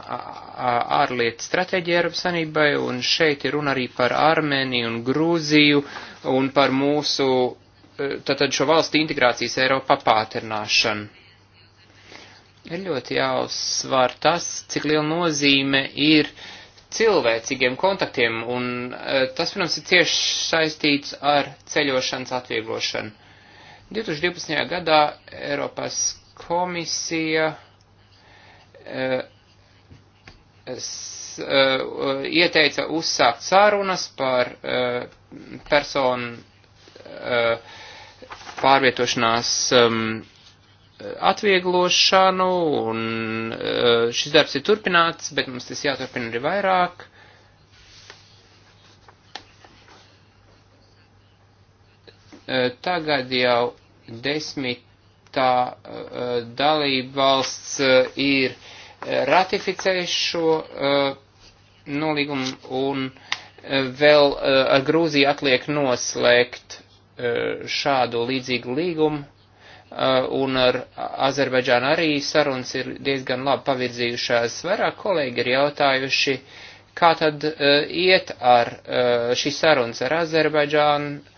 ārlietu stratēģija Eiropas Sanībai, un šeit ir runa arī par Armēniju un Grūziju un par mūsu uh, tātad šo valstu integrācijas Eiropā pātrināšanu ir ļoti jāuzsvar tas, cik liela nozīme ir cilvēcīgiem kontaktiem, un e, tas, protams, ir cieši saistīts ar ceļošanas atvieglošanu. 2012. gadā Eiropas komisija e, s, e, ieteica uzsākt sarunas par e, personu e, pārvietošanās um, atvieglošanu, un eh, šis darbs ir turpināts, bet mums tas jāturpina arī vairāk. Eh, tagad jau desmitā eh, dalība valsts ir ratificējuši šo nolīgumu, un vēl ar Grūziju atliek noslēgt šādu līdzīgu līgumu Uh, un ar Azerbaidžānu arī sarunas ir diezgan labi pavirzījušās. Vairāk kolēģi ir jautājuši, kā tad uh, iet ar uh, šīs sarunas ar Azerbaidžānu.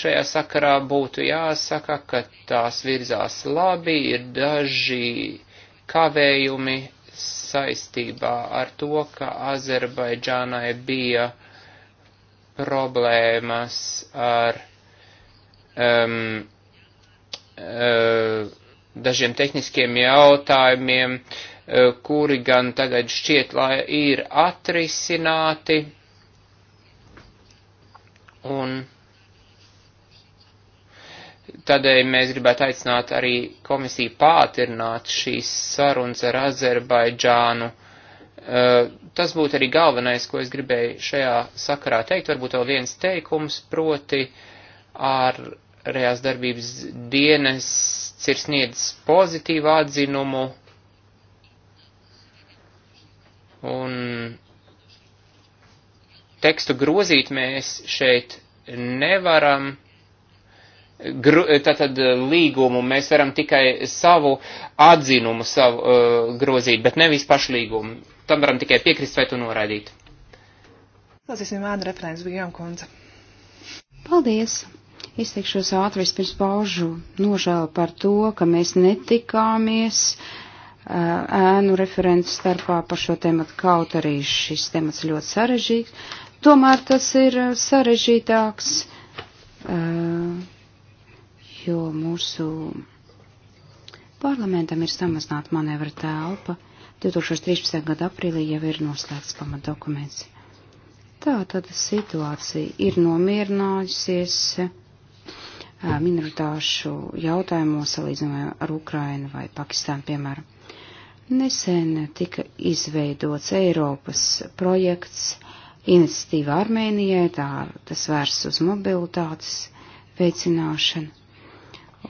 Šajā sakarā būtu jāsaka, ka tās virzās labi, ir daži kavējumi saistībā ar to, ka Azerbaidžānai bija problēmas ar um, Eh, dažiem tehniskiem jautājumiem, eh, kuri gan tagad šķiet, lai ir atrisināti. Un tādēļ mēs gribētu aicināt arī komisiju pātrināt šīs sarunas ar Azerbaidžānu. Eh, tas būtu arī galvenais, ko es gribēju šajā sakarā teikt. Varbūt vēl viens teikums, proti ar ārējās darbības dienests ir sniedzis pozitīvu atzinumu un tekstu grozīt mēs šeit nevaram. Gru, tātad līgumu mēs varam tikai savu atzinumu savu, uh, grozīt, bet nevis pašlīgumu. Tam varam tikai piekrist vai to noraidīt.
Lasīsim vārdu referents Vigām kundze.
Paldies! Izteikšos ātri vispirms paužu nožēlu par to, ka mēs netikāmies ēnu referentu starpā par šo tematu, kaut arī šis temats ļoti sarežģīts. Tomēr tas ir sarežģītāks, jo mūsu parlamentam ir samazināta manevra telpa. 2013. gada aprīlī jau ir noslēgts pamatdokuments. Tā tad situācija ir nomierinājusies minoritāšu jautājumos salīdzinājumā ar Ukrainu vai Pakistānu, piemēram. Nesen tika izveidots Eiropas projekts iniciatīva Armēnijai, tā tas vērsts uz mobilitātes veicināšanu.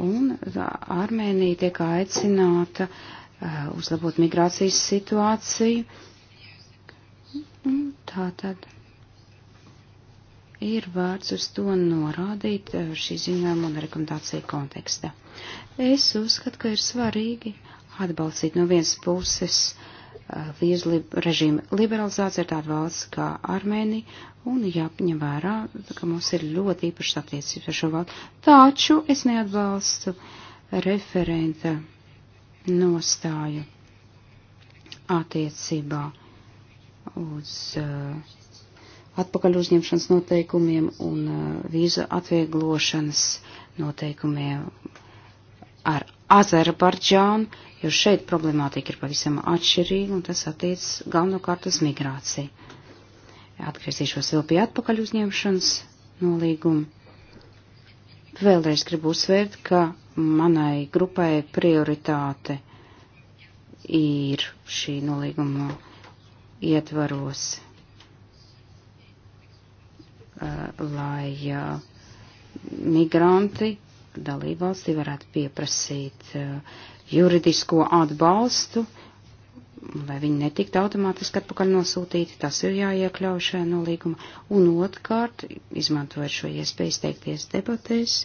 Un Armēnija tiek aicināta uh, uzlabot migrācijas situāciju. Un tā tad ir vērts uz to norādīt eh, šī ziņojuma un rekomendācija konteksta. Es uzskatu, ka ir svarīgi atbalstīt no vienas puses eh, vīzu režīmu liberalizāciju ar tādu valsts kā Armēnija, un jāpaņem vērā, ka mums ir ļoti īpašas attiecības ar šo valstu. Taču es neatbalstu referenta nostāju attiecībā uz uh, atpakaļ uzņemšanas noteikumiem un uh, vīza atvieglošanas noteikumiem ar Azerbaidžānu, jo šeit problemātika ir pavisam atšķirīga un tas attiec galvenokārt uz migrāciju. Atgriezīšos vēl pie atpakaļ uzņemšanas nolīguma. Vēlreiz gribu uzsvērt, ka manai grupai prioritāte ir šī nolīguma ietvaros Uh, lai uh, migranti dalībvalstī varētu pieprasīt uh, juridisko atbalstu, lai viņi netiktu automātiski atpakaļ nosūtīti, tas ir jāiekļauj šajā nolīgumā. Un otrkārt, izmantojot šo iespēju izteikties debatēs,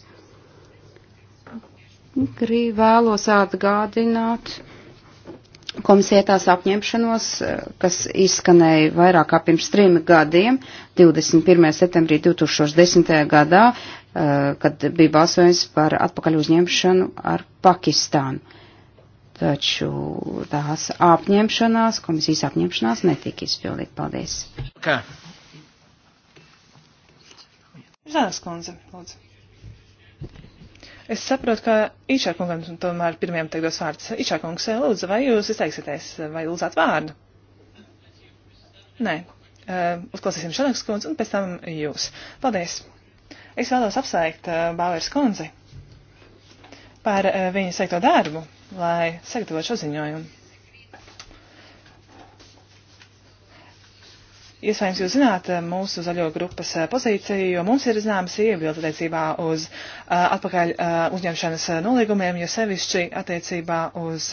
vēlos atgādināt, komisija tās apņemšanos, eh, kas izskanēja vairāk kā pirms trim gadiem, 21. septembrī 2010. gadā, eh, kad bija balsojums par atpakaļ uzņemšanu ar Pakistānu. Taču tās apņemšanās, komisijas apņemšanās netika izpildīt. Paldies.
Kā? Žēlas kundze, lūdzu. Es saprotu, ka Ičākungam tomēr pirmajam teiktos vārds. Ičākungs, lūdzu, vai jūs izteiksieties, vai lūdzāt vārdu? Nē. Uh, uzklausīsim Šanakas kundzi un pēc tam jūs. Paldies! Es vēlos apsveikt uh, Bāvērs kundzi par uh, viņas veikto darbu, lai sagatavotu šo ziņojumu. Iespējams, jūs zināt eh, mūsu zaļo grupas eh, pozīciju, jo mums ir zināmas iebildes attiecībā uz eh, atpakaļ uzņemšanas nolīgumiem, jo sevišķi attiecībā uz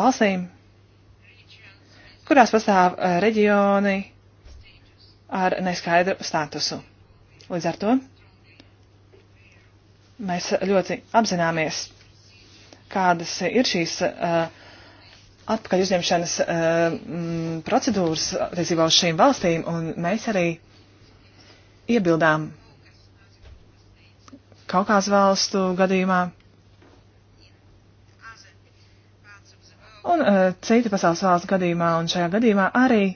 valstīm, kurās pastāv reģioni ar neskaidru statusu. Līdz ar to mēs ļoti apzināmies, kādas ir šīs uh, atpakaļ uzņemšanas eh, m, mm, procedūras attiecībā uz šīm valstīm, un mēs arī iebildām Kaukās valstu gadījumā un uh, eh, citu pasaules valstu gadījumā, un šajā gadījumā arī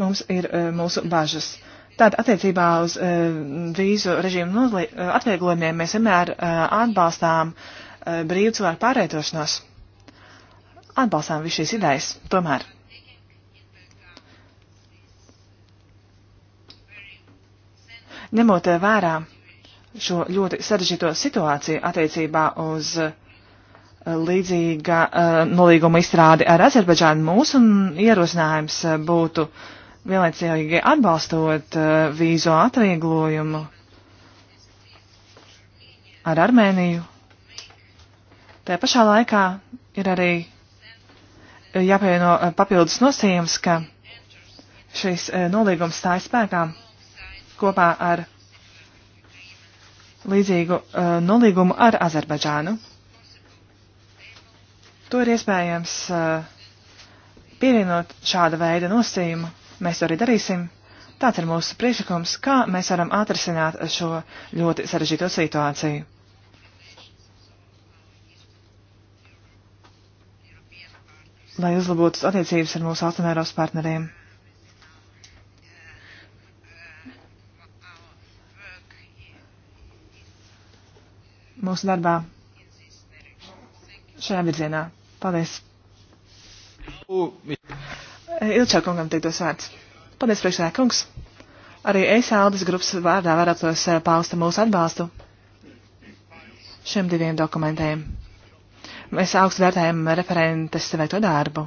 mums ir uh, mūsu bažas. Tātad attiecībā uz uh, vīzu režīmu atvieglojumiem mēs vienmēr uh, atbalstām uh, brīvu cilvēku pārvietošanos atbalstām visu šīs idejas. Tomēr ņemot vērā šo ļoti sarežģīto situāciju attiecībā uz eh, līdzīga eh, nolīguma izstrādi ar Azerbaidžānu, mūsu ierosinājums būtu vienlaicīgi atbalstot eh, vīzu atvieglojumu ar Armēniju. Tā pašā laikā ir arī jāpievieno eh, papildus nosījums, ka šis eh, nolīgums stājas spēkā kopā ar līdzīgu eh, nolīgumu ar Azerbaidžānu. To ir iespējams pievienot šāda veida nosījumu. Mēs to arī darīsim. Tāds ir mūsu priekšlikums, kā mēs varam atrisināt šo ļoti sarežģīto situāciju. lai uzlabotu attiecības ar mūsu austrumēros partneriem. Mūsu darbā šajā virzienā. Paldies! Ilčā kungam teikto svēts. Paldies, priekšsēdē kungs! Arī es Aldis grupas vārdā vēlētos eh, pausta mūsu atbalstu šiem diviem dokumentiem. Mēs augstu vērtējam referentes veikto darbu.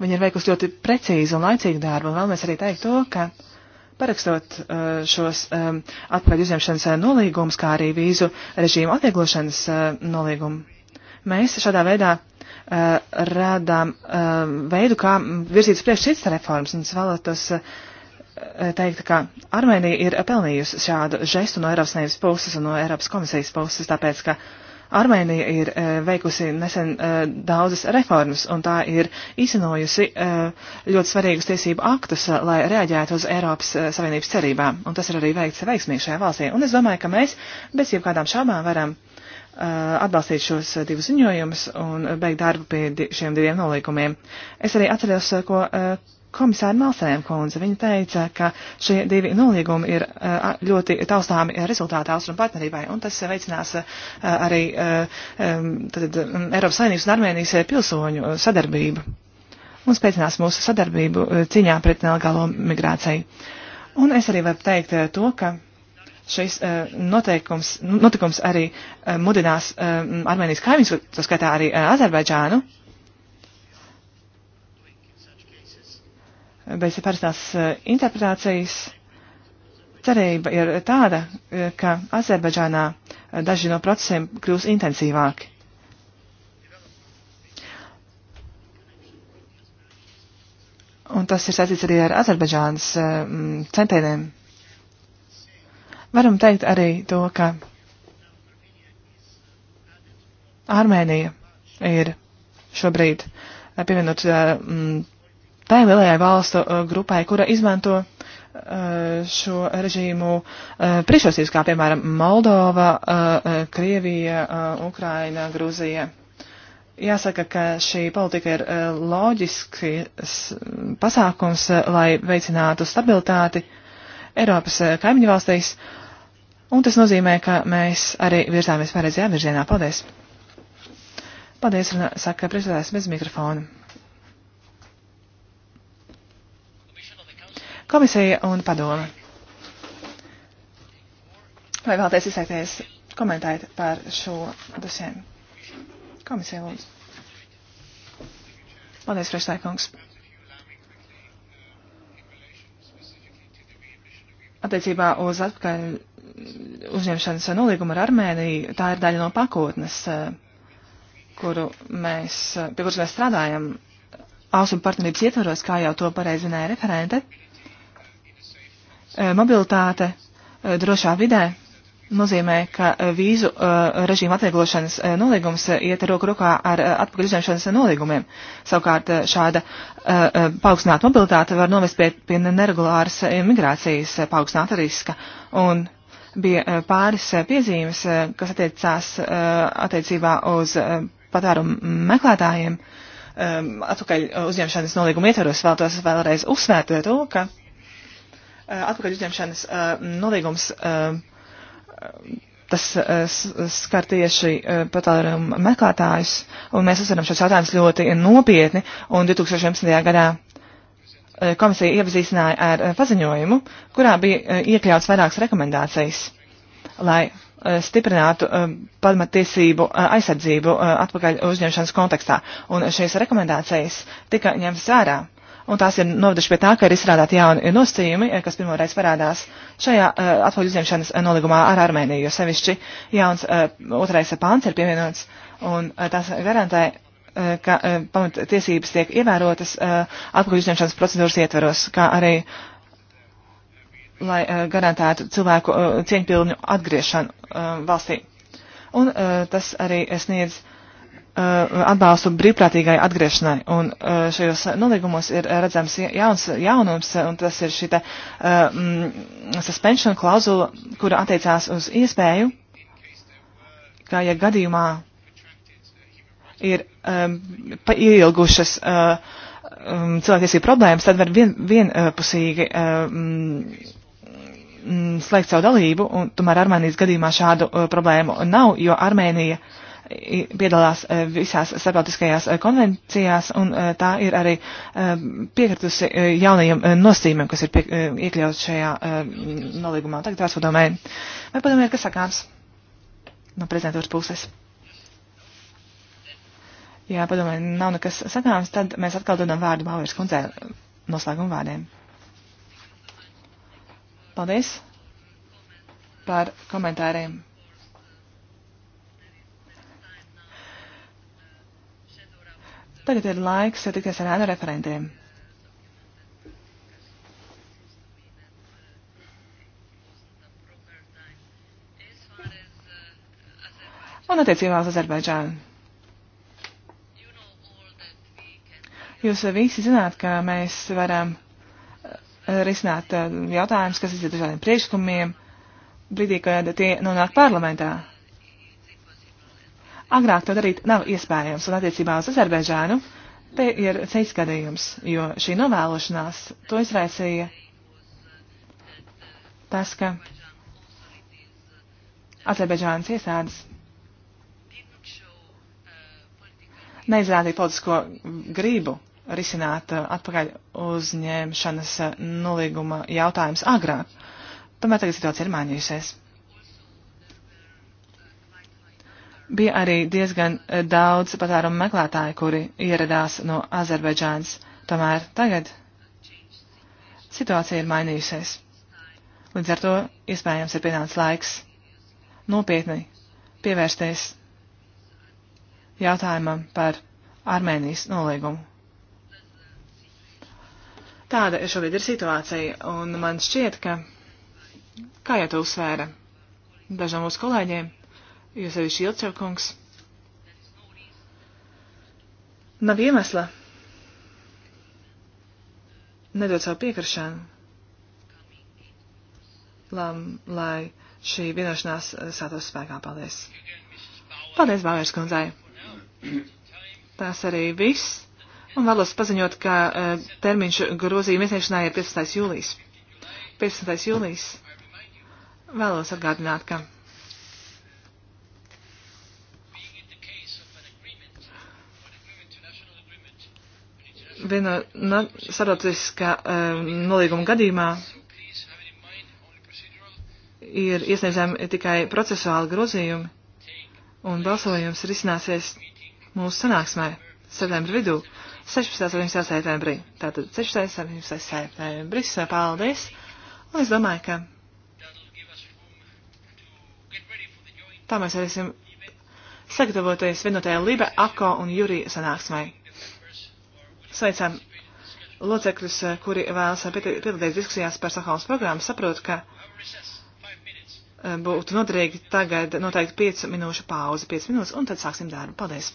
Viņa ir veikusi ļoti precīzu un laicīgu darbu, un vēlamies arī teikt to, ka parakstot uh, šos um, atpakaļ uzņemšanas uh, nolīgumus, kā arī vīzu režīmu atvieglošanas uh, nolīgumu, mēs šādā veidā radām veidu, kā virzīt priekš citas reformas, un es vēlētos teikt, ka Armēnija ir pelnījusi šādu žestu no Eiropas Savienības puses un no Eiropas komisijas puses, tāpēc, ka uh, Armēnija ir e, veikusi nesen e, daudzas reformas, un tā ir īstenojusi e, ļoti svarīgus tiesību aktus, lai reaģētu uz Eiropas Savienības cerībām, un tas ir arī veikts veiksmīgi šajā valstī. Un es domāju, ka mēs bez jebkādām šābām varam atbalstīt šos divus ziņojumus un beigt darbu pie šiem diviem nolīkumiem. Es arī atceros, ko komisāra Malsēm kundze. Viņa teica, ka šie divi noliegumi ir eh, ļoti taustāmi rezultāti Austrum partnerībai, un tas veicinās eh, arī eh, tad, Eiropas Savienības un Armēnijas pilsoņu sadarbību un spēcinās mūsu sadarbību cīņā pret nelegālo migrāciju. Un es arī varu teikt to, ka šis noteikums, notikums arī mudinās Armēnijas kaimiņus, tas skaitā arī Azerbaidžānu, bez parastās eh, interpretācijas. Cerība ir tāda, eh, ka Azerbaidžānā eh, daži no procesiem kļūs intensīvāki. Un tas ir saistīts arī ar Azerbaidžānas centieniem. Varam teikt arī to, ka Armēnija ir šobrīd pievienot m, tai lielajai valstu uh, grupai, kura izmanto uh, šo režīmu uh, priekšrocības, kā piemēram Moldova, Krievija, Ukraina, Grūzija. Jāsaka, ka šī politika ir loģiski pasākums, lai veicinātu stabilitāti Eiropas kaimiņu valstīs, un tas nozīmē, ka mēs arī virzāmies pareizajā virzienā. Paldies! Paldies, saka priekšsēdētājs bez mikrofona. komisija un padome. Vai vēlaties izteikties, komentēt par šo dosiem? Komisija lūdzu. Paldies, priekšstājkungs. Attiecībā uz atpakaļ uzņemšanas nolīgumu ar Armēniju, tā ir daļa no pakotnes, kuru mēs, pie kuras mēs strādājam, austrumu partnerības ietvaros, kā jau to pareizi zināja referente. Eh, mobilitāte eh, drošā vidē nozīmē, ka eh, vīzu režīma atvieglošanas nolīgums iet roku rokā ar atpakaļizņemšanas nolīgumiem. Savukārt šāda paaugstināta mobilitāte var novest pie, pie neregulāras migrācijas paaugstināta riska. Un bija pāris piezīmes, kas attiecās attiecībā uz patērumu meklētājiem. Atpakaļ uzņemšanas nolīguma ietvaros vēl tos vēlreiz uzsvērt to, ka Eh, atpakaļ uzņemšanas eh, nolīgums eh, tas skar tieši patērumu meklētājus, un mēs uzsveram šos jautājumus ļoti nopietni, un 2011. gadā komisija iepazīstināja ar paziņojumu, kurā bija iekļauts vairākas rekomendācijas, lai stiprinātu pamatiesību aizsardzību atpakaļ uzņemšanas kontekstā, un šīs rekomendācijas tika ņemtas vērā un tās ir noveduši pie tā, ka ir izstrādāti jauni nosacījumi, eh, kas pirmoreiz parādās šajā uh, atpakaļ uzņemšanas eh, nolīgumā ar Armēniju, jo sevišķi jauns uh, otrais pāns ir pievienots, un uh, tas garantē, uh, ka uh, pamatiesības tiek ievērotas uh, atpakaļ uzņemšanas procedūras ietveros, kā arī lai uh, garantētu cilvēku uh, cieņpilnu atgriešanu uh, valstī. Un uh, tas arī sniedz Uh, atbalstu brīvprātīgai atgriešanai. Un uh, šajos nolīgumos ir uh, redzams jauns jaunums, un tas ir šita mm, suspension klauzula, kura attiecās uz iespēju, ka ja gadījumā ir um, pailgušas uh, um, cilvēktiesību problēmas, tad var vien, vienpusīgi um, slēgt savu dalību, un tomēr Armēnijas gadījumā šādu uh, problēmu nav, jo Armēnija uh, piedalās eh, visās starptautiskajās eh, konvencijās, un eh, tā ir arī piekritusi jaunajiem nosīmēm, kas ir pie, iekļauts šajā nolīgumā. Tagad tās padomē. Vai padomē, kas sakāms no prezidentūras puses? Jā, padomē, nav nekas sakāms, tad mēs atkal dodam vārdu Bauers kundzē noslēguma vārdiem. Paldies par komentāriem Tagad ir laiks tikties ar ēnu referentiem. Un attiecībā uz Azerbaidžānu. Jūs visi zināt, ka mēs varam eh, risināt eh, jautājumus, kas ir dažādiem priekšlikumiem, brīdī, kad tie nonāk parlamentā. Agrāk to darīt nav iespējams, un attiecībā uz Azerbaidžānu te ir ceļš gadījums, jo šī novēlošanās to izraisīja tas, ka Azerbaidžānas iestādes neizrādīja politisko gribu risināt uh, atpakaļ uzņemšanas uh, nolīguma jautājums agrāk. Tomēr tagad situācija ir mainījusies. Bija arī diezgan e, daudz patērumu meklētāju, kuri ieradās no Azerbaidžānas. Tomēr tagad situācija ir mainījusies. Līdz ar to iespējams ir pienācis laiks nopietni pievērsties jautājumam par Armēnijas nolīgumu. Tāda šobrīd ir situācija, un man šķiet, ka, kā jau to uzsvēra daži no mūsu kolēģiem, jo sevišķi Ilčevkungs. Nav iemesla nedot savu piekrišanu, lam, lai šī vienošanās eh, sātos spēkā. Paldies! Paldies, Bāvērs kundzai! Tās arī viss, un vēlos paziņot, ka uh, termiņš grozījuma iesniegšanai ir 15. jūlijas. 15. jūlijas. Vēlos atgādināt, ka viena no starptautiskā um, nolīguma gadījumā ir iesniedzami tikai procesuāli grozījumi, un balsojums ir izcināsies mūsu sanāksmē septembra vidū, 16. un 17. septembrī. Tātad 16. un 17. septembris, paldies, un es domāju, ka tā mēs varēsim sagatavoties vienotajā Libe, Ako un Jurija sanāksmai. Sveicam locekļus, eh, kuri vēlas eh, piedalīties diskusijās par Sahalas programmu, saprot, ka eh, būtu noderīgi tagad noteikti 5 minūšu pauze, 5 minūtes, un tad sāksim darbu. Paldies!